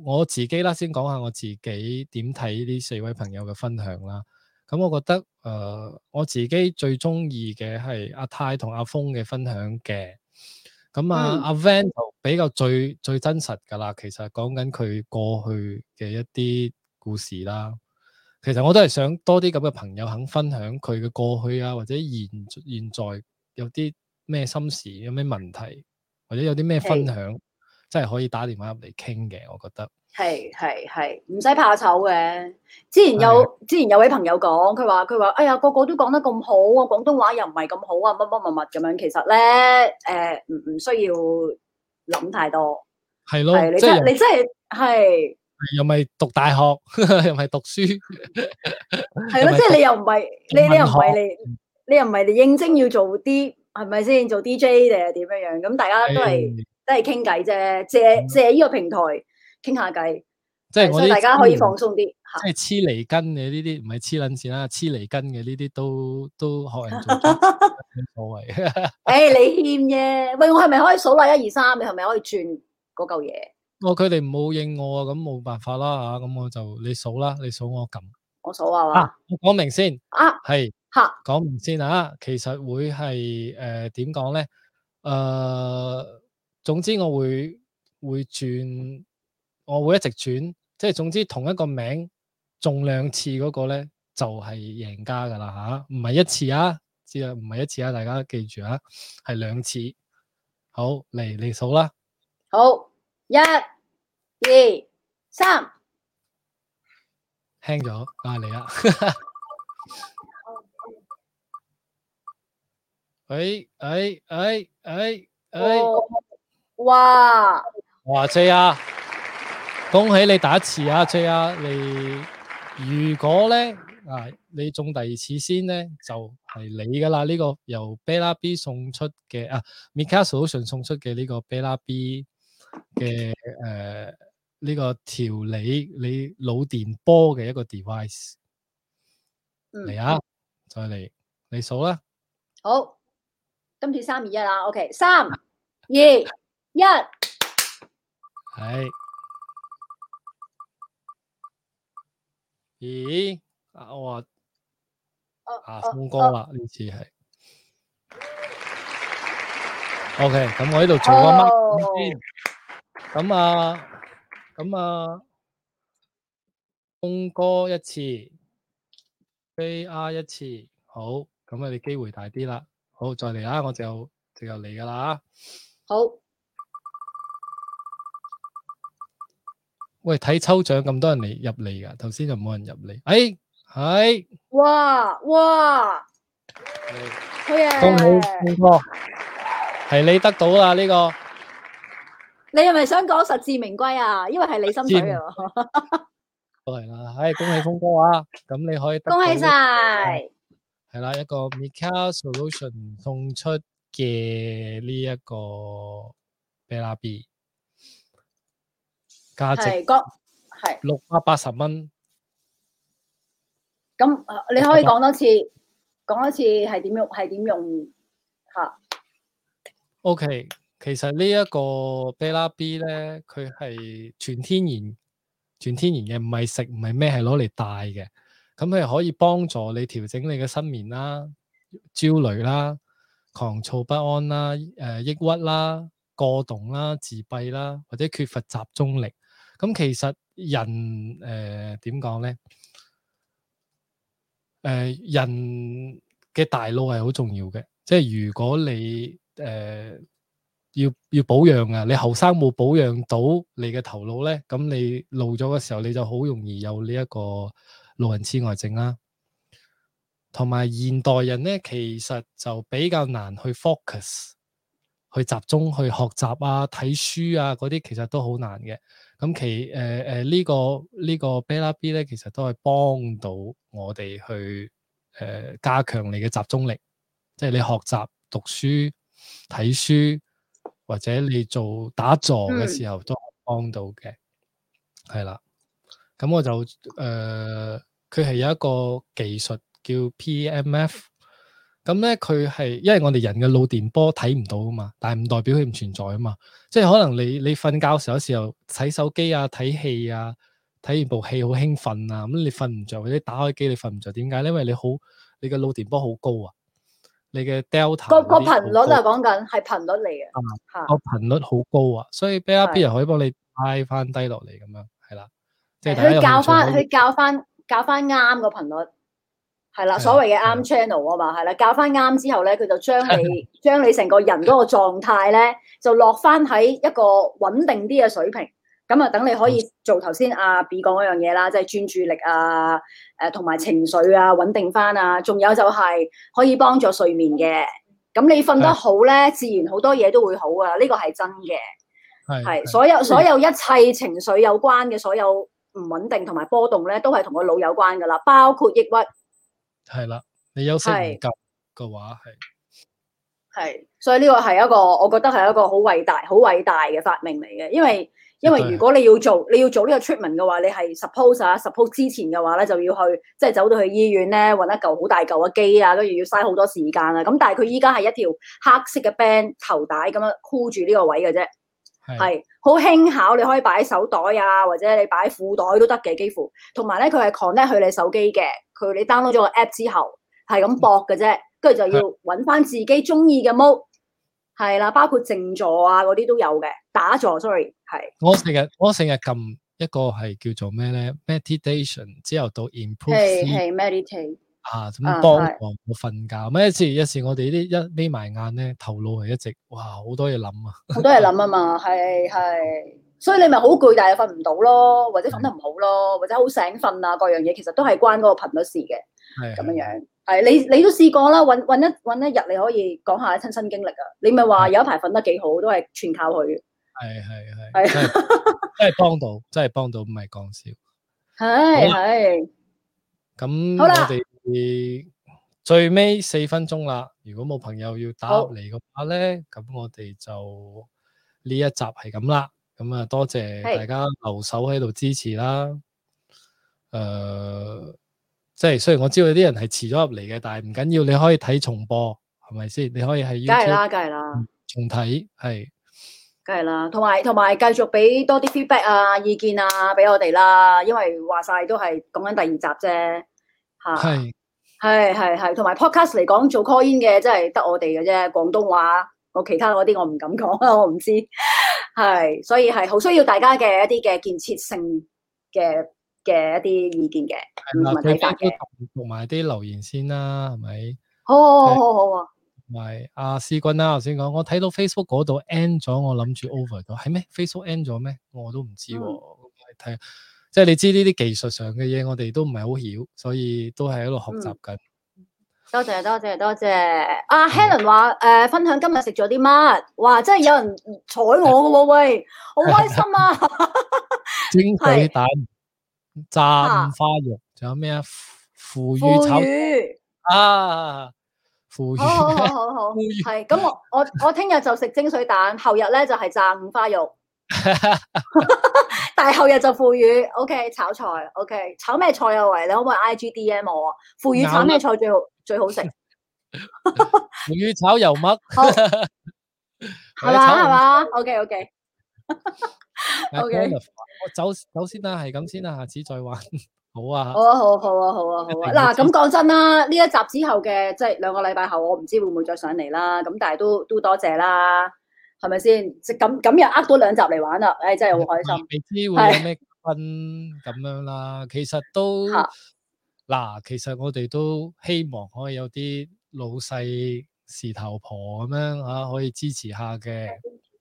我自己啦，先講下我自己點睇呢四位朋友嘅分享啦。咁、嗯，我覺得誒、呃，我自己最鍾意嘅係阿泰同阿峰嘅分享嘅。咁、嗯嗯、啊，阿 Van 就比較最最真實噶啦，其實講緊佢過去嘅一啲故事啦。其實我都係想多啲咁嘅朋友肯分享佢嘅過去啊，或者現現在有啲咩心事、有咩問題，或者有啲咩分享，真係可以打電話入嚟傾嘅。我覺得。係係係，唔使怕醜嘅。之前有之前有位朋友講，佢話佢話：哎呀，個個都講得咁好啊，廣東話又唔係咁好啊，乜乜物物咁樣。其實咧，誒唔唔需要諗太多係咯。係你真你真係係又咪讀大學，又咪讀書係咯。即係你又唔係你你又唔係你你又唔係你應徵要做啲係咪先做 DJ 定係點樣樣？咁大家都係都係傾偈啫，借借呢個平台。傾下偈，即係我哋大家可以放鬆啲，即係黐脷根嘅呢啲，唔係黐撚線啦，黐脷根嘅呢啲都都學人做， 冇所謂。誒、 哎，你欠嘅。喂，我係咪可以數啦？一二三，你係咪可以轉嗰嚿嘢？我佢哋唔好應我啊，咁冇辦法啦吓，咁我就你數啦，你數我撳，我數下。嘛。我講明先，啊，係吓，講、啊啊、明先啊，其實會係誒點講咧？誒、呃呃，總之我會會轉。我會一直轉，即係總之同一個名中兩次嗰個咧就係贏家噶啦吓，唔係一次啊，只係唔係一次啊，大家記住啊，係兩次。好嚟，你數啦。好，一、二、三，輕咗啊嚟啦。哎哎哎哎哎，哇話齋啊！恭喜你第一次啊，朱啊！你如果咧啊，你中第二次先咧，就係、是、你噶啦。呢、這個由 BellaB 送出嘅啊，Mikasa Ocean 送出嘅呢個 BellaB 嘅，誒呢個調理你腦電波嘅一個 device 嚟、嗯、啊！再嚟，你數啦。好，今次三二一啦！OK，三二一。係。咦？啊，啊，啊，啊，啊，啊，啊，啊 okay,、嗯、我話啊峰哥啦呢次係，OK，咁我呢度做個乜先？咁啊咁啊，峰哥一次，A R、啊、一次，好，咁我哋機會大啲啦，啦。好，再嚟啊，我就就又嚟噶啦好。喂，睇抽獎咁多人嚟入嚟噶，頭先就冇人入嚟。哎，係，哇哇，好嘅，恭喜峰哥，係你得到啦呢個。你係咪想講實至名歸啊？因為係你心水嘅。都係啦，哎，恭喜峰哥啊！咁你可以得到。恭喜晒。係啦，一個 Mika Solution 送出嘅呢一個 Bella B。價值係六百八十蚊。咁，你可以講多次，講多次係點用？係點用？吓？O K，其實呢一個 Bella B 咧，佢係全天然、全天然嘅，唔係食，唔係咩，係攞嚟戴嘅。咁佢係可以幫助你調整你嘅失眠啦、焦慮啦、狂躁不安啦、誒、呃、抑鬱啦、過動啦、自閉啦，或者缺乏集中力。咁其實人誒點講咧？誒、呃呃、人嘅大腦係好重要嘅，即係如果你誒、呃、要要保養啊，你後生冇保養到你嘅頭腦咧，咁你老咗嘅時候，你就好容易有呢一個老人癡呆症啦。同埋現代人咧，其實就比較難去 focus，去集中去學習啊、睇書啊嗰啲，其實都好難嘅。咁其誒、呃，這個這個、呢個呢個 Bella B 咧，其實都係幫到我哋去誒、呃、加強你嘅集中力，即、就、係、是、你學習、讀書、睇書或者你做打坐嘅時候都幫到嘅，係、嗯、啦。咁我就誒，佢、呃、係有一個技術叫 PMF。咁咧佢係，因為我哋人嘅腦電波睇唔到啊嘛，但係唔代表佢唔存在啊嘛。即係可能你你瞓覺嘅時候，有時候睇手機啊、睇戲啊，睇完部戲好興奮啊，咁你瞓唔着，或者打開機你瞓唔着，點解咧？因為你好，你嘅腦電波好高啊，你嘅 Delta 個個頻率啊，講緊係頻率嚟嘅，個、啊啊、頻率好高啊，所以 B R B 又可以幫你拉翻低落嚟咁樣，係啦，即係佢教翻，佢教翻，教翻啱個頻率。係啦，所謂嘅啱 channel 啊嘛，係啦，教翻啱之後咧，佢就將你 將你成個人嗰個狀態咧，就落翻喺一個穩定啲嘅水平。咁啊，等你可以做頭先阿 B 講嗰樣嘢啦，即係專注力啊，誒同埋情緒啊，穩定翻啊，仲有就係可以幫助睡眠嘅。咁你瞓得好咧， 自然好多嘢都會好啊，呢個係真嘅。係， 所有所有一切情緒有關嘅所有唔穩定同埋波動咧，都係同個腦有關噶啦，包括抑鬱。係啦，你休息唔夠嘅話係，係，所以呢個係一個，我覺得係一個好偉大、好偉大嘅發明嚟嘅，因為因為如果你要做，你要做呢個 treatment 嘅話，你係 suppose 啊，suppose 之前嘅話咧就要去，即係走到去醫院咧，搵一嚿好大嚿嘅機啊，跟住要嘥好多時間啊，咁但係佢依家係一條黑色嘅 band 頭帶咁樣箍住呢個位嘅啫。係，好輕巧，你可以擺手袋啊，或者你擺喺褲袋都得嘅，幾乎。同埋咧，佢係 connect 去你手機嘅，佢你 download 咗個 app 之後，係咁駁嘅啫，跟住就要搵返自己中意嘅 mode，係啦，包括靜坐啊嗰啲都有嘅，打坐 sorry 係。我成日我成日撳一個係叫做咩咧，meditation 之後到 improve。係、hey, hey, meditate。啊，咁當皇冇瞓覺，咩？每一次，一時我哋呢啲一眯埋眼咧，頭腦係一直哇，好多嘢諗啊！好多嘢諗啊嘛，係係，所以你咪好巨大又瞓唔到咯，或者瞓得唔好咯，或者好醒瞓啊，各樣嘢其實都係關嗰個頻率事嘅，係咁樣樣。係你你都試過啦，搵搵一搵一日，你可以講下親身經歷啊！你咪話有一排瞓得幾好，都係全靠佢。係係係，係真係幫到，真係幫到，唔係講笑。係係，咁好啦。最尾四分鐘啦，如果冇朋友要打嚟嘅話咧，咁我哋就呢一集係咁啦。咁啊，多謝大家留守喺度支持啦。誒、呃，即係雖然我知道有啲人係遲咗入嚟嘅，但係唔緊要，你可以睇重播，係咪先？你可以係，梗係啦，梗係啦，重睇係，梗係啦。同埋同埋，繼續俾多啲 feedback 啊、意見啊，俾我哋啦。因為話晒都係講緊第二集啫，吓。係係係，同埋 podcast 嚟講做 call in 嘅，真係得我哋嘅啫。廣東話，我其他嗰啲我唔敢講啊，我唔知。係，所以係好需要大家嘅一啲嘅建設性嘅嘅一啲意見嘅。係啦，佢都讀埋啲留言先啦，係咪？好、oh，好好好啊。同埋阿思君啦、啊，頭先講我睇到 Facebook 嗰度 end 咗，我諗住 over 咗，係咩？Facebook end 咗咩？我都唔知喎、睇、oh。即係你知呢啲技術上嘅嘢，我哋都唔係好曉，所以都係喺度學習緊、嗯。多謝多謝多謝。阿、啊嗯、Helen 話誒、呃，分享今日食咗啲乜？哇，真係有人睬我噶喎、啊！喂，好開心啊！蒸、啊、 水蛋、炸五花肉，仲有咩啊？腐乳啊，腐乳好好好好好，係 咁我我我聽日就食蒸水蛋，後日咧就係炸五花肉。但 大後日就腐乳，OK，炒菜，OK，炒咩菜啊？喂，你可唔可以 IGDM 我、啊？腐乳炒咩菜最好最好食？腐 乳炒油麥，係嘛係嘛？OK OK OK，我走走先啦，係咁先啦，下次再玩，好啊，好啊，好好啊，好啊，好啊。嗱、啊，咁講、啊啊、真啦，呢一集之後嘅即係兩個禮拜後，我唔知會唔會再上嚟啦。咁但係都都多謝啦。係咪先？咁咁又呃到兩集嚟玩啦！唉、哎，真係好開心。未知會有咩分咁樣啦。其實都嗱，其實我哋都希望可以有啲老細、事頭婆咁樣吓、啊，可以支持下嘅。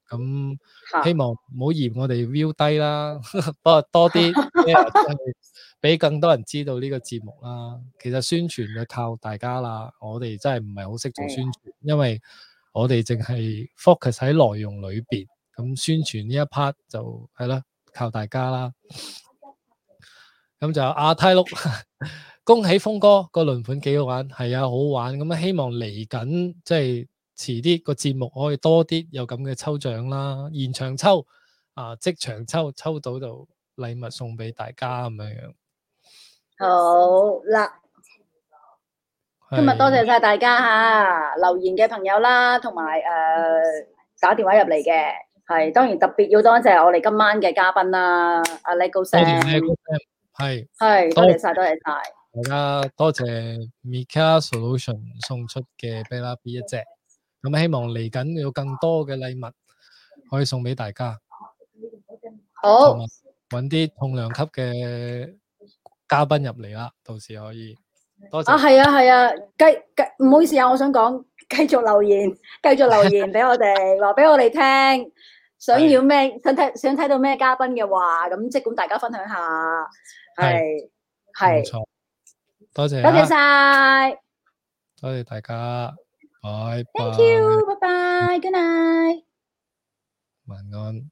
咁希望唔好嫌我哋 view 低啦，不過多啲俾 更多人知道呢個節目啦。其實宣傳就靠大家啦，我哋真係唔係好識做宣傳，因為，我哋淨係 focus 喺內容裏邊，咁宣傳呢一 part 就係啦，靠大家啦。咁就阿、啊、泰祿，恭喜峰哥個輪盤幾好玩，係啊，好玩。咁啊，希望嚟緊即係遲啲個節目可以多啲有咁嘅抽獎啦，現場抽啊，即場抽抽到就禮物送俾大家咁樣樣。好啦。今日多謝晒大家吓，留言嘅朋友啦，同埋誒打電話入嚟嘅係，當然特別要多謝我哋今晚嘅嘉賓啦，阿 Legos 先，係係，多謝晒，多謝晒，大、啊、家多謝 Mika Solution 送出嘅 Bella B 一隻，咁希望嚟緊有更多嘅禮物可以送俾大家，好揾啲重量級嘅嘉賓入嚟啦，到時可以。多謝，啊，係啊，係啊，繼繼唔好意思啊，我想講繼續留言，繼續留言俾我哋，話俾我哋聽，想要咩，想睇想睇到咩嘉賓嘅話，咁即管大家分享下，係係唔錯，多謝多謝晒，多謝大家，拜拜，Thank you，拜拜，Good night，晚安。